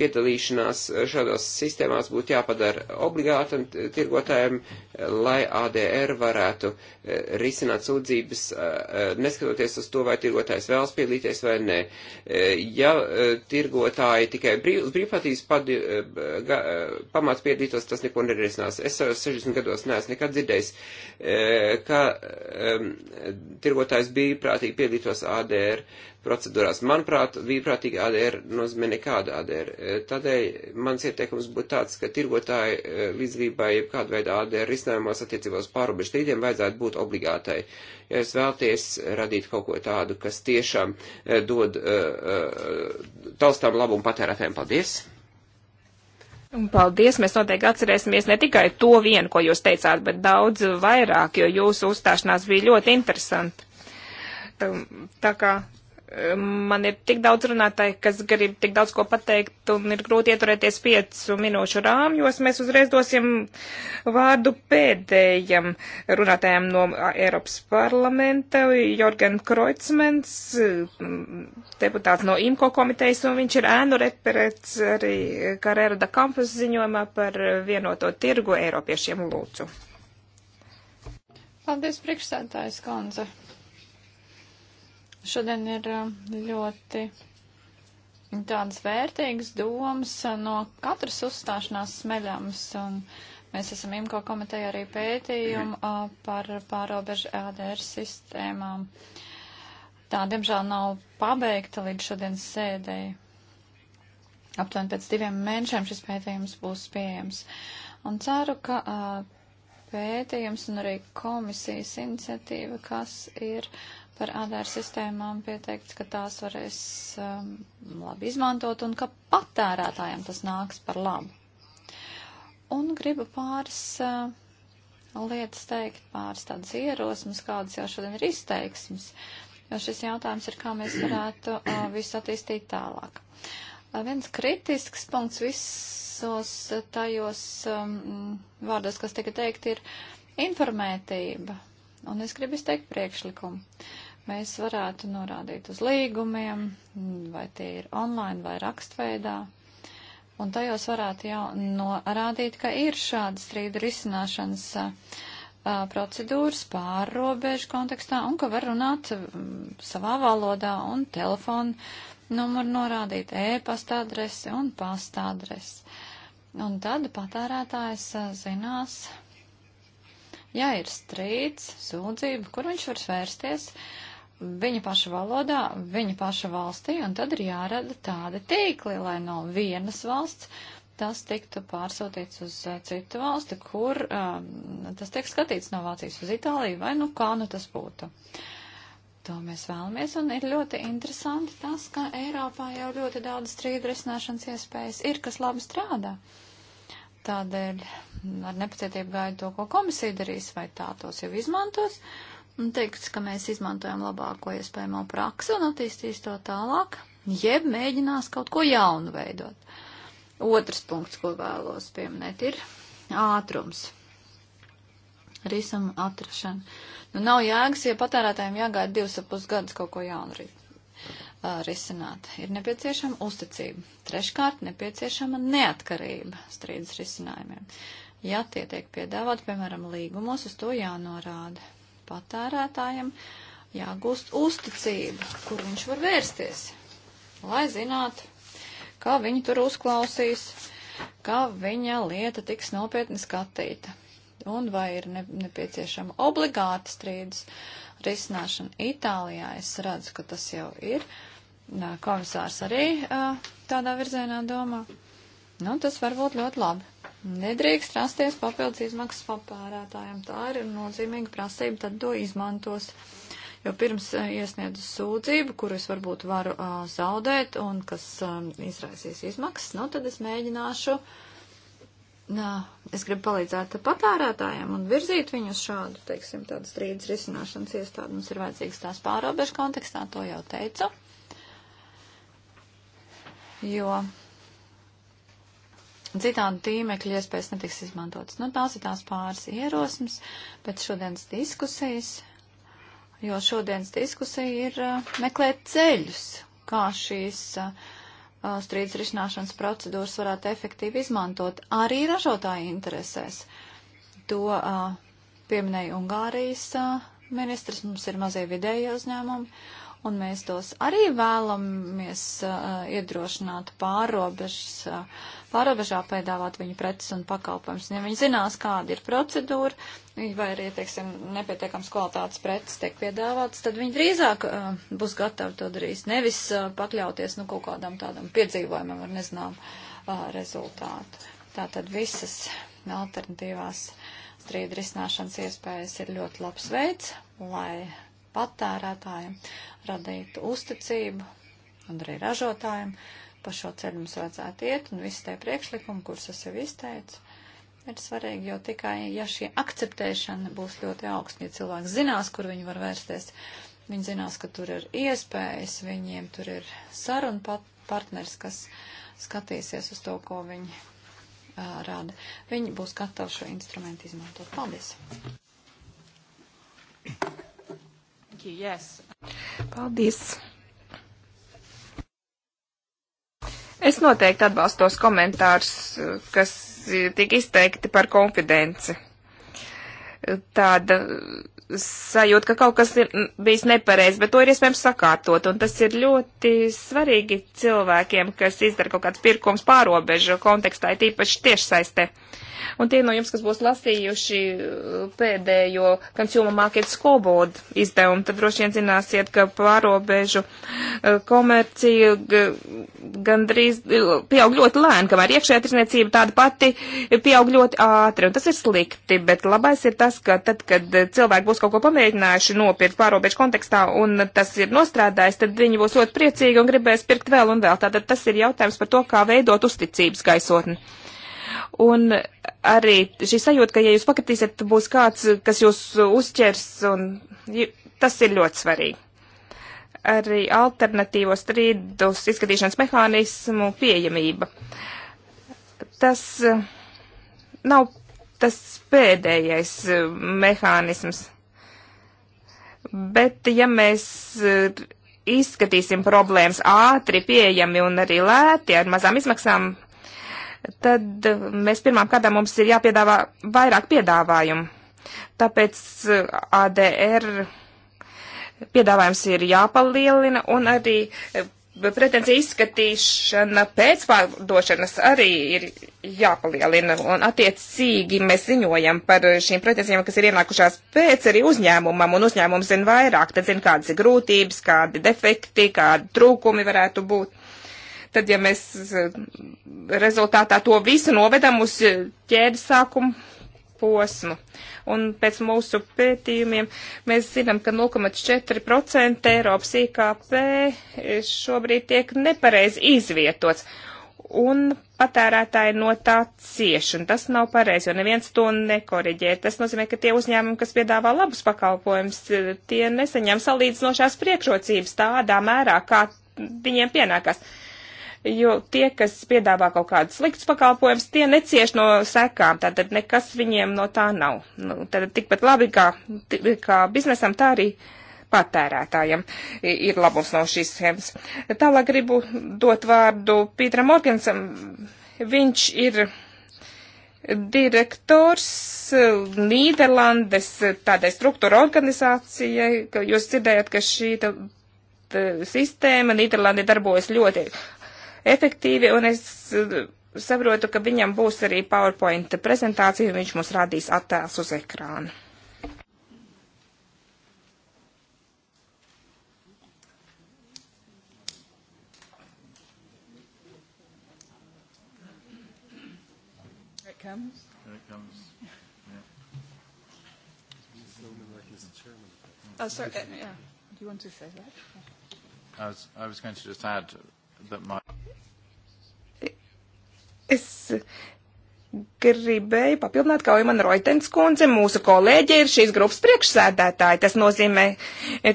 B: piedalīšanās šādās sistēmās būtu jāpadara obligātam tirgotājiem, lai ADR varētu risināt sūdzības neskatoties uz to, vai tirgotājs vēlas piedalīties vai nē. Ja tirgotāji tikai brīv, brīvprātīs pamāts piedalītos, tas neko nerisinās. Es 60 gados neesmu nekad dzirdējis, ka tirgotājs brīvprātīgi piedalītos ADR. Uh, procedūrās. Manuprāt, vīprātīga ADR nozīmē nekāda ADR. E, tādēļ mans ieteikums būtu tāds, ka tirgotāji e, līdzvībai jebkāda veida ADR risinājumos attiecībos pārobežu strīdiem vajadzētu būt obligātai. Ja es vēlties radīt kaut ko tādu, kas tiešām e, dod taustām labumu patērētājiem, paldies!
A: Un paldies, mēs noteikti atcerēsimies ne tikai to vienu, ko jūs teicāt, bet daudz vairāk, jo jūsu uzstāšanās bija ļoti interesanti. Tā kā man ir tik daudz runātāji, kas grib tik daudz ko pateikt, un ir grūti ieturēties piecu minūšu rāmjos. Mēs uzreiz dosim vārdu pēdējam runātājam no Eiropas parlamenta, Jorgen Kreutzmans, deputāts no IMKO komitejas, un viņš ir ēnu referents arī Karēra da Kampas ziņojumā par vienoto tirgu Eiropiešiem lūdzu.
C: Paldies, priekšsētājs Konze. Šodien ir eh, ļoti tādas vērtīgas domas eh, no katras uzstāšanās smeļams. Un mēs esam IMCO komiteja arī pētījumu eh, par pārobežu ADR sistēmām. Tā, diemžēl, nav pabeigta līdz šodienas sēdēji. Aptuveni pēc diviem mēnešiem šis pētījums būs pieejams. Un ceru, ka pētījums un arī komisijas iniciatīva, kas ir uh, par ADR sistēmām pieteikts, ka tās varēs um, labi izmantot un ka patērētājiem tas nāks par labu. Un gribu pāris uh, lietas teikt, pāris tādas ierosmes, kādas jau šodien ir izteiksmes, jo šis jautājums ir, kā mēs varētu uh, visu attīstīt tālāk. Uh, viens kritisks punkts visos tajos um, vārdos, kas tika teikt, ir informētība Un es gribu izteikt priekšlikumu. Mēs varētu norādīt uz līgumiem, vai tie ir online vai rakstveidā. Un tajos varētu jau norādīt, ka ir šāda strīdu risināšanas uh, procedūras pārrobežu kontekstā un ka var runāt savā valodā un telefonu numuru norādīt e-pasta adresi un pasta adresi. Un tad patērētājs zinās, Ja ir strīds, sūdzība, kur viņš var svērsties, viņa paša valodā, viņa paša valstī, un tad ir jārada tādi tīkli, lai no vienas valsts tas tiktu pārsūtīts uz eh, citu valsti, kur um, tas tiek skatīts no Vācijas uz Itāliju, vai nu kā nu tas būtu. To mēs vēlamies, un ir ļoti interesanti tas, ka Eiropā jau ļoti daudz strīdu risināšanas iespējas ir, kas labi strādā. Uh, Tādēļ ar nepacietību gaidu to, ko komisija darīs, vai tā tos jau izmantos. Un teiks, ka mēs izmantojam labāko iespējamo praksi un attīstīs to tālāk, jeb mēģinās kaut ko jaunu veidot. Otrs punkts, ko vēlos pieminēt, ir ātrums. Risam atrašana. Nu, nav jēgas, ja patērētājiem jāgaida divus ap pusgadus kaut ko jaunu rīt risināt. Ir nepieciešama uzticība. Treškārt, nepieciešama neatkarība strīdus risinājumiem. Ja tie tiek piedāvāt, piemēram, līgumos, uz to jānorāda patērētājiem, jāgūst uzticība, kur viņš var vērsties, lai zinātu, kā viņi tur uzklausīs, kā viņa lieta tiks nopietni skatīta. Un vai ir ne, nepieciešama obligāta strīdus risināšana Itālijā, es redzu, ka tas jau ir. Uh, komisārs arī tādā virzienā domā. Nu, tas var būt ļoti labi. Nedrīkst rasties papildus izmaksas papērētājiem. Tā ir nozīmīga prasība, tad to izmantos. Jo pirms iesniedzu sūdzību, kuru es varbūt varu uh, zaudēt un kas um, izraisīs izmaksas, nu tad es mēģināšu, nā, es gribu palīdzēt patērētājiem un virzīt viņus šādu, teiksim, tādas strīdas risināšanas iestādi. Mums ir vajadzīgs tās pārobežu kontekstā, to jau teicu jo citādi tīmekļa iespējas netiks izmantotas. Nu, tās ir tās pāris ierosmes pēc šodienas diskusijas, jo šodienas diskusija ir uh, meklēt ceļus, kā šīs uh, strīdus risināšanas procedūras varētu efektīvi izmantot arī ražotāju interesēs. To uh, pieminēja Ungārijas uh, ministrs, mums ir mazie vidēji uzņēmumi, un mēs tos arī vēlamies uh, iedrošināt pārobežas, uh, pārobežā piedāvāt viņu preces un pakalpojums. Ja viņi zinās, kāda ir procedūra, vai arī, teiksim, nepietiekams kvalitātes preces tiek piedāvātas, tad viņi drīzāk uh, būs gatavi to darīt, nevis uh, pakļauties, nu, kaut kādam tādam piedzīvojumam ar nezinām uh, rezultātu. Tātad visas alternatīvās strīdu risināšanas iespējas ir ļoti labs veids, lai patērētājiem, radīt uzticību un arī ražotājiem. Pa šo ceļu mums vajadzētu iet, un visi tie priekšlikumi, kurus es jau izteicu, ir svarīgi, jo tikai, ja šī akceptēšana būs ļoti augsta, ja cilvēks zinās, kur viņi var vērsties, viņi zinās, ka tur ir iespējas, viņiem tur ir saruna partners, kas skatīsies uz to, ko viņi uh, rāda. Viņi būs gatavi šo instrumentu izmantot. Paldies!
A: Thank you. Thank you, yes. Paldies. Es noteikti atbalstu tos komentārus, kas tika izteikti par konfidenci. Tāda sajūta, ka kaut kas ir bijis nepareizi, bet to ir iespējams sakārtot, un tas ir ļoti svarīgi cilvēkiem, kas izdara kaut kāds pirkums pārobežu kontekstā, tīpaši tiešsaistē. Uh, Un tie no jums, kas būs lasījuši uh, pēdējo Consumer Market Scoreboard izdevumu, tad droši vien zināsiet, ka pārobežu uh, komercija gandrīz uh, pieaug ļoti lēni, kamēr iekšējā tirzniecība tāda pati pieaug ļoti ātri. Un tas ir slikti, bet labais ir tas, ka tad, kad cilvēki būs kaut ko pamēģinājuši nopirkt pārobežu kontekstā un tas ir nostrādājis, tad viņi būs ļoti priecīgi un gribēs pirkt vēl un vēl. Tātad tas ir jautājums par to, kā veidot uzticības gaisotni. Un arī šī sajūta, ka ja jūs pakatīsiet, būs kāds, kas jūs uzķers, un tas ir ļoti svarīgi. Arī alternatīvo strīdus izskatīšanas mehānismu pieejamība. Tas eh, nav tas pēdējais eh, mehānisms. Bet ja mēs eh, izskatīsim problēmas ātri, pieejami un arī lēti ar mazām izmaksām, tad eh, mēs pirmām kārtām mums ir jāpiedāvā vairāk piedāvājumu. Tāpēc eh, ADR piedāvājums ir jāpalielina un arī eh, pretenzija izskatīšana pēc pārdošanas arī ir jāpalielina, un attiecīgi mēs ziņojam par šīm pretenzijām, kas ir ienākušās pēc arī uzņēmumam, un uzņēmums zina vairāk, tad zina, kādas ir grūtības, kādi defekti, kādi trūkumi varētu būt. Tad, ja mēs eh, rezultātā to visu novedam uz eh, ķēdes sākumu posmu. Un pēc mūsu pētījumiem mēs zinām, ka 0,4% Eiropas IKP šobrīd tiek nepareizi izvietots. Un patērētāji no tā cieš, un tas nav pareizi, jo neviens to nekoriģē. Tas nozīmē, ka tie uzņēmumi, kas piedāvā labus pakalpojumus, tie nesaņem salīdzinošās priekšrocības tādā mērā, kā viņiem pienākās. Uh, jo tie, kas piedāvā kaut kādus sliktus pakalpojumus, tie necieš no sekām, tātad nekas viņiem no tā nav. Nu, tātad tikpat labi kā, kā biznesam, tā arī patērētājiem ir labums no šīs schēmas. Tālāk gribu dot vārdu Pītram Morgensam. Viņš ir direktors eh, Nīderlandes tādai struktūra organizācijai, ka jūs dzirdējat, ka šī sistēma Nīderlandē darbojas ļoti efektīvi, un es eh, saprotu, ka viņam būs arī PowerPoint prezentācija, un viņš mums rādīs attēls uz ekrāna. comes. Here it comes.
B: Yeah. Oh, sorry. Uh, yeah.
A: Do you want to say that? Yeah.
C: I was, I was going to just add that my.
A: Es gribēju papildināt, ka Oimana Roitens kundze, mūsu kolēģi, ir šīs grupas priekšsēdētāji. Tas nozīmē,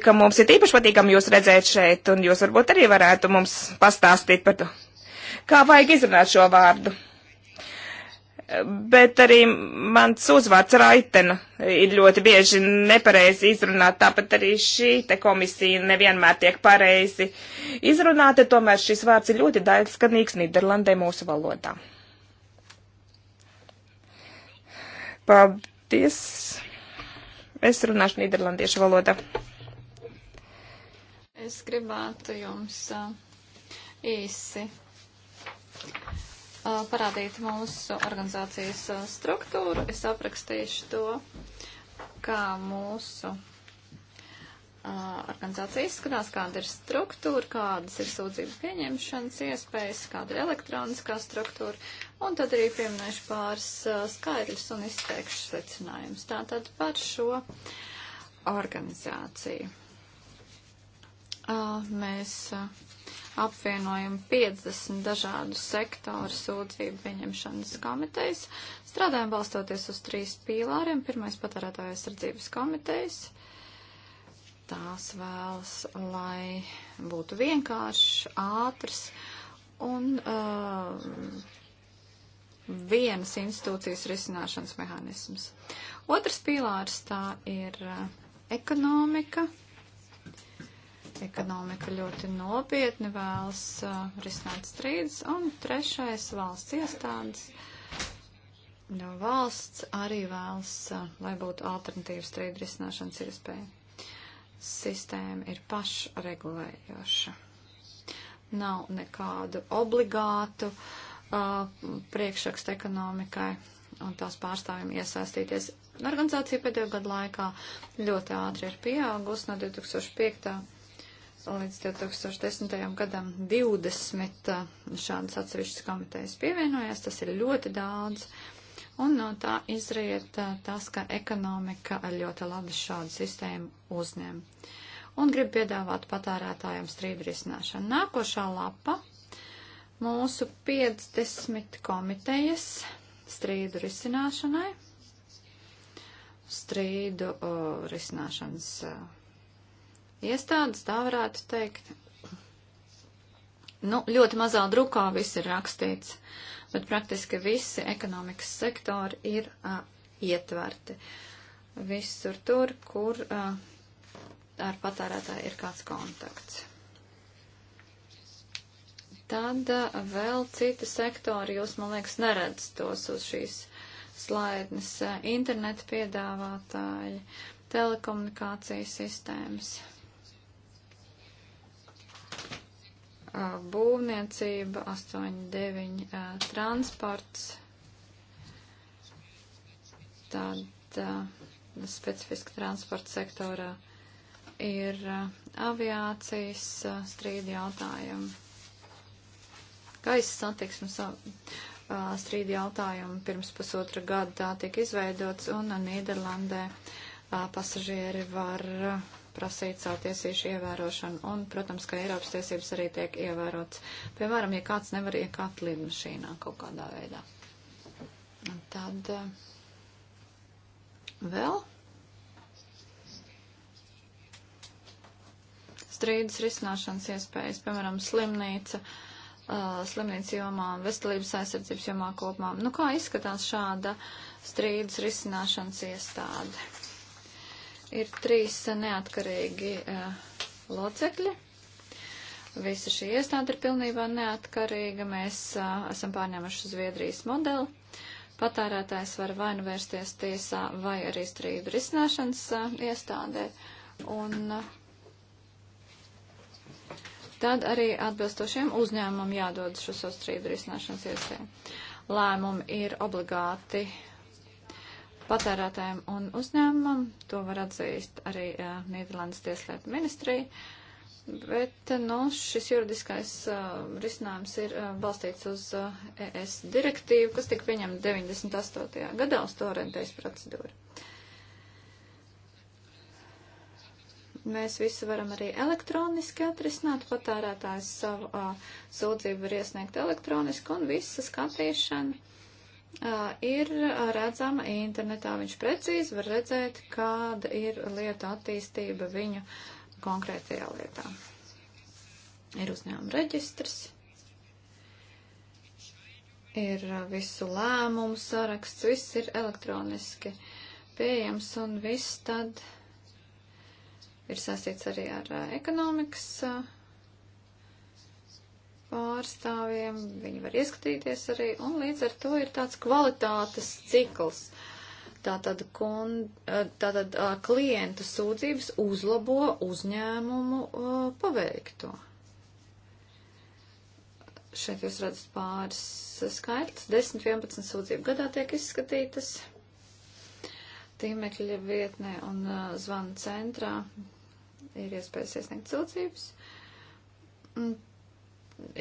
A: ka mums ir īpaši patīkami jūs redzēt šeit, un jūs varbūt arī varētu mums pastāstīt par to, kā vajag izrunāt šo vārdu bet arī mans uzvārds Raitena ir ļoti bieži nepareizi izrunāt, tāpat arī šī te komisija nevienmēr tiek pareizi izrunāta, tomēr šis vārds ir ļoti daļskanīgs Nīderlandē mūsu valodā. Paldies! Es runāšu Nīderlandiešu valodā.
C: Es gribētu jums īsi parādīt mūsu organizācijas struktūru. Es aprakstīšu to, kā mūsu organizācija izskatās, kāda ir struktūra, kādas ir sūdzību pieņemšanas iespējas, kāda ir elektroniskā struktūra, un tad arī pieminēšu pāris skaidrs un izteikšu secinājumus. Tātad par šo organizāciju. Mēs apvienojam 50 dažādu sektoru sūdzību pieņemšanas komitejas. Strādājam balstoties uz trīs pīlāriem. Pirmais patērētāja aizsardzības komitejas. Tās vēlas, lai būtu vienkāršs, ātrs un uh, vienas institūcijas risināšanas mehānisms. Otrs pīlārs tā ir uh, ekonomika, ekonomika ļoti nopietni vēlas uh, risināt strīdus, un trešais valsts iestādes. No valsts arī vēlas, uh, lai būtu alternatīva strīdu risināšanas iespēja. Sistēma ir pašregulējoša. Nav nekādu obligātu uh, priekšrakstu ekonomikai un tās pārstāvjiem iesaistīties. Organizācija pēdējo gadu laikā ļoti ātri ir pieaugusi no 2005 līdz 2010. gadam 20 uh, šādas atsevišķas komitejas pievienojās, tas ir ļoti daudz. Un no tā izriet uh, tas, ka ekonomika ļoti labi šādu sistēmu uzņem. Un grib piedāvāt patērētājiem strīdu risināšanu. Nākošā lapa mūsu 50 komitejas strīdu risināšanai strīdu uh, risināšanas uh, iestādes, tā varētu teikt. Nu, ļoti mazā drukā viss ir rakstīts, bet praktiski visi ekonomikas sektori ir uh, ietverti. Visur tur, kur uh, ar patērētāju ir kāds kontakts. Tad uh, vēl citi sektori, jūs, man liekas, neredz tos uz šīs slaidnes. Uh, internetu piedāvātāji, telekomunikācijas sistēmas. Uh, būvniecība, 8-9 transports, tad specifiski transporta sektorā ir aviācijas strīdi jautājumi, gaisa satiksmes strīdi jautājumi pirms pusotra gada tā tika izveidots un Nīderlandē pasažieri var prasīt savu tiesīšu ievērošanu, un, protams, ka Eiropas tiesības arī tiek ievērots. Piemēram, ja kāds nevar iekāpt lidmašīnā kaut kādā veidā. Un tad eh, vēl strīdus risināšanas iespējas, piemēram, slimnīca, uh, slimnīca jomā, veselības aizsardzības jomā kopumā. Nu, kā izskatās šāda strīdus risināšanas iestāde? ir trīs neatkarīgi uh, locekļi. Visa šī iestāde ir pilnībā neatkarīga. Mēs uh, esam pārņēmuši Zviedrijas modeli. Patērētājs var vai nu vērsties tiesā, vai arī strīdu risināšanas uh, iestādē. Un tad arī atbilstošiem uzņēmumam jādod šo savu strīdu risināšanas iestādē. Lēmumi ir obligāti patērētājiem un uzņēmumam. To var atzīst arī Nīderlandes tieslietu ministrija. Bet nu, šis juridiskais uh, risinājums ir uh, balstīts uz uh, ES direktīvu, kas tika pieņemta 98. gadā uz to orientējas procedūru. Mēs visu varam arī elektroniski atrisināt. Patērētājs savu uh, sūdzību var iesniegt elektroniski un visa skatīšana ir redzama internetā. Viņš precīzi var redzēt, kāda ir lieta attīstība viņu konkrētajā lietā. Ir uzņēmuma reģistrs, ir visu lēmumu saraksts, viss ir elektroniski pieejams un viss tad ir sasīts arī ar ekonomikas. Uh, pārstāvjiem, viņi var ieskatīties arī, un līdz ar to ir tāds kvalitātes cikls. Tātad, kund, eh, tātad eh, klientu sūdzības uzlabo uzņēmumu eh, paveikto. Šeit jūs redzat pāris skaitļus. 10-11 sūdzību gadā tiek izskatītas tīmekļa vietnē un zvana centrā ir iespējas iesniegt sūdzības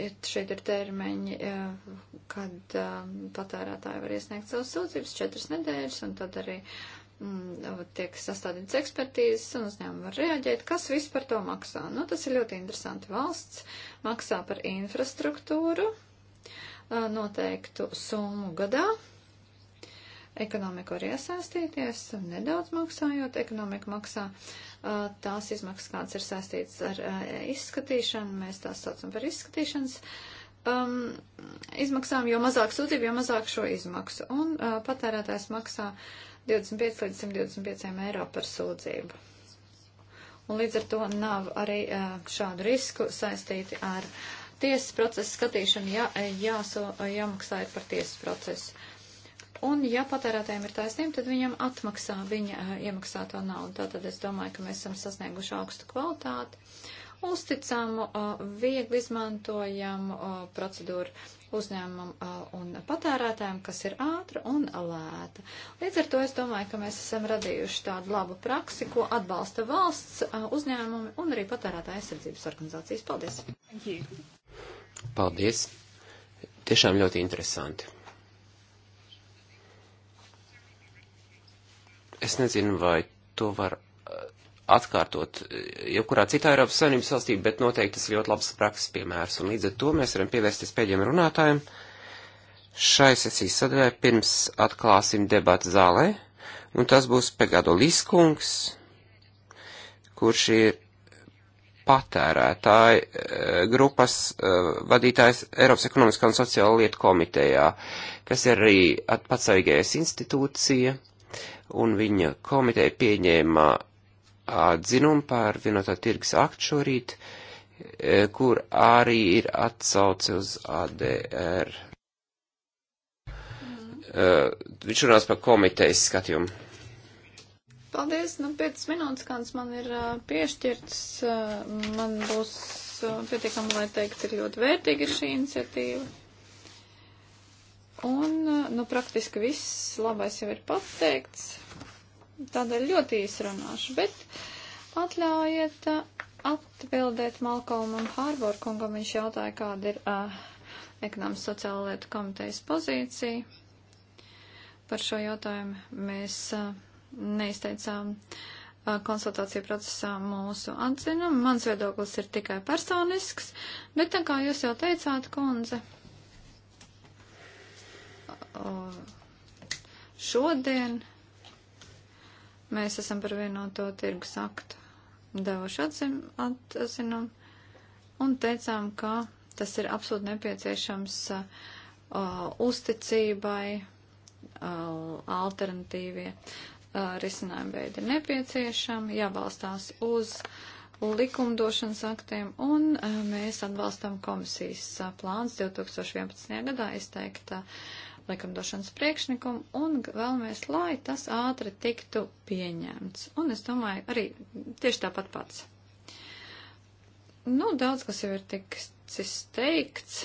C: ir, šeit ir termiņi, kad patērētāji var iesniegt savus sūdzības četras nedēļas, un tad arī mm, tiek sastādīts ekspertīzes, un uzņēmumi var reaģēt, kas vispār to maksā. Nu, tas ir ļoti interesanti. Valsts maksā par infrastruktūru noteiktu summu gadā, ekonomiku var iesaistīties, nedaudz maksājot, ekonomika maksā tās izmaksas, kādas ir saistītas ar izskatīšanu, mēs tās saucam par izskatīšanas um, izmaksām, jo mazāk sūdzību, jo mazāk šo izmaksu. Un uh, patērētājs maksā 25 līdz 125 eiro par sūdzību. Un līdz ar to nav arī uh, šādu risku saistīti ar tiesas procesu skatīšanu, ja jāso, jāmaksā ir par tiesas procesu. Un, ja patērētājiem ir taisnība, tad viņam atmaksā viņa uh, iemaksāto naudu. Tātad es domāju, ka mēs esam sasnieguši augstu kvalitāti, uzticamu, uh, viegli izmantojamu uh, eh, procedūru uzņēmumam un patērētājiem, kas ir ātra un lēta. Līdz ar to es domāju, ka mēs esam radījuši tādu labu praksi, ko atbalsta valsts uzņēmumi un arī patērētāja aizsardzības organizācijas. Paldies!
B: Paldies! Tiešām ļoti interesanti. Es nezinu, vai to var eh, atkārtot eh, jebkurā citā Eiropas Savienības valstī, bet noteikti tas ir ļoti labs prakses piemērs, un līdz ar to mēs varam pievērsties pēdējiem runātājiem šai sesijas sadaļai pirms atklāsim debatu zālē, un tas būs Pegado Liskungs, kurš ir patērētāji eh, grupas vadītājs Eiropas ekonomiskā un sociāla lieta komitejā, kas ir arī patsavīgais institūcija un viņa komiteja pieņēma atzinumu par vienotā tirgus aktu šorīt, e, kur arī ir atsauce uz ADR.
C: Mm.
B: E, viņš runās par komitejas skatījumu.
C: Paldies, nu 5 minūtes, kāds man ir e, piešķirts, man būs pietiekami, lai teikt, ir ļoti vērtīga šī iniciatīva. Un, nu, praktiski viss labais jau ir pateikts, tādēļ ļoti īsi runāšu, bet atļaujiet uh, atbildēt Malkolmam Hārborkungam, viņš jautāja, kāda ir uh, ekonomikas sociāla lietu komitejas pozīcija. Par šo jautājumu mēs uh, neizteicām uh, konsultāciju procesā mūsu atzinumu. Mans viedoklis ir tikai personisks, bet tā kā jūs jau teicāt, kundze, šodien mēs esam par vienoto tirgus aktu devuši atzin, atzinumu un teicām, ka tas ir absolūti nepieciešams uh, uzticībai, uh, alternatīvie uh, risinājumi veidi ir nepieciešami, jābalstās uz likumdošanas aktiem, un uh, mēs atbalstam komisijas uh, plāns 2011. gadā izteikt uh, likumdošanas priekšnikumu un vēlamies, lai tas ātri tiktu pieņemts. Un es domāju, arī tieši tāpat pats. Nu, daudz kas jau ir tiks teikts.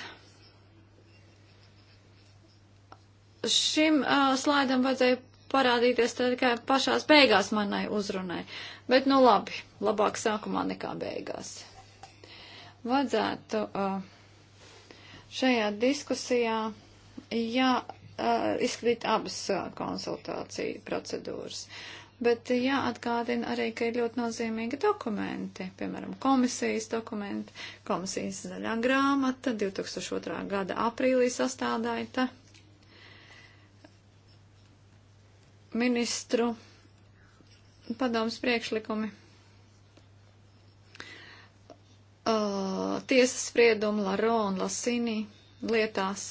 C: Šim uh, slaidam vajadzēja parādīties tikai pašās beigās manai uzrunai. Bet, nu labi, labāk sākumā nekā beigās. Vajadzētu uh, šajā diskusijā jā, izskatīt abas konsultāciju procedūras. Bet jāatgādina arī, ka ir ļoti nozīmīgi dokumenti, piemēram, komisijas dokumenti, komisijas zaļā grāmata 2002. gada aprīlī sastādāta ministru padomas priekšlikumi. Uh, tiesas spriedumi Laro un Lasini lietās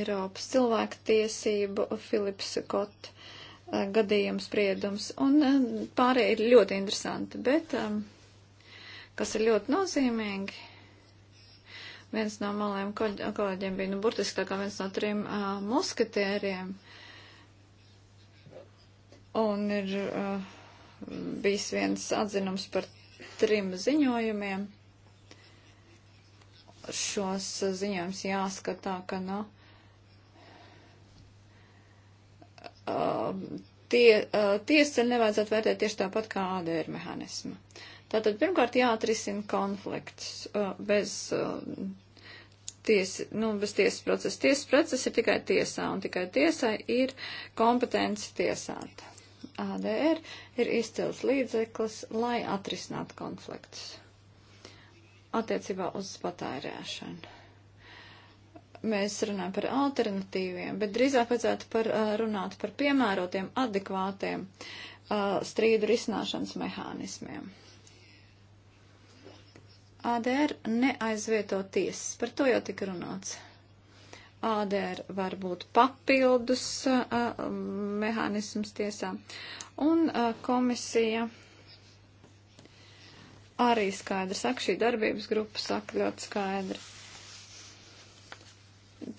C: Eiropas cilvēku tiesību Filips Kot eh, gadījums spriedums. Un eh, pārējie ir ļoti interesanti, bet eh, kas ir ļoti nozīmīgi, viens no maliem kolēģiem bija, nu, burtiski tā kā viens no trim uh, musketēriem. Un ir uh, bijis viens atzinums par trim ziņojumiem. Šos ziņojums jāskatā, ka, nu, no, Um, tie, uh, tiesa nevajadzētu vērtēt tieši tāpat kā ADR mehānismu. Tātad pirmkārt jāatrisina konflikts uh, bez uh, tiesa, nu, bez tiesas procesa. Tiesas process ir tikai tiesā, un tikai tiesai ir kompetence tiesāt. ADR ir izcils līdzeklis, lai atrisinātu konfliktus attiecībā uz patērēšanu mēs runājam par alternatīviem, bet drīzāk vajadzētu par, runāt par piemērotiem, adekvātiem strīdu risināšanas mehānismiem. ADR neaizvieto tiesas, par to jau tika runāts. ADR var būt papildus uh, mehānisms tiesā. Un uh, komisija arī skaidri saka, šī darbības grupa saka ļoti skaidri. Uh,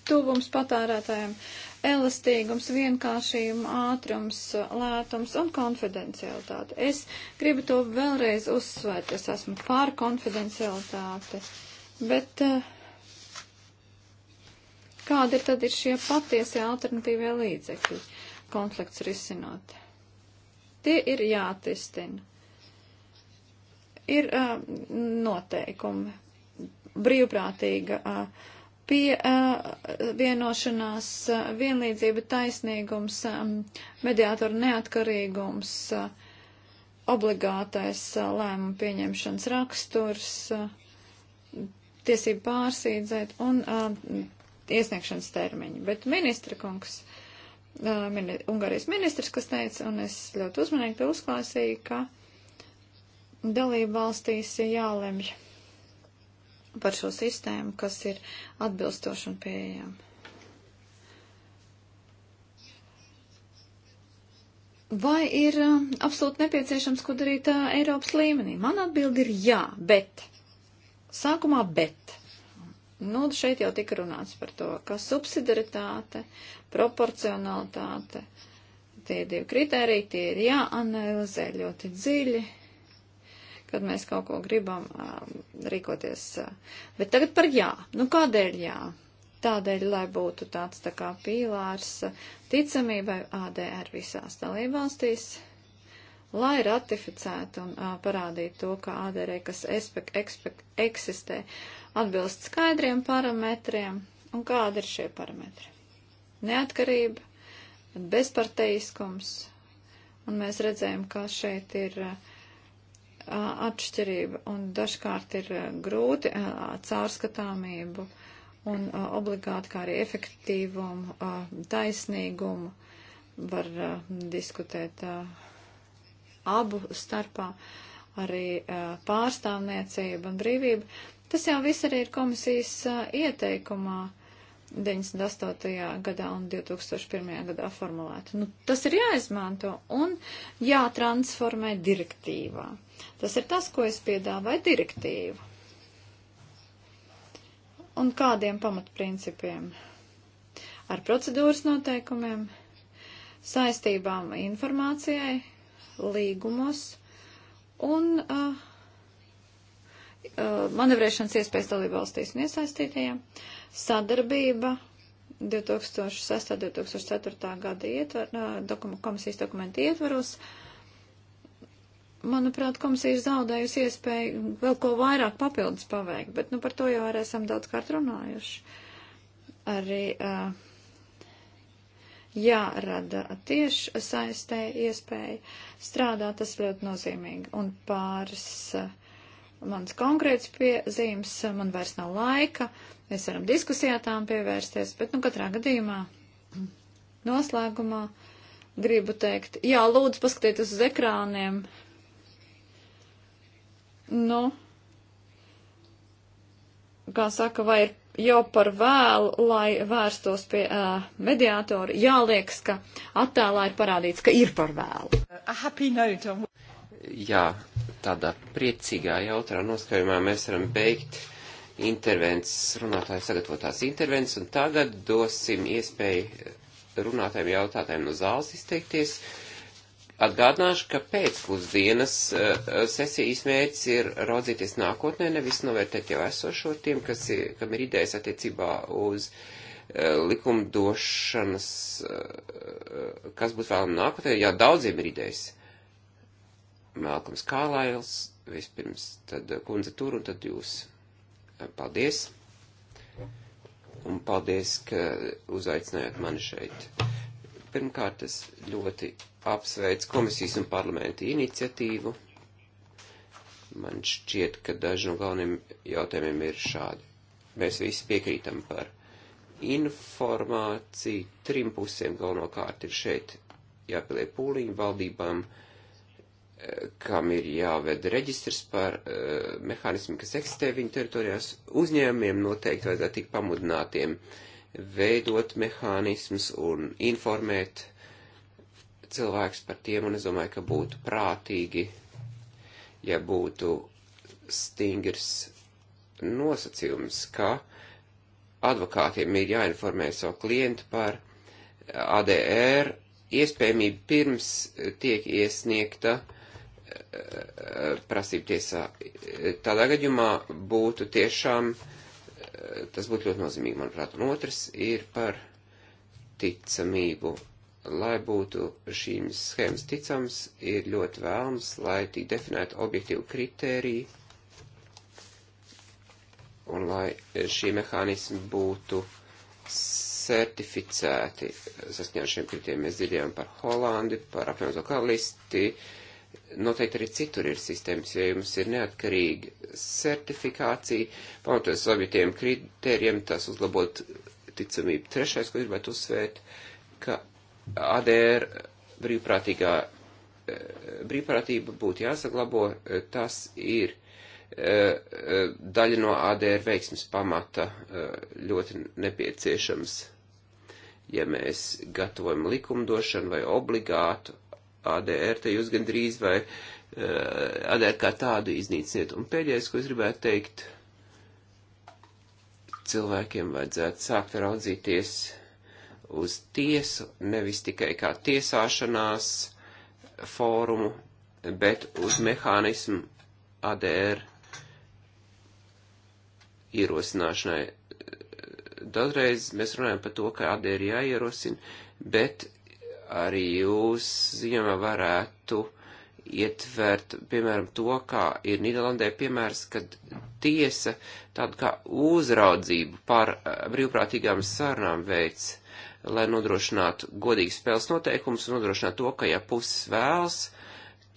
C: tuvums patērētājiem, elastīgums, vienkāršījuma, ātrums, lētums un konfidencialitāte. Es gribu to vēlreiz uzsvērt, es esmu pār konfidencialitāti, bet eh, kādi ir tad ir šie patiesie alternatīvie līdzekļi konflikts risināt? Tie ir jātistina. Ir uh, noteikumi, brīvprātīga uh, pievienošanās, vienlīdzība, taisnīgums, um, mediātora neatkarīgums, obligātais uh, lēmumu pieņemšanas raksturs, uh, tiesība pārsīdzēt un uh, iesniegšanas termiņi. Bet ministra kungs, mini, Ungārijas ministrs, kas teica, un es ļoti uzmanīgi to uzklāsīju, ka dalību valstīs jālemj par šo sistēmu, kas ir atbilstoši un pieejama. Vai ir uh, absolūti nepieciešams, ko darīt uh, Eiropas līmenī? Man atbildi ir jā, bet. Sākumā bet. Nu, šeit jau tika runāts par to, ka subsidaritāte, proporcionalitāte, tie divi kriteriji, tie ir jāanalizē ļoti dziļi, kad mēs kaut ko gribam um, rīkoties. Bet tagad par jā. Nu, kādēļ jā? Tādēļ, lai būtu tāds tā kā pīlārs ticamībai ADR er visās dalībvalstīs, lai ratificētu un uh, parādītu to, ka ADR, er, kas expect, expect, eksistē, atbilst skaidriem parametriem. Un kādi ir šie parametri? Neatkarība, bezparteiskums, un mēs redzējām, ka šeit ir uh, atšķirība un dažkārt ir grūti caurskatāmību un obligāti kā arī efektīvumu, taisnīgumu var diskutēt abu starpā arī pārstāvniecība un brīvība. Tas jau viss arī ir komisijas ieteikumā 98. gadā un 2001. gadā formulēta. Nu, tas ir jāizmanto un jātransformē direktīvā. Tas ir tas, ko es piedāvāju direktīvu. Un kādiem pamatprincipiem? Ar procedūras noteikumiem, saistībām informācijai, līgumos un uh, Uh, manevrēšanas iespējas dalībvalstīs un iesaistītajiem, sadarbība 2006-2004. gada ietver, uh, dokum, komisijas dokumentu ietvaros. Manuprāt, komisija ir zaudējusi iespēju vēl ko vairāk papildus paveikt, bet nu, par to jau arī esam daudz kārt runājuši. Arī uh, jārada tieši saistē iespēja strādāt, tas ļoti nozīmīgi. Un pāris uh, mans konkrēts piezīmes, man vairs nav laika, mēs varam diskusijā tām pievērsties, bet, nu, katrā gadījumā noslēgumā gribu teikt, jā, lūdzu, paskatieties uz ekrāniem. Nu, kā saka, vai ir jau par vēlu, lai vērstos pie uh, mediātora, jāliekas, ka attēlā ir parādīts, ka ir par vēlu.
B: Jā, tādā priecīgā, jautrā noskaņojumā mēs varam beigt intervences, runātāju sagatavotās intervences, un tagad dosim iespēju runātājiem jautātājiem no zāles izteikties. Atgādināšu, ka pēcpusdienas eh, sesijas mērķis ir raudzīties nākotnē, nevis novērtēt jau esošo tiem, kas ir, kam ir idejas attiecībā uz eh, likumdošanas, eh, kas būs vēlam nākotnē, jā, daudziem ir idejas Malkums Kālails, vispirms tad eh, kundze tur un tad jūs. Eh, paldies! Un paldies, ka uzaicinājāt mani šeit. Pirmkārt, es ļoti apsveicu komisijas un parlamenta iniciatīvu. Man šķiet, ka daži no galveniem jautājumiem ir šādi. Mēs visi piekrītam par informāciju. Trim pusēm galvenokārt ir šeit jāpieliek pūliņu valdībām. Uh, kam ir jāved reģistrs par uh, eh, mehānismu, kas eksistē viņu teritorijās, uzņēmumiem noteikti vajadzētu tik pamudinātiem veidot mehānismus un informēt cilvēks par tiem, un es domāju, ka būtu prātīgi, ja būtu stingrs nosacījums, ka advokātiem ir jāinformē savu klientu par ADR iespējamību pirms tiek iesniegta uh, prasību tiesā. Tādā gadījumā būtu tiešām, tas būtu ļoti nozīmīgi, manuprāt. Un otrs ir par ticamību. Lai būtu šīm schēmas ticams, ir ļoti vēlams, lai tik definētu objektīvu kritēriju un lai šie mehānismi būtu certificēti saskaņā ar šiem kritiem. Mēs dzirdējām par Holandi, par apvienoto karalisti, uh, noteikti arī citur ir sistēmas, jo jums ir neatkarīga certifikācija, pamatojas labi tiem kritērijiem, tas uzlabot ticamību. Trešais, ko gribētu uzsvērt, ka ADR brīvprātīgā e, brīvprātība būtu jāsaglabo, e, tas ir e, daļa no ADR veiksmes pamata ļoti nepieciešams, ja mēs gatavojam likumdošanu vai obligātu ADR, te jūs gandrīz vai uh, eh, ADR kā tādu iznīciniet. Un pēdējais, ko es gribētu teikt, cilvēkiem vajadzētu sākt raudzīties uz tiesu, nevis tikai kā tiesāšanās fórumu, bet uz mehānismu ADR ierosināšanai. Dažreiz mēs runājam par to, ka ADR jāierosina, bet arī jūs ziņojumā varētu ietvert, piemēram, to, kā ir Nīderlandē piemērs, kad tiesa tādu kā uzraudzību par eh, brīvprātīgām sarunām veids, lai nodrošinātu godīgas spēles noteikumus un nodrošinātu to, ka ja puses vēlas,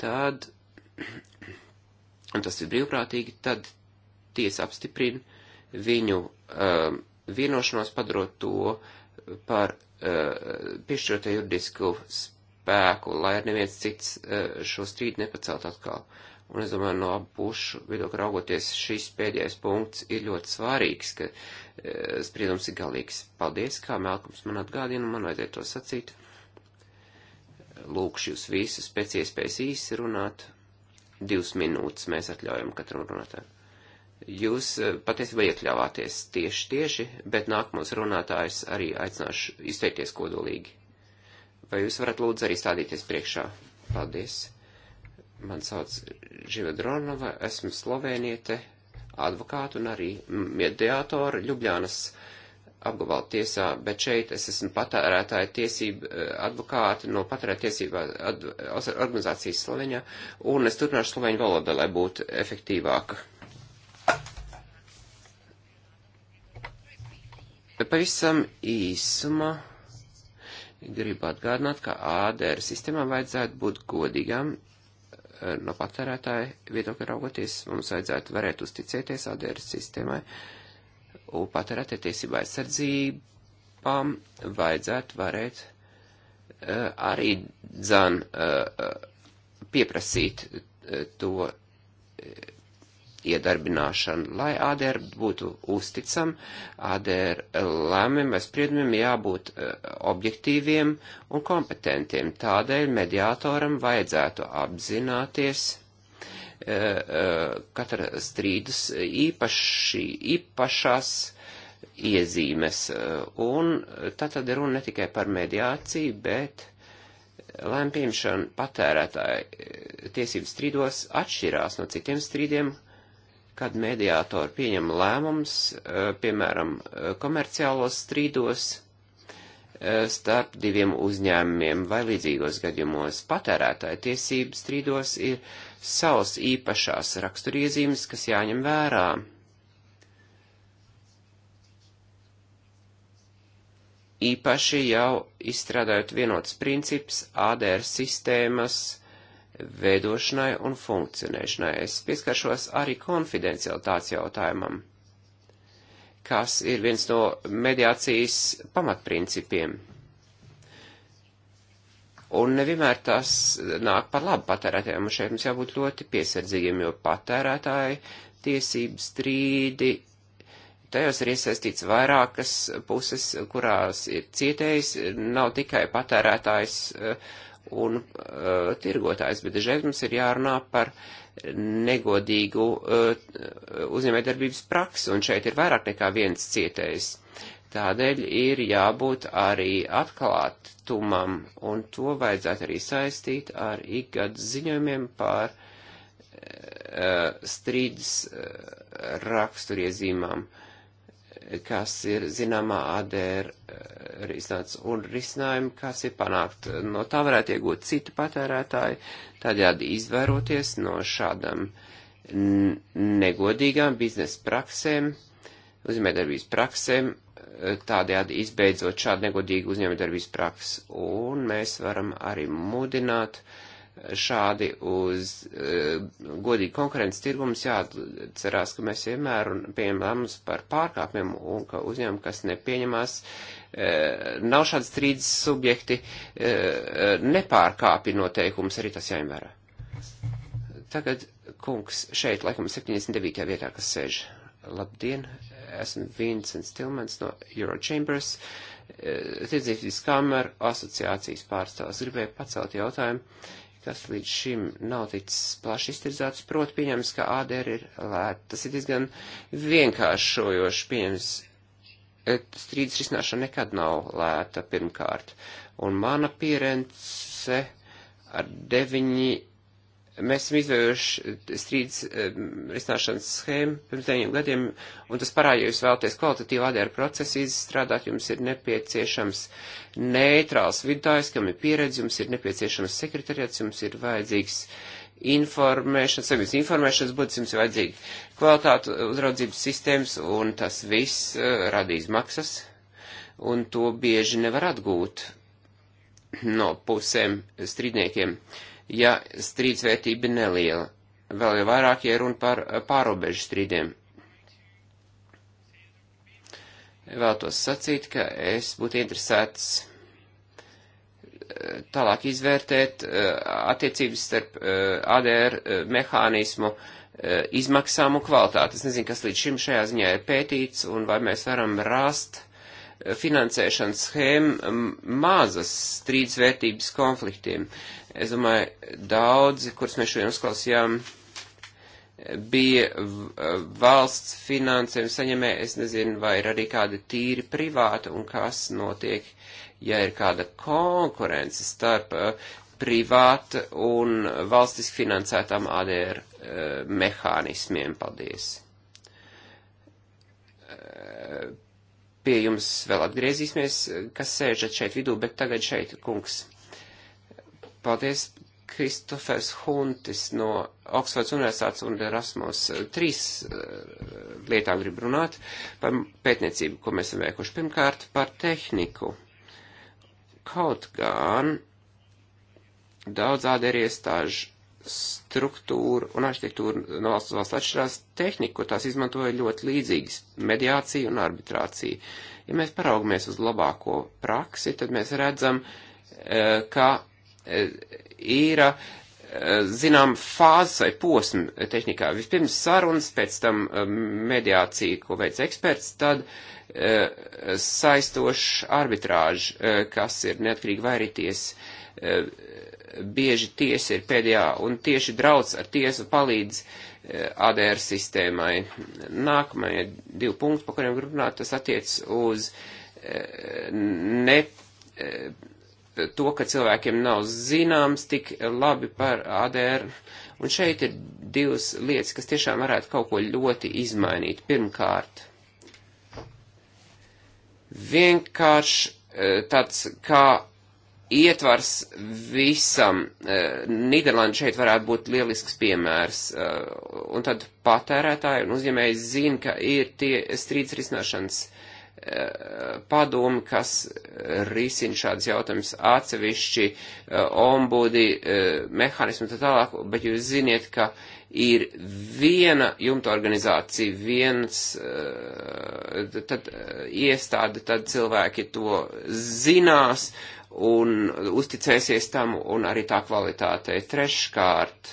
B: tad, un tas ir brīvprātīgi, tad tiesa apstiprina viņu um, vienošanos padarot to par Uh, piešķirto juridisku spēku, lai neviens cits uh, šo strīdu nepacelt atkal. Un es domāju, no abu pušu viedokļa raugoties, šis pēdējais punkts ir ļoti svarīgs, ka e, spriedums ir galīgs. Paldies, kā Melkums man atgādina, man vajadzēja to sacīt. Lūkšu jūs visus pēc iespējas īsi runāt. Divas minūtes mēs atļaujam katram runātājam jūs eh, patiesībā iekļāvāties tieši tieši, bet nākamos runātājs arī aicināšu izteikties kodolīgi. Vai jūs varat lūdzu arī stādīties priekšā? Paldies. Man sauc Živedronova, esmu slovēniete, advokāta un arī mediātora Ljubļānas apgabala tiesā, bet šeit es esmu patērētāja tiesība eh, advokāti no patērētāja tiesība organizācijas Slovenijā, un es turpināšu sloveņu valodu, lai būtu efektīvāka. Pavisam īsumā gribu atgādināt, ka ADR sistēmām vajadzētu būt godīgām eh, no patērētāja viedokļa raugoties. Mums vajadzētu varēt uzticēties ADR sistēmai un patērētāja tiesība aizsardzībām vajadzētu varēt eh, arī dzan eh, pieprasīt to iedarbināšanu. Lai ADR būtu uzticam, ADR lēmumiem vai spriedumiem jābūt e, objektīviem un kompetentiem. Tādēļ mediātoram vajadzētu apzināties e, e, katra strīdus īpaši, īpašās iezīmes. Un tā tad ir runa ne tikai par mediāciju, bet lēmpieņemšana patērētāja tiesību strīdos atšķirās no citiem strīdiem, kad mediātori pieņem lēmums, eh, piemēram, eh, komerciālos strīdos eh, starp diviem uzņēmumiem vai līdzīgos gadījumos. Patērētāja tiesības strīdos ir savas īpašās raksturiezīmes, kas jāņem vērā. Īpaši jau izstrādājot vienotas princips ADR sistēmas, veidošanai un funkcionēšanai. Es pieskaršos arī konfidencialitātes jautājumam, kas ir viens no mediācijas pamatprincipiem. Un nevienmēr tas nāk par labu patērētājiem, un šeit mums jābūt ļoti piesardzīgiem, jo patērētāji tiesības strīdi, tajos ir iesaistīts vairākas puses, kurās ir cietējis, nav tikai patērētājs. Uh, un uh, tirgotājs, bet dažreiz mums ir jārunā par negodīgu uh, uzņēmējdarbības praksi, un šeit ir vairāk nekā viens cietējs. Tādēļ ir jābūt arī atklātumam, un to vajadzētu arī saistīt ar ikgad ziņojumiem par uh, strīdus uh, raksturiezīmām. Uh, kas ir zināmā ADR risināts eh, un risinājumi, kas ir panākt. No tā varētu iegūt citu patērētāju, tādējādi izvairoties no šādam negodīgām biznesa praksēm, uzņēmējdarbības praksēm, eh, tādējādi izbeidzot šādu negodīgu uzņēmējdarbības praksi. Un mēs varam arī mudināt uh, šādi uz uh, godīgi konkurences tirgumus jāatcerās, ka mēs vienmēr pieņem lēmumus par pārkāpumiem un ka uzņēmumi, kas nepieņemās, uh, nav šāds strīdus subjekti, uh, nepārkāpi noteikumus, arī tas jāņem vērā. Tagad kungs šeit, laikam, 79. vietā, kas sēž. Labdien, esmu Vincents Tilmans no Eurochambers, Tirdzniecības kamera asociācijas pārstāvs. Gribēju pacelt jautājumu kas līdz šim nav ticis plaši iztirzāts, proti pieņems, ka ADR ir lēta. Tas ir diezgan vienkāršojoši pieņems. Strīdus risināšana nekad nav lēta pirmkārt. Un mana pierence ar deviņi Mēs esam izveidojuši strīdus risināšanas schēmu pirms deviņiem gadiem, un tas parāda, ja jūs vēlaties kvalitatīvu ADR procesu izstrādāt, jums ir nepieciešams neitrāls vidutājs, kam ir pieredze, jums ir nepieciešams sekretariats, jums ir vajadzīgs informēšanas, sabiedrības informēšanas būtis, jums ir vajadzīgi kvalitātu uzraudzības sistēmas, un tas viss uh, radīs maksas, un to bieži nevar atgūt no pusēm strīdniekiem. Uh, ja strīdsvērtība ir neliela, vēl jau vairāk, ja runa par eh, pārobežu strīdiem. Vēlētos sacīt, ka es būtu interesēts eh, tālāk izvērtēt eh, attiecības starp ADR mehānismu izmaksām un kvalitāti. Es nezinu, kas līdz šim šajā ziņā ir pētīts un vai mēs varam rast uh, finansēšanas schēma mazas strīdsvērtības konfliktiem. Es domāju, daudzi, kurus mēs šodien uzklausījām, bija valsts finansējuma saņemē, es nezinu, vai ir arī kādi tīri privāti un kas notiek, ja ir kāda konkurence starp e, privāta un valstiski finansētām ADR e, mehānismiem. Paldies! E, pie jums vēl atgriezīsimies, kas sēžat šeit vidū, bet tagad šeit, kungs. Paldies, Kristofers Huntis no Oksfords universitātes un Erasmus. Trīs eh, lietām grib runāt par pētniecību, ko mēs esam veikuši. Pirmkārt, par tehniku. Kaut gan daudz ādēri iestāžu struktūra un arhitektūra no valsts valsts atšķirās, tehnika, ko tās izmantoja ļoti līdzīgas - mediācija un arbitrācija. Ja mēs paraugamies uz labāko praksi, tad mēs redzam, e, ka e, ir e, zinām fāzes vai posmi tehnikā. Vispirms sarunas, pēc tam mediācija, ko veids eksperts, tad saistošs arbitrāžs, kas ir neatkarīgi vairīties bieži tiesa ir pēdējā un tieši draudz ar tiesu palīdz eh, ADR sistēmai. Nākamajie divi punkti, pa kuriem runāt, tas attiec uz eh, ne eh, to, ka cilvēkiem nav zināms tik labi par ADR. Un šeit ir divas lietas, kas tiešām varētu kaut ko ļoti izmainīt. Pirmkārt, vienkārši tāds kā ietvars visam. E, Nīderlanda šeit varētu būt lielisks piemērs. E, un tad patērētāji un uzņēmēji zina, ka ir tie strīds risināšanas e, padomi, kas risina šādas jautājumas atsevišķi, ombudi, mehānismi un tā tālāk, bet jūs ziniet, ka ir viena jumta organizācija, viens tad iestāde, tad cilvēki to zinās un uzticēsies tam un arī tā kvalitātei. Treškārt,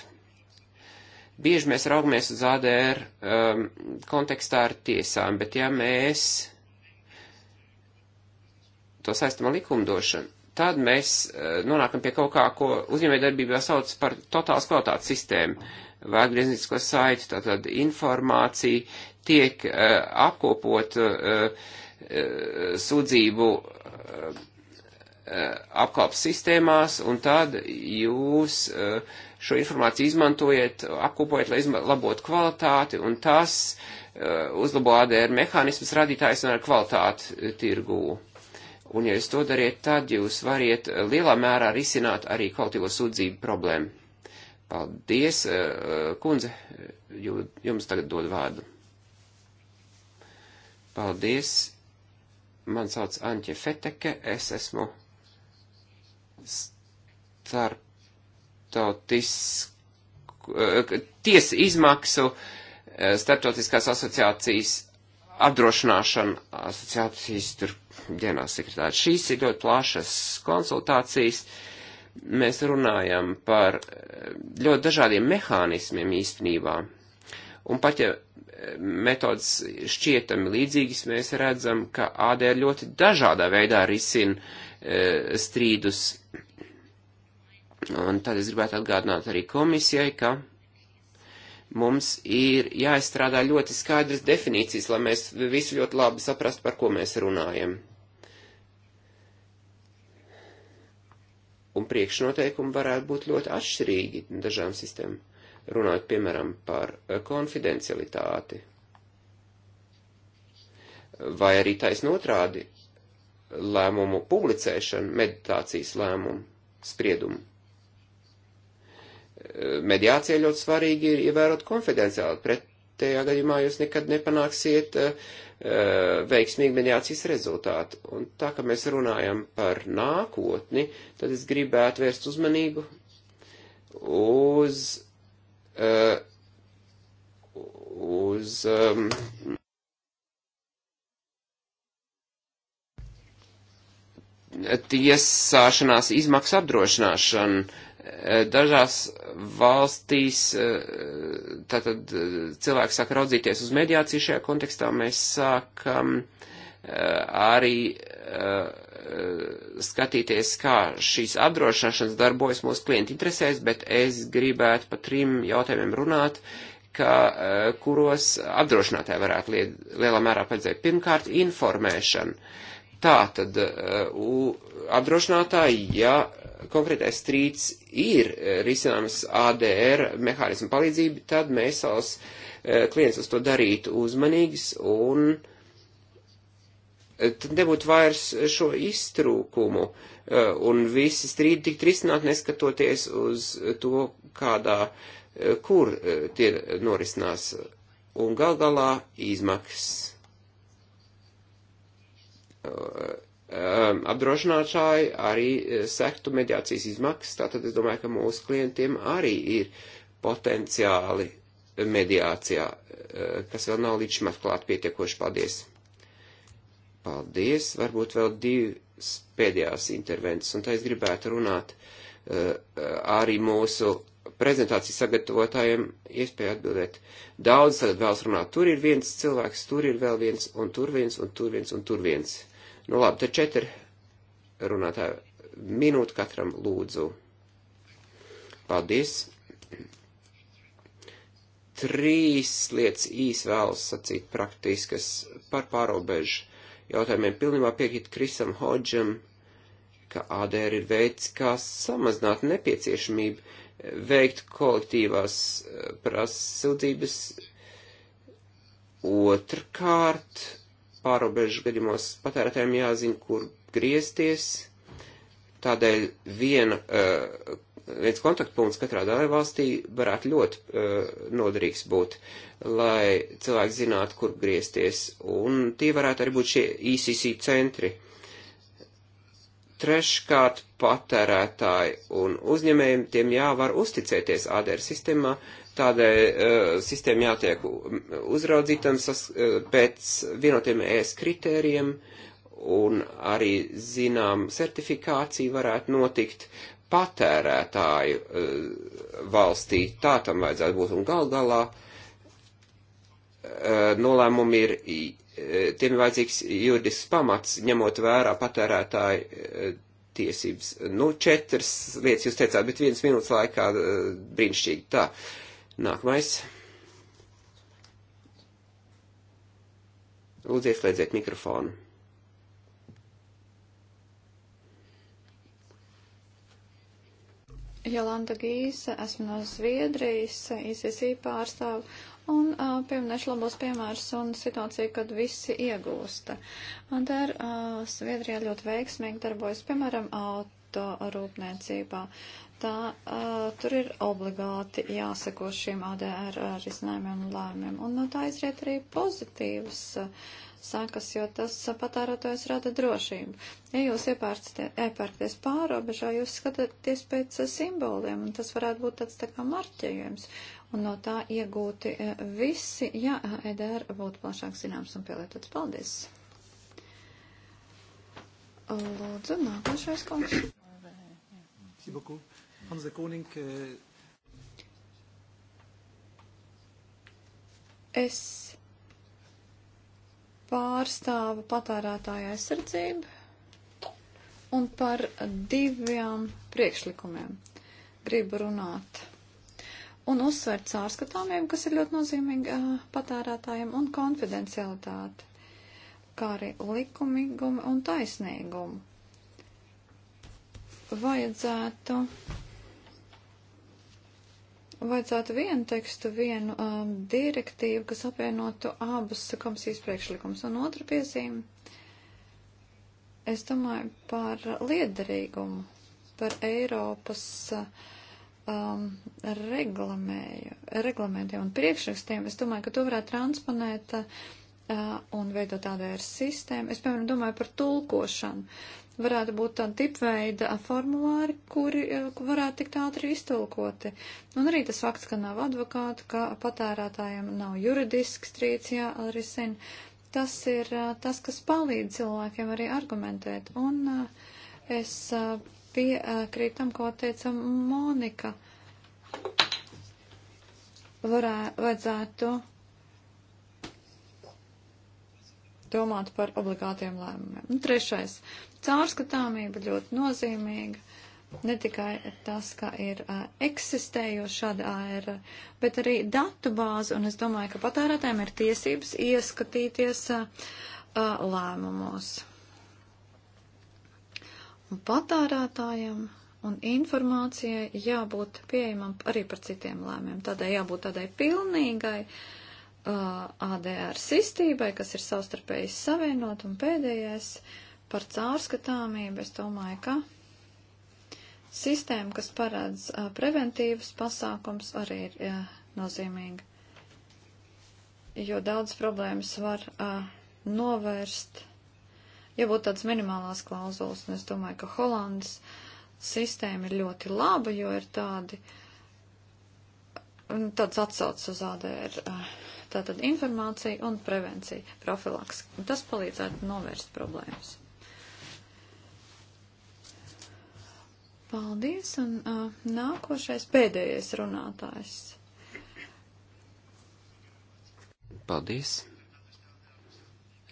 B: bieži mēs raugamies uz ADR um, kontekstā ar tiesām, bet ja mēs to saistam ar likumdošanu, tad mēs uh, nonākam pie kaut kā, ko uzņēmējdarbībā sauc par totāls kvalitātes sistēmu vai atgrieznisko saiti, tātad informācija tiek uh, apkopot uh, uh, sūdzību. Uh, Uh, apkalpes sistēmās, un tad jūs uh, šo informāciju izmantojat, apkopojat, lai uzlabotu kvalitāti, un tas uh, uzlabo ADR mehānismus radītājs un ar kvalitāti tirgū. Un ja jūs to dariet, tad jūs variet lielā mērā risināt arī kvalitīvo sūdzību problēmu. Paldies, kundze, jums tagad dod vārdu. Paldies, man sauc Anķe Feteke, es esmu starptautisku, eh, tiesa izmaksu eh, starptautiskās asociācijas apdrošināšana asociācijas tur ģenerāls sekretārs. Šīs ir ļoti plašas konsultācijas. Mēs runājam par eh, ļoti dažādiem mehānismiem īstenībā. Un pat ja metodas šķietami līdzīgas, mēs redzam, ka AD ļoti dažādā veidā risina E, strīdus. Un tad es gribētu atgādināt arī komisijai, ka mums ir jāizstrādā ļoti skaidras definīcijas, lai mēs visu ļoti labi saprastu, par ko mēs runājam. Un priekšnoteikumi varētu būt ļoti atšķirīgi dažām sistēmām, runājot piemēram par e, konfidencialitāti. Vai arī taisnotrādi lēmumu publicēšanu, meditācijas lēmumu, spriedumu. Mediācija ļoti svarīgi ir ievērot konfidenciāli, pretējā gadījumā jūs nekad nepanāksiet uh, veiksmīgu mediācijas rezultātu. Un tā kā mēs runājam par nākotni, tad es gribētu vērst uzmanību uz, uh, uz um, tiesāšanās izmaksu apdrošināšanu. Eh, dažās valstīs eh, tātad eh, cilvēki sāk raudzīties uz mediāciju šajā kontekstā. Mēs sākam arī skatīties, kā šīs apdrošināšanas darbojas mūsu klientu interesēs, bet es gribētu pa trim jautājumiem runāt, ka, kuros apdrošinātāji varētu lielā mērā palīdzēt. Pirmkārt, informēšana Tā tad eh, apdrošinātāji, ja konkrētais strīds ir eh, risinājums ADR mehānismu palīdzību, tad mēs savus eh, klients uz to darītu uzmanīgs un tad nebūtu vairs šo iztrūkumu un visi strīdi tikt risināt neskatoties uz to, kādā, kur tie norisinās un gal galā izmaksas Um, apdrošinātāji arī eh, sektu mediācijas izmaksas, tātad es domāju, ka mūsu klientiem arī ir potenciāli mediācijā, eh, kas vēl nav līdz šim atklāt pietiekoši. Paldies! Paldies! Varbūt vēl divas pēdējās intervences, un tā es gribētu runāt eh, arī mūsu prezentācijas sagatavotājiem iespēja atbildēt. Daudz tagad vēlas runāt, tur ir viens cilvēks, tur ir vēl viens, un tur viens, un tur viens, un tur viens. Un tur viens. Nu labi, tad četri runātāji minūti katram lūdzu. Paldies. Trīs lietas īs vēlas sacīt praktiskas par pārobežu jautājumiem. Pilnībā piekrīt Krisam Hodžam, ka ADR ir veids, kā samazināt nepieciešamību veikt kolektīvās eh, prasūdzības. Otrkārt, pārobežu gadījumos patērētājiem jāzina, kur griezties. Tādēļ viena, eh, viens kontaktpunkts katrā dalībvalstī varētu ļoti eh, noderīgs būt, lai cilvēki zinātu, kur griezties. Un tie varētu arī būt šie ICC e centri. Treškārt patērētāji un uzņēmējiem tiem jāvar uzticēties ADR sistēmā, uh, Tādēļ eh, sistēma jātiek uzraudzītam sas, eh, pēc vienotiem ES kritērijiem un arī, zinām, certifikācija varētu notikt patērētāju eh, valstī. Tā tam vajadzētu būt un gal galā nolēmumi ir, tiem ir vajadzīgs juridisks pamats, ņemot vērā patērētāju tiesības. Nu, četras lietas jūs teicāt, bet vienas minūtes laikā brīnišķīgi tā. Uh, Nākamais. Lūdzu, ieslēdziet mikrofonu.
C: Jolanta Gīsa, esmu no Zviedrijas, ICC pārstāvu, un uh, pieminēšu labos piemērus un situāciju, kad visi iegūsta. Man te ir uh, Zviedrijā ļoti veiksmīgi darbojas, piemēram, uh, produktu rūpniecībā. Tā, uh, tur ir obligāti jāseko šiem ADR risinājumiem un lēmumiem. Un no tā izriet arī pozitīvas uh, sakas, jo tas uh, patērētājs rada drošību. Ja jūs iepērkties pārobežā, jūs skatāties pēc uh, simboliem, un tas varētu būt tāds tā kā marķējums. Un no tā iegūti uh, visi, ja ADR e būtu plašāk zināms un pielietots. Paldies! Lūdzu, nākošais kungs. Merci beaucoup. Hans de Koning. Euh, es pārstāvu patērētāju aizsardzību un par diviem priekšlikumiem gribu runāt. Un uzsvērt cārskatāmiem, kas ir ļoti nozīmīgi uh, patērētājiem, un konfidencialitāti, kā arī likumīgumu un taisnīgumu vajadzētu, vajadzētu vienu tekstu, vienu um, direktīvu, kas apvienotu abus komisijas priekšlikumus. Un otra piezīme, es domāju par liederīgumu, par Eiropas um, reglamentiem un priekšrakstiem. Es domāju, ka to varētu transponēt. Uh, un veidot tādu ar sistēmu. Es, piemēram, domāju par tulkošanu varētu būt tāda tipveida formulāri, kuri e, varētu tikt ātri iztulkoti. Un arī tas fakts, ka nav advokātu, ka patērētājiem nav juridisks strīds jārisina, tas ir e, tas, kas palīdz cilvēkiem arī argumentēt. Un e, es piekrītu tam, ko teica Monika. Varē, vajadzētu domāt par obligātiem lēmumiem. Un nu, trešais - caurskatāmība ļoti nozīmīga. Ne tikai tas, ka ir uh, eksistējoši šādi AR, bet arī datu bāze, un es domāju, ka patērētājiem ir tiesības ieskatīties uh, uh, lēmumos. Un patērētājiem un informācijai jābūt pieejamam arī par citiem lēmumiem. Tādai jābūt tādai pilnīgai uh, Uh, ADR sistībai, kas ir savstarpēji savienot, un pēdējais par cārskatāmību. Es domāju, ka sistēma, kas paredz uh, preventīvas pasākums, arī ir jā, uh, nozīmīga, jo daudz problēmas var a, novērst, ja būtu tādas minimālās klauzulas, un es domāju, ka Holandas sistēma ir ļoti laba, jo ir tādi, tāds atsauc uz ADR. A, Tātad informācija un prevencija, profilaks. Tas palīdzētu novērst problēmas. Paldies, un uh, nākošais pēdējais runātājs.
B: Paldies.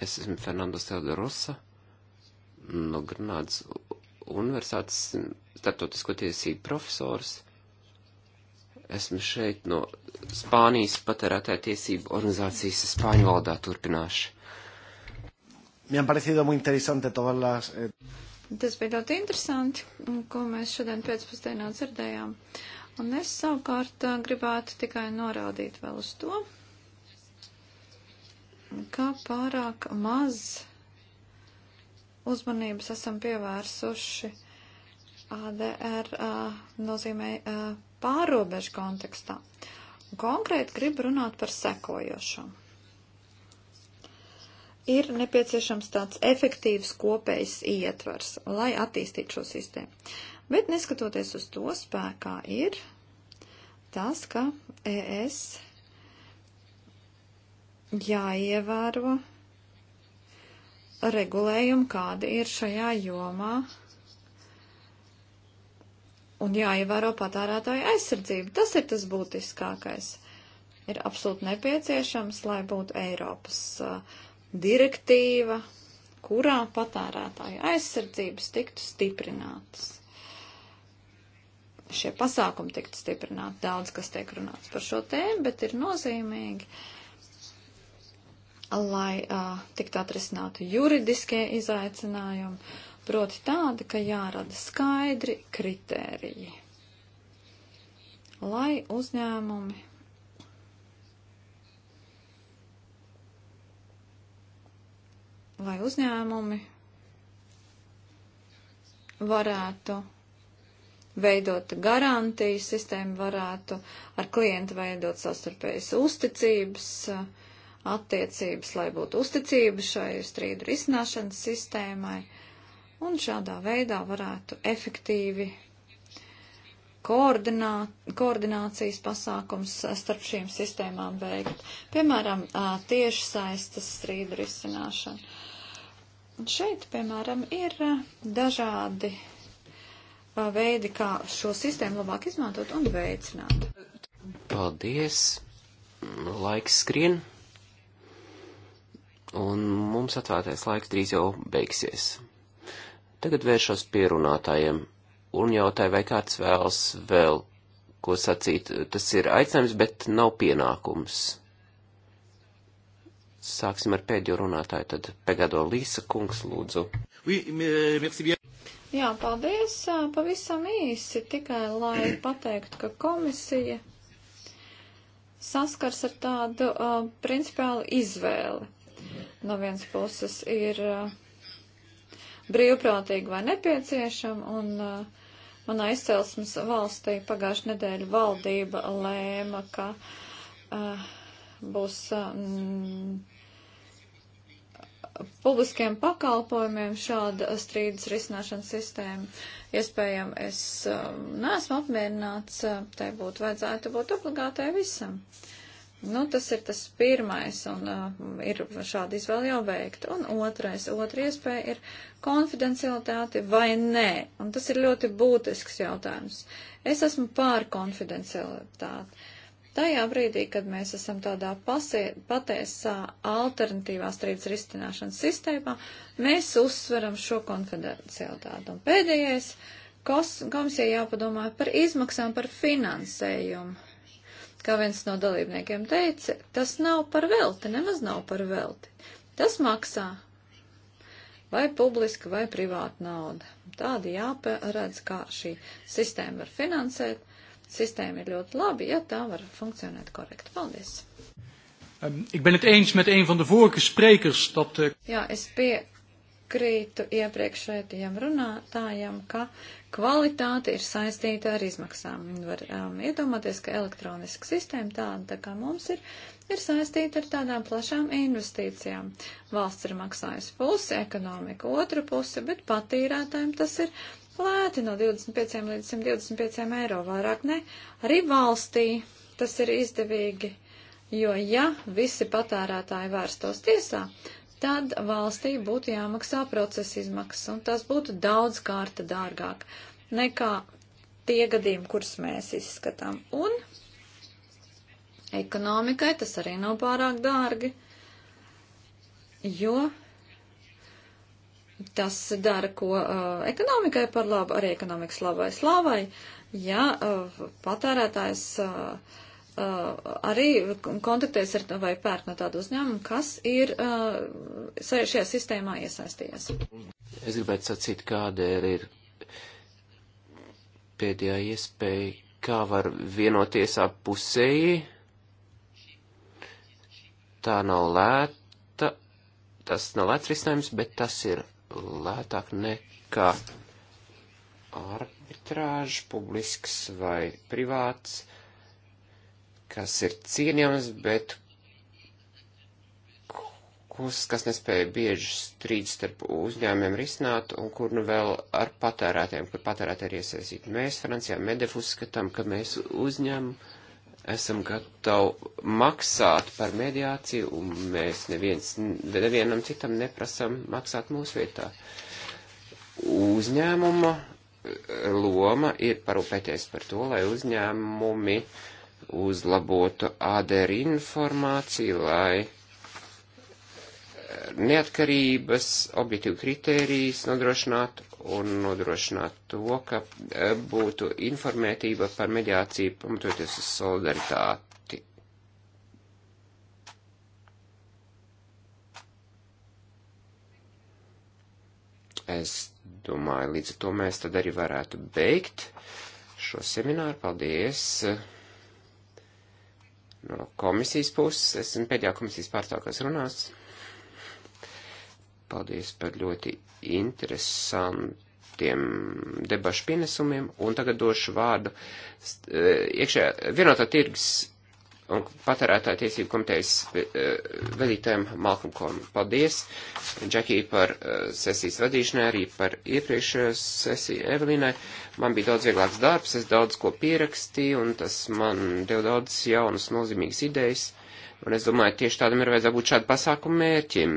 B: Es esmu Fernando Teodorosa no Granādas Universitātes starptautisko tiesību profesors. Esmu šeit no Spānijas patērētāja tiesību organizācijas Spāņu valodā turpināšu. Eh,
C: Tas bija ļoti interesanti, ko mēs šodien pēcpusdienā dzirdējām. Un es savukārt eh, gribētu tikai norādīt vēl uz to, ka pārāk maz uzmanības esam pievērsuši ADR a, eh, nozīmē a, pārobežu kontekstā. Konkrēti grib runāt par sekojošo. Ir nepieciešams tāds efektīvs kopējs ietvars, lai attīstītu šo sistēmu. Bet neskatoties uz to spēkā ir tas, ka ES jāievēro regulējumi, kādi ir šajā jomā un jāievēro patērētāja aizsardzība. Tas ir tas būtiskākais. Ir absolūti nepieciešams, lai būtu Eiropas uh, direktīva, kurā patērētāja aizsardzības tiktu stiprinātas. Šie pasākumi tiktu stiprināti. Daudz, kas tiek runāts par šo tēmu, bet ir nozīmīgi, lai uh, tiktu atrisināti juridiskie izaicinājumi proti tāda, ka jārada skaidri kritēriji, lai uzņēmumi lai uzņēmumi varētu veidot garantiju sistēmu, varētu ar klientu veidot sastarpējas uzticības attiecības, lai būtu uzticība šai strīdu risināšanas sistēmai un šādā veidā varētu efektīvi koordinā, koordinācijas pasākums starp šīm sistēmām veikt. Piemēram, tieši saistas strīdu risināšana. Šeit, piemēram, ir dažādi veidi, kā šo sistēmu labāk izmantot un veicināt.
B: Paldies! Laiks skrien. Un mums atvērtais laiks drīz jau beigsies. Tagad vēršos pie runātājiem un jautāju, vai kāds vēlas vēl ko sacīt. Tas ir aicinājums, bet nav pienākums. Sāksim ar pēdējo runātāju, tad Pegado Līsa kungs lūdzu.
C: Jā, paldies. Pavisam īsi tikai, lai pateiktu, ka komisija saskars ar tādu uh, principālu izvēli. No vienas puses ir uh, brīvprātīgi vai nepieciešami, un uh, manā izcelsmes valstī pagājušajā nedēļa valdība lēma, ka uh, būs. Um, publiskiem pakalpojumiem šāda strīdas risināšanas sistēma. Iespējams, es um, neesmu apmierināts, uh, tai būtu vajadzētu būt obligātai visam. Uh, Nu, tas ir tas pirmais, un uh, ir šāda izvēle jau veikta. Un otrais, otra iespēja ir konfidencialitāte vai nē. Un tas ir ļoti būtisks jautājums. Es esmu pār konfidencialitāti. Tajā brīdī, kad mēs esam tādā pasie, patiesā alternatīvā strīdas risināšanas sistēmā, mēs uzsveram šo konfidencialitāti. Un pēdējais, komisija jāpadomā par izmaksām, par finansējumu Kā viens no dalībniekiem teica, tas nav par velti, nemaz nav par velti. Tas maksā vai publiska vai privāta nauda. Tādi jāparedz, kā šī sistēma var finansēt. Sistēma ir ļoti labi, ja tā var funkcionēt korekti. Paldies!
B: Um, ik ben het eens met een van de vorige sprekers dat. Uh... Eh,
C: ja, es piekrītu iepriekšējiem runātājiem, ka Kvalitāte ir saistīta ar izmaksām. Var um, iedomāties, ka elektroniska sistēma tāda, tā kā mums ir, ir saistīta ar tādām plašām investīcijām. Valsts ir maksājusi pusi, ekonomika otru pusi, bet patīrētājiem tas ir lēti no 25 līdz 125 eiro vairāk ne. Arī valstī tas ir izdevīgi, jo ja visi patērētāji vērstos tiesā, tad valstī būtu jāmaksā procesa izmaksas, un tas būtu daudz kārta dārgāk nekā tie gadījumi, kurus mēs izskatām. Un ekonomikai tas arī nav pārāk dārgi, jo tas dara, ko uh, ekonomikai par labu, arī ekonomikas labai slāvai, ja uh, patērētājs uh, Uh, arī kontaktēs ar vai pērk no tādu uzņēmumu, kas ir uh, šajā sistēmā iesaistījies.
B: Es gribētu sacīt, kādēļ ir pēdējā iespēja, kā var vienoties appusēji. Tā nav lēta, tas nav lēts risinājums, bet tas ir lētāk nekā arbitrāža, publisks vai privāts. Uh, kas ir cieņams, bet kursus, kas nespēja bieži strīdus starp uzņēmumiem risināt un kur nu vēl ar patērētiem, kur patērētāji ir iesaistīti. Mēs Francijā Medef uzskatām, ka mēs uzņēmumu esam gatavi maksāt par mediāciju un mēs neviens, nevienam citam neprasam maksāt mūsu vietā. Uzņēmuma loma ir parūpēties par to, lai uzņēmumi uh, uzlabotu ADR informāciju, lai eh, neatkarības objektīvu kritērijas nodrošinātu un nodrošinātu to, ka eh, būtu informētība par mediāciju pamatoties uz solidaritāti. Es domāju, līdz ar to mēs tad arī varētu beigt šo semināru. Paldies! no komisijas puses. Esmu pēdējā komisijas pārstāvkās runās. Paldies par ļoti interesantiem debašu pienesumiem. Un tagad došu vārdu eh, iekšējā vienotā tirgus un patērētāju tiesību komitejas eh, vadītājiem Malcolm Kornam. Paldies, Džekija, par eh, sesijas vadīšanai, arī par iepriekšējo sesiju Evelīnai. Man bija daudz vieglāks darbs, es daudz ko pierakstīju, un tas man deva daudz jaunas nozīmīgas idejas, un es domāju, tieši tādam ir vajadzētu būt šādu pasākumu mērķim.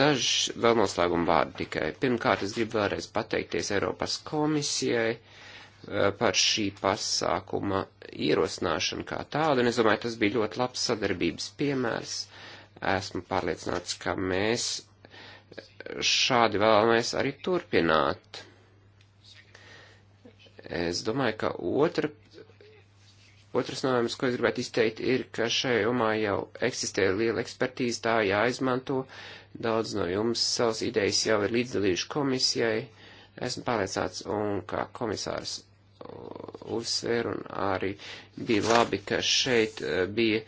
B: Daži vēl noslēguma vārdi tikai. Pirmkārt, es gribu vēlreiz pateikties Eiropas komisijai Eh, par šī pasākuma ierosināšanu kā tādu, un es domāju, tas bija ļoti labs sadarbības piemērs. Esmu pārliecināts, ka mēs šādi vēlamies arī turpināt. Es domāju, ka otra, otrs novērums, ko es gribētu izteikt, ir, ka šajā jomā jau eksistē liela ekspertīze, tā jāizmanto. Daudz no jums savas idejas jau ir līdzdalījuši komisijai esmu pārliecināts, un kā komisārs uzsver, un arī bija labi, ka šeit eh, bija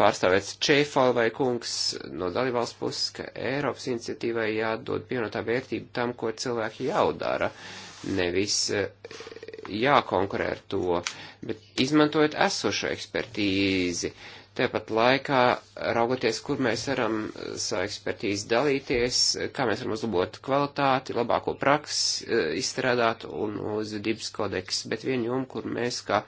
B: pārstāvēts Čeifalvai kungs no dalībvalsts puses, ka Eiropas iniciatīvai jādod pievienotā vērtība tam, ko cilvēki jau dara, nevis eh, jākonkurē ar to, bet izmantojot esošo ekspertīzi. Uh, Tāpat laikā raugoties, kur mēs varam savu ekspertīzi dalīties, kā mēs varam uzlabot kvalitāti, labāko praksi e, izstrādāt un uzvedības kodeks. Bet viena joma, kur mēs kā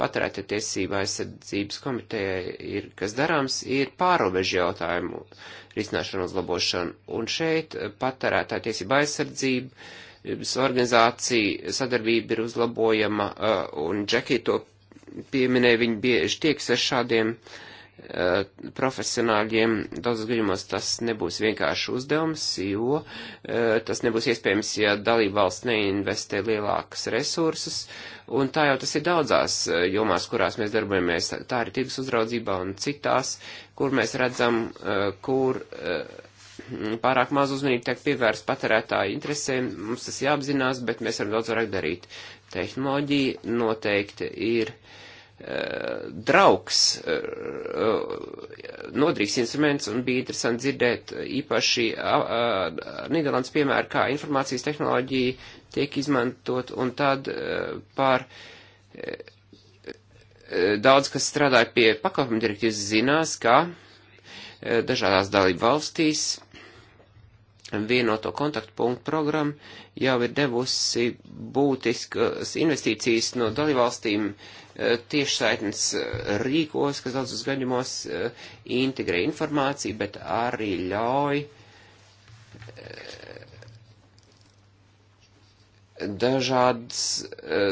B: patērētie tiesība aizsardzības komiteja ir, kas darāms, ir pārobežu jautājumu risināšanu uzlabošanu. Un šeit patērētāja tiesība aizsardzība e, organizācija sadarbība ir uzlabojama, e, un Džeki to pieminēja, viņi bieži tieks ar šādiem uh, profesionāļiem. Daudz gadījumos tas nebūs vienkārši uzdevums, jo uh, tas nebūs iespējams, ja dalība valsts neinvestē lielākas resursus, un tā jau tas ir daudzās eh, jomās, kurās mēs darbojamies. Tā ir tirgus uzraudzībā un citās, kur mēs redzam, uh, kur pārāk maz uzmanību tiek pievērsta patērētāju interesēm, mums tas jāapzinās, bet mēs varam daudz vairāk darīt. Tehnoloģija noteikti ir uh, Eh, draugs, eh, nodrīgs instruments, un bija interesanti dzirdēt īpaši Nīderlandes piemēru, kā informācijas tehnoloģija tiek izmantot, un tad eh, par daudz, kas strādāja pie pakalpojumu direktīvas, zinās, ka dažādās dalību valstīs vienoto kontaktpunktu programma jau ir devusi būtiskas investīcijas no dalībvalstīm uh, tiešsaitnes eh, rīkos, kas daudzos gadījumos eh, integrē informāciju, bet arī ļauj eh, dažādas,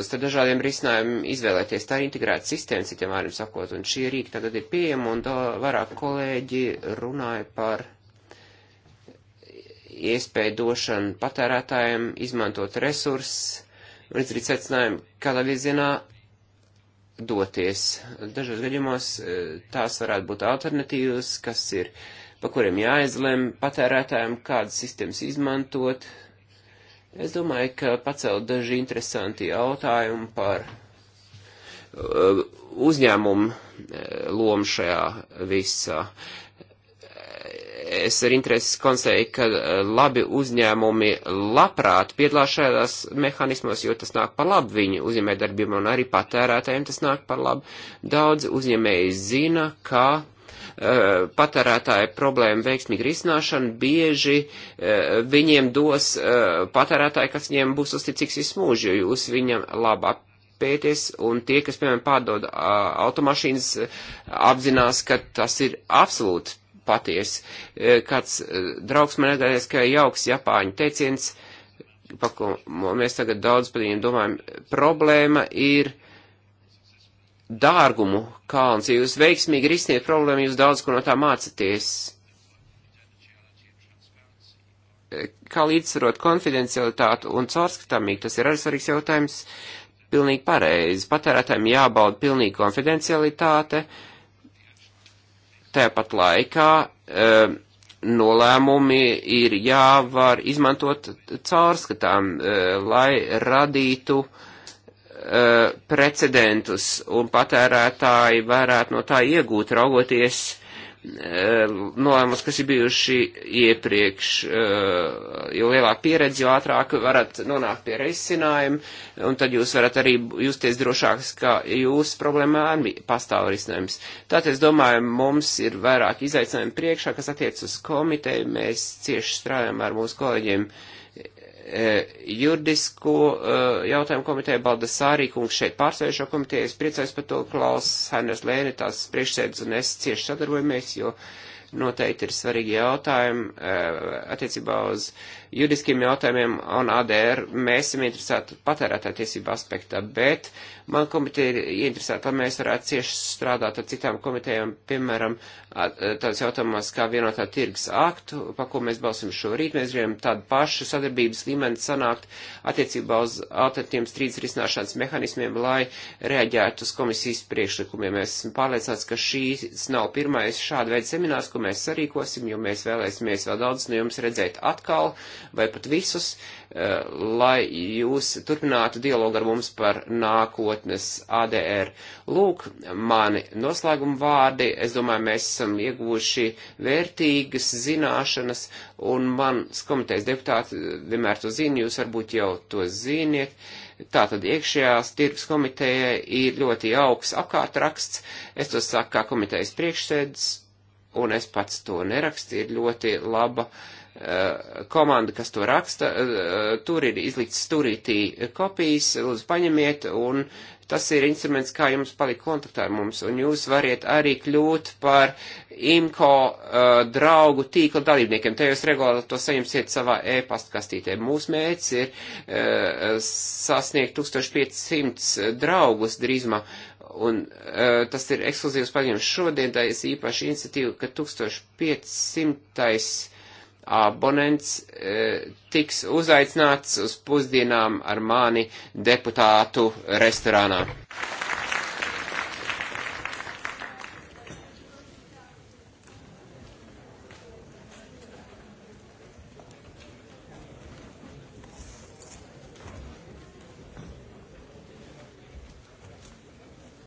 B: starp dažādiem risinājumiem izvēlēties. Tā ir integrēta sistēma, citiem vārdiem sakot, un šī rīka tagad ir pieejama, un vairāk kolēģi runāja par iespēju došanu patērētājiem izmantot resursus, un izdarīt secinājumu, kādā virzienā doties. Dažos gadījumos e, tās varētu būt alternatīvas, kas ir, pa kuriem jāizlem patērētājiem, kādas sistēmas izmantot. Es domāju, ka pacelt daži interesanti jautājumi par e, uzņēmumu e, lomu šajā visā. Uh, es ar interesi konstatēju, ka eh, labi uzņēmumi labprāt piedalās šādās mehānismos, jo tas nāk par labu viņu uzņēmējdarbībām un arī patērētājiem tas nāk par labu. Daudz uzņēmēji zina, ka uh, patērētāja problēma veiksmīgi risināšana bieži uh, viņiem dos uh, patērētāji, kas viņiem būs uzticīgs visu mūžu, jo jūs viņam labi pēties, un tie, kas, piemēram, pārdod automašīnas, apzinās, ka tas ir absolūti patiesi. E, kāds e, draugs man nedēļas, ka jauks Japāņu teiciens, par ko mēs tagad daudz par viņiem domājam, problēma ir dārgumu kalns. Ja jūs veiksmīgi risiniet problēmu, jūs daudz ko no tā mācaties. E, kā līdzsvarot konfidencialitātu un caurskatāmību, tas ir arī svarīgs jautājums. Pilnīgi pareizi. Patērētājiem jābauda pilnīga konfidencialitāte. Uh, tāpat laikā eh, nolēmumi ir jāvar izmantot caurskatām, eh, lai radītu eh, precedentus un patērētāji varētu no tā iegūt, raugoties uh, Eh, nolēmumus, kas ir bijuši iepriekš, eh, jo lielāka pieredze, jo ātrāk varat nonākt pie risinājuma, un tad jūs varat arī justies drošāks, ka jūsu problēmā arī pastāv risinājums. Tātad, es domāju, mums ir vairāk izaicinājumu priekšā, kas attiec uz komiteju, mēs cieši strādājam ar mūsu kolēģiem. Uh, E, juridisko e, jautājumu komiteju Baldasārī kungs šeit pārstājušo komiteju. Es priecājos par to, Klaus Hainers Lēni, tās priekšsēdus un es cieši sadarbojamies, jo noteikti ir svarīgi jautājumi e, attiecībā uz uh, juridiskiem jautājumiem un ADR mēs esam interesēti patērētā tiesība aspektā, bet man komiteja ir interesēta, lai mēs varētu cieši strādāt ar citām komitejām, piemēram, tāds jautājumās kā vienotā tirgus aktu, pa ko mēs balsim šorīt. Mēs gribam tādu pašu sadarbības līmeni sanākt attiecībā uz alternatīviem strīdus risināšanas mehānismiem, lai reaģētu uz komisijas priekšlikumiem. Es esmu pārliecināts, ka šīs nav pirmais šāda veida seminārs, ko mēs sarīkosim, jo mēs vēlēsimies vēl daudz no jums redzēt atkal. Uh, vai pat visus, eh, lai jūs turpinātu dialogu ar mums par nākotnes ADR. Lūk, mani noslēguma vārdi. Es domāju, mēs esam ieguvuši vērtīgas zināšanas, un mans komitejas deputāti eh, vienmēr to zina, jūs varbūt jau to ziniet. Tātad iekšējās tirgus komitejai ir ļoti augsts apkārtraksts. Es to saku kā komitejas priekšsēdis, un es pats to nerakstu. Ir ļoti laba uh, Eh, komanda, kas to raksta, eh, tur ir izlikts stūrītī kopijas, lūdzu paņemiet, un tas ir instruments, kā jums palikt kontaktā ar mums, un jūs variet arī kļūt par IMCO uh, draugu tīkla dalībniekiem, te jūs regulāri to saņemsiet savā e-pastkastītē. Mūsu mērķis ir uh, sasniegt 1500 draugus drīzumā, un uh, tas ir ekskluzīvs paņemts šodien, tā ir īpaši iniciatīva, ka 1500 abonents e, tiks uzaicināts uz pusdienām ar mani deputātu restorānā.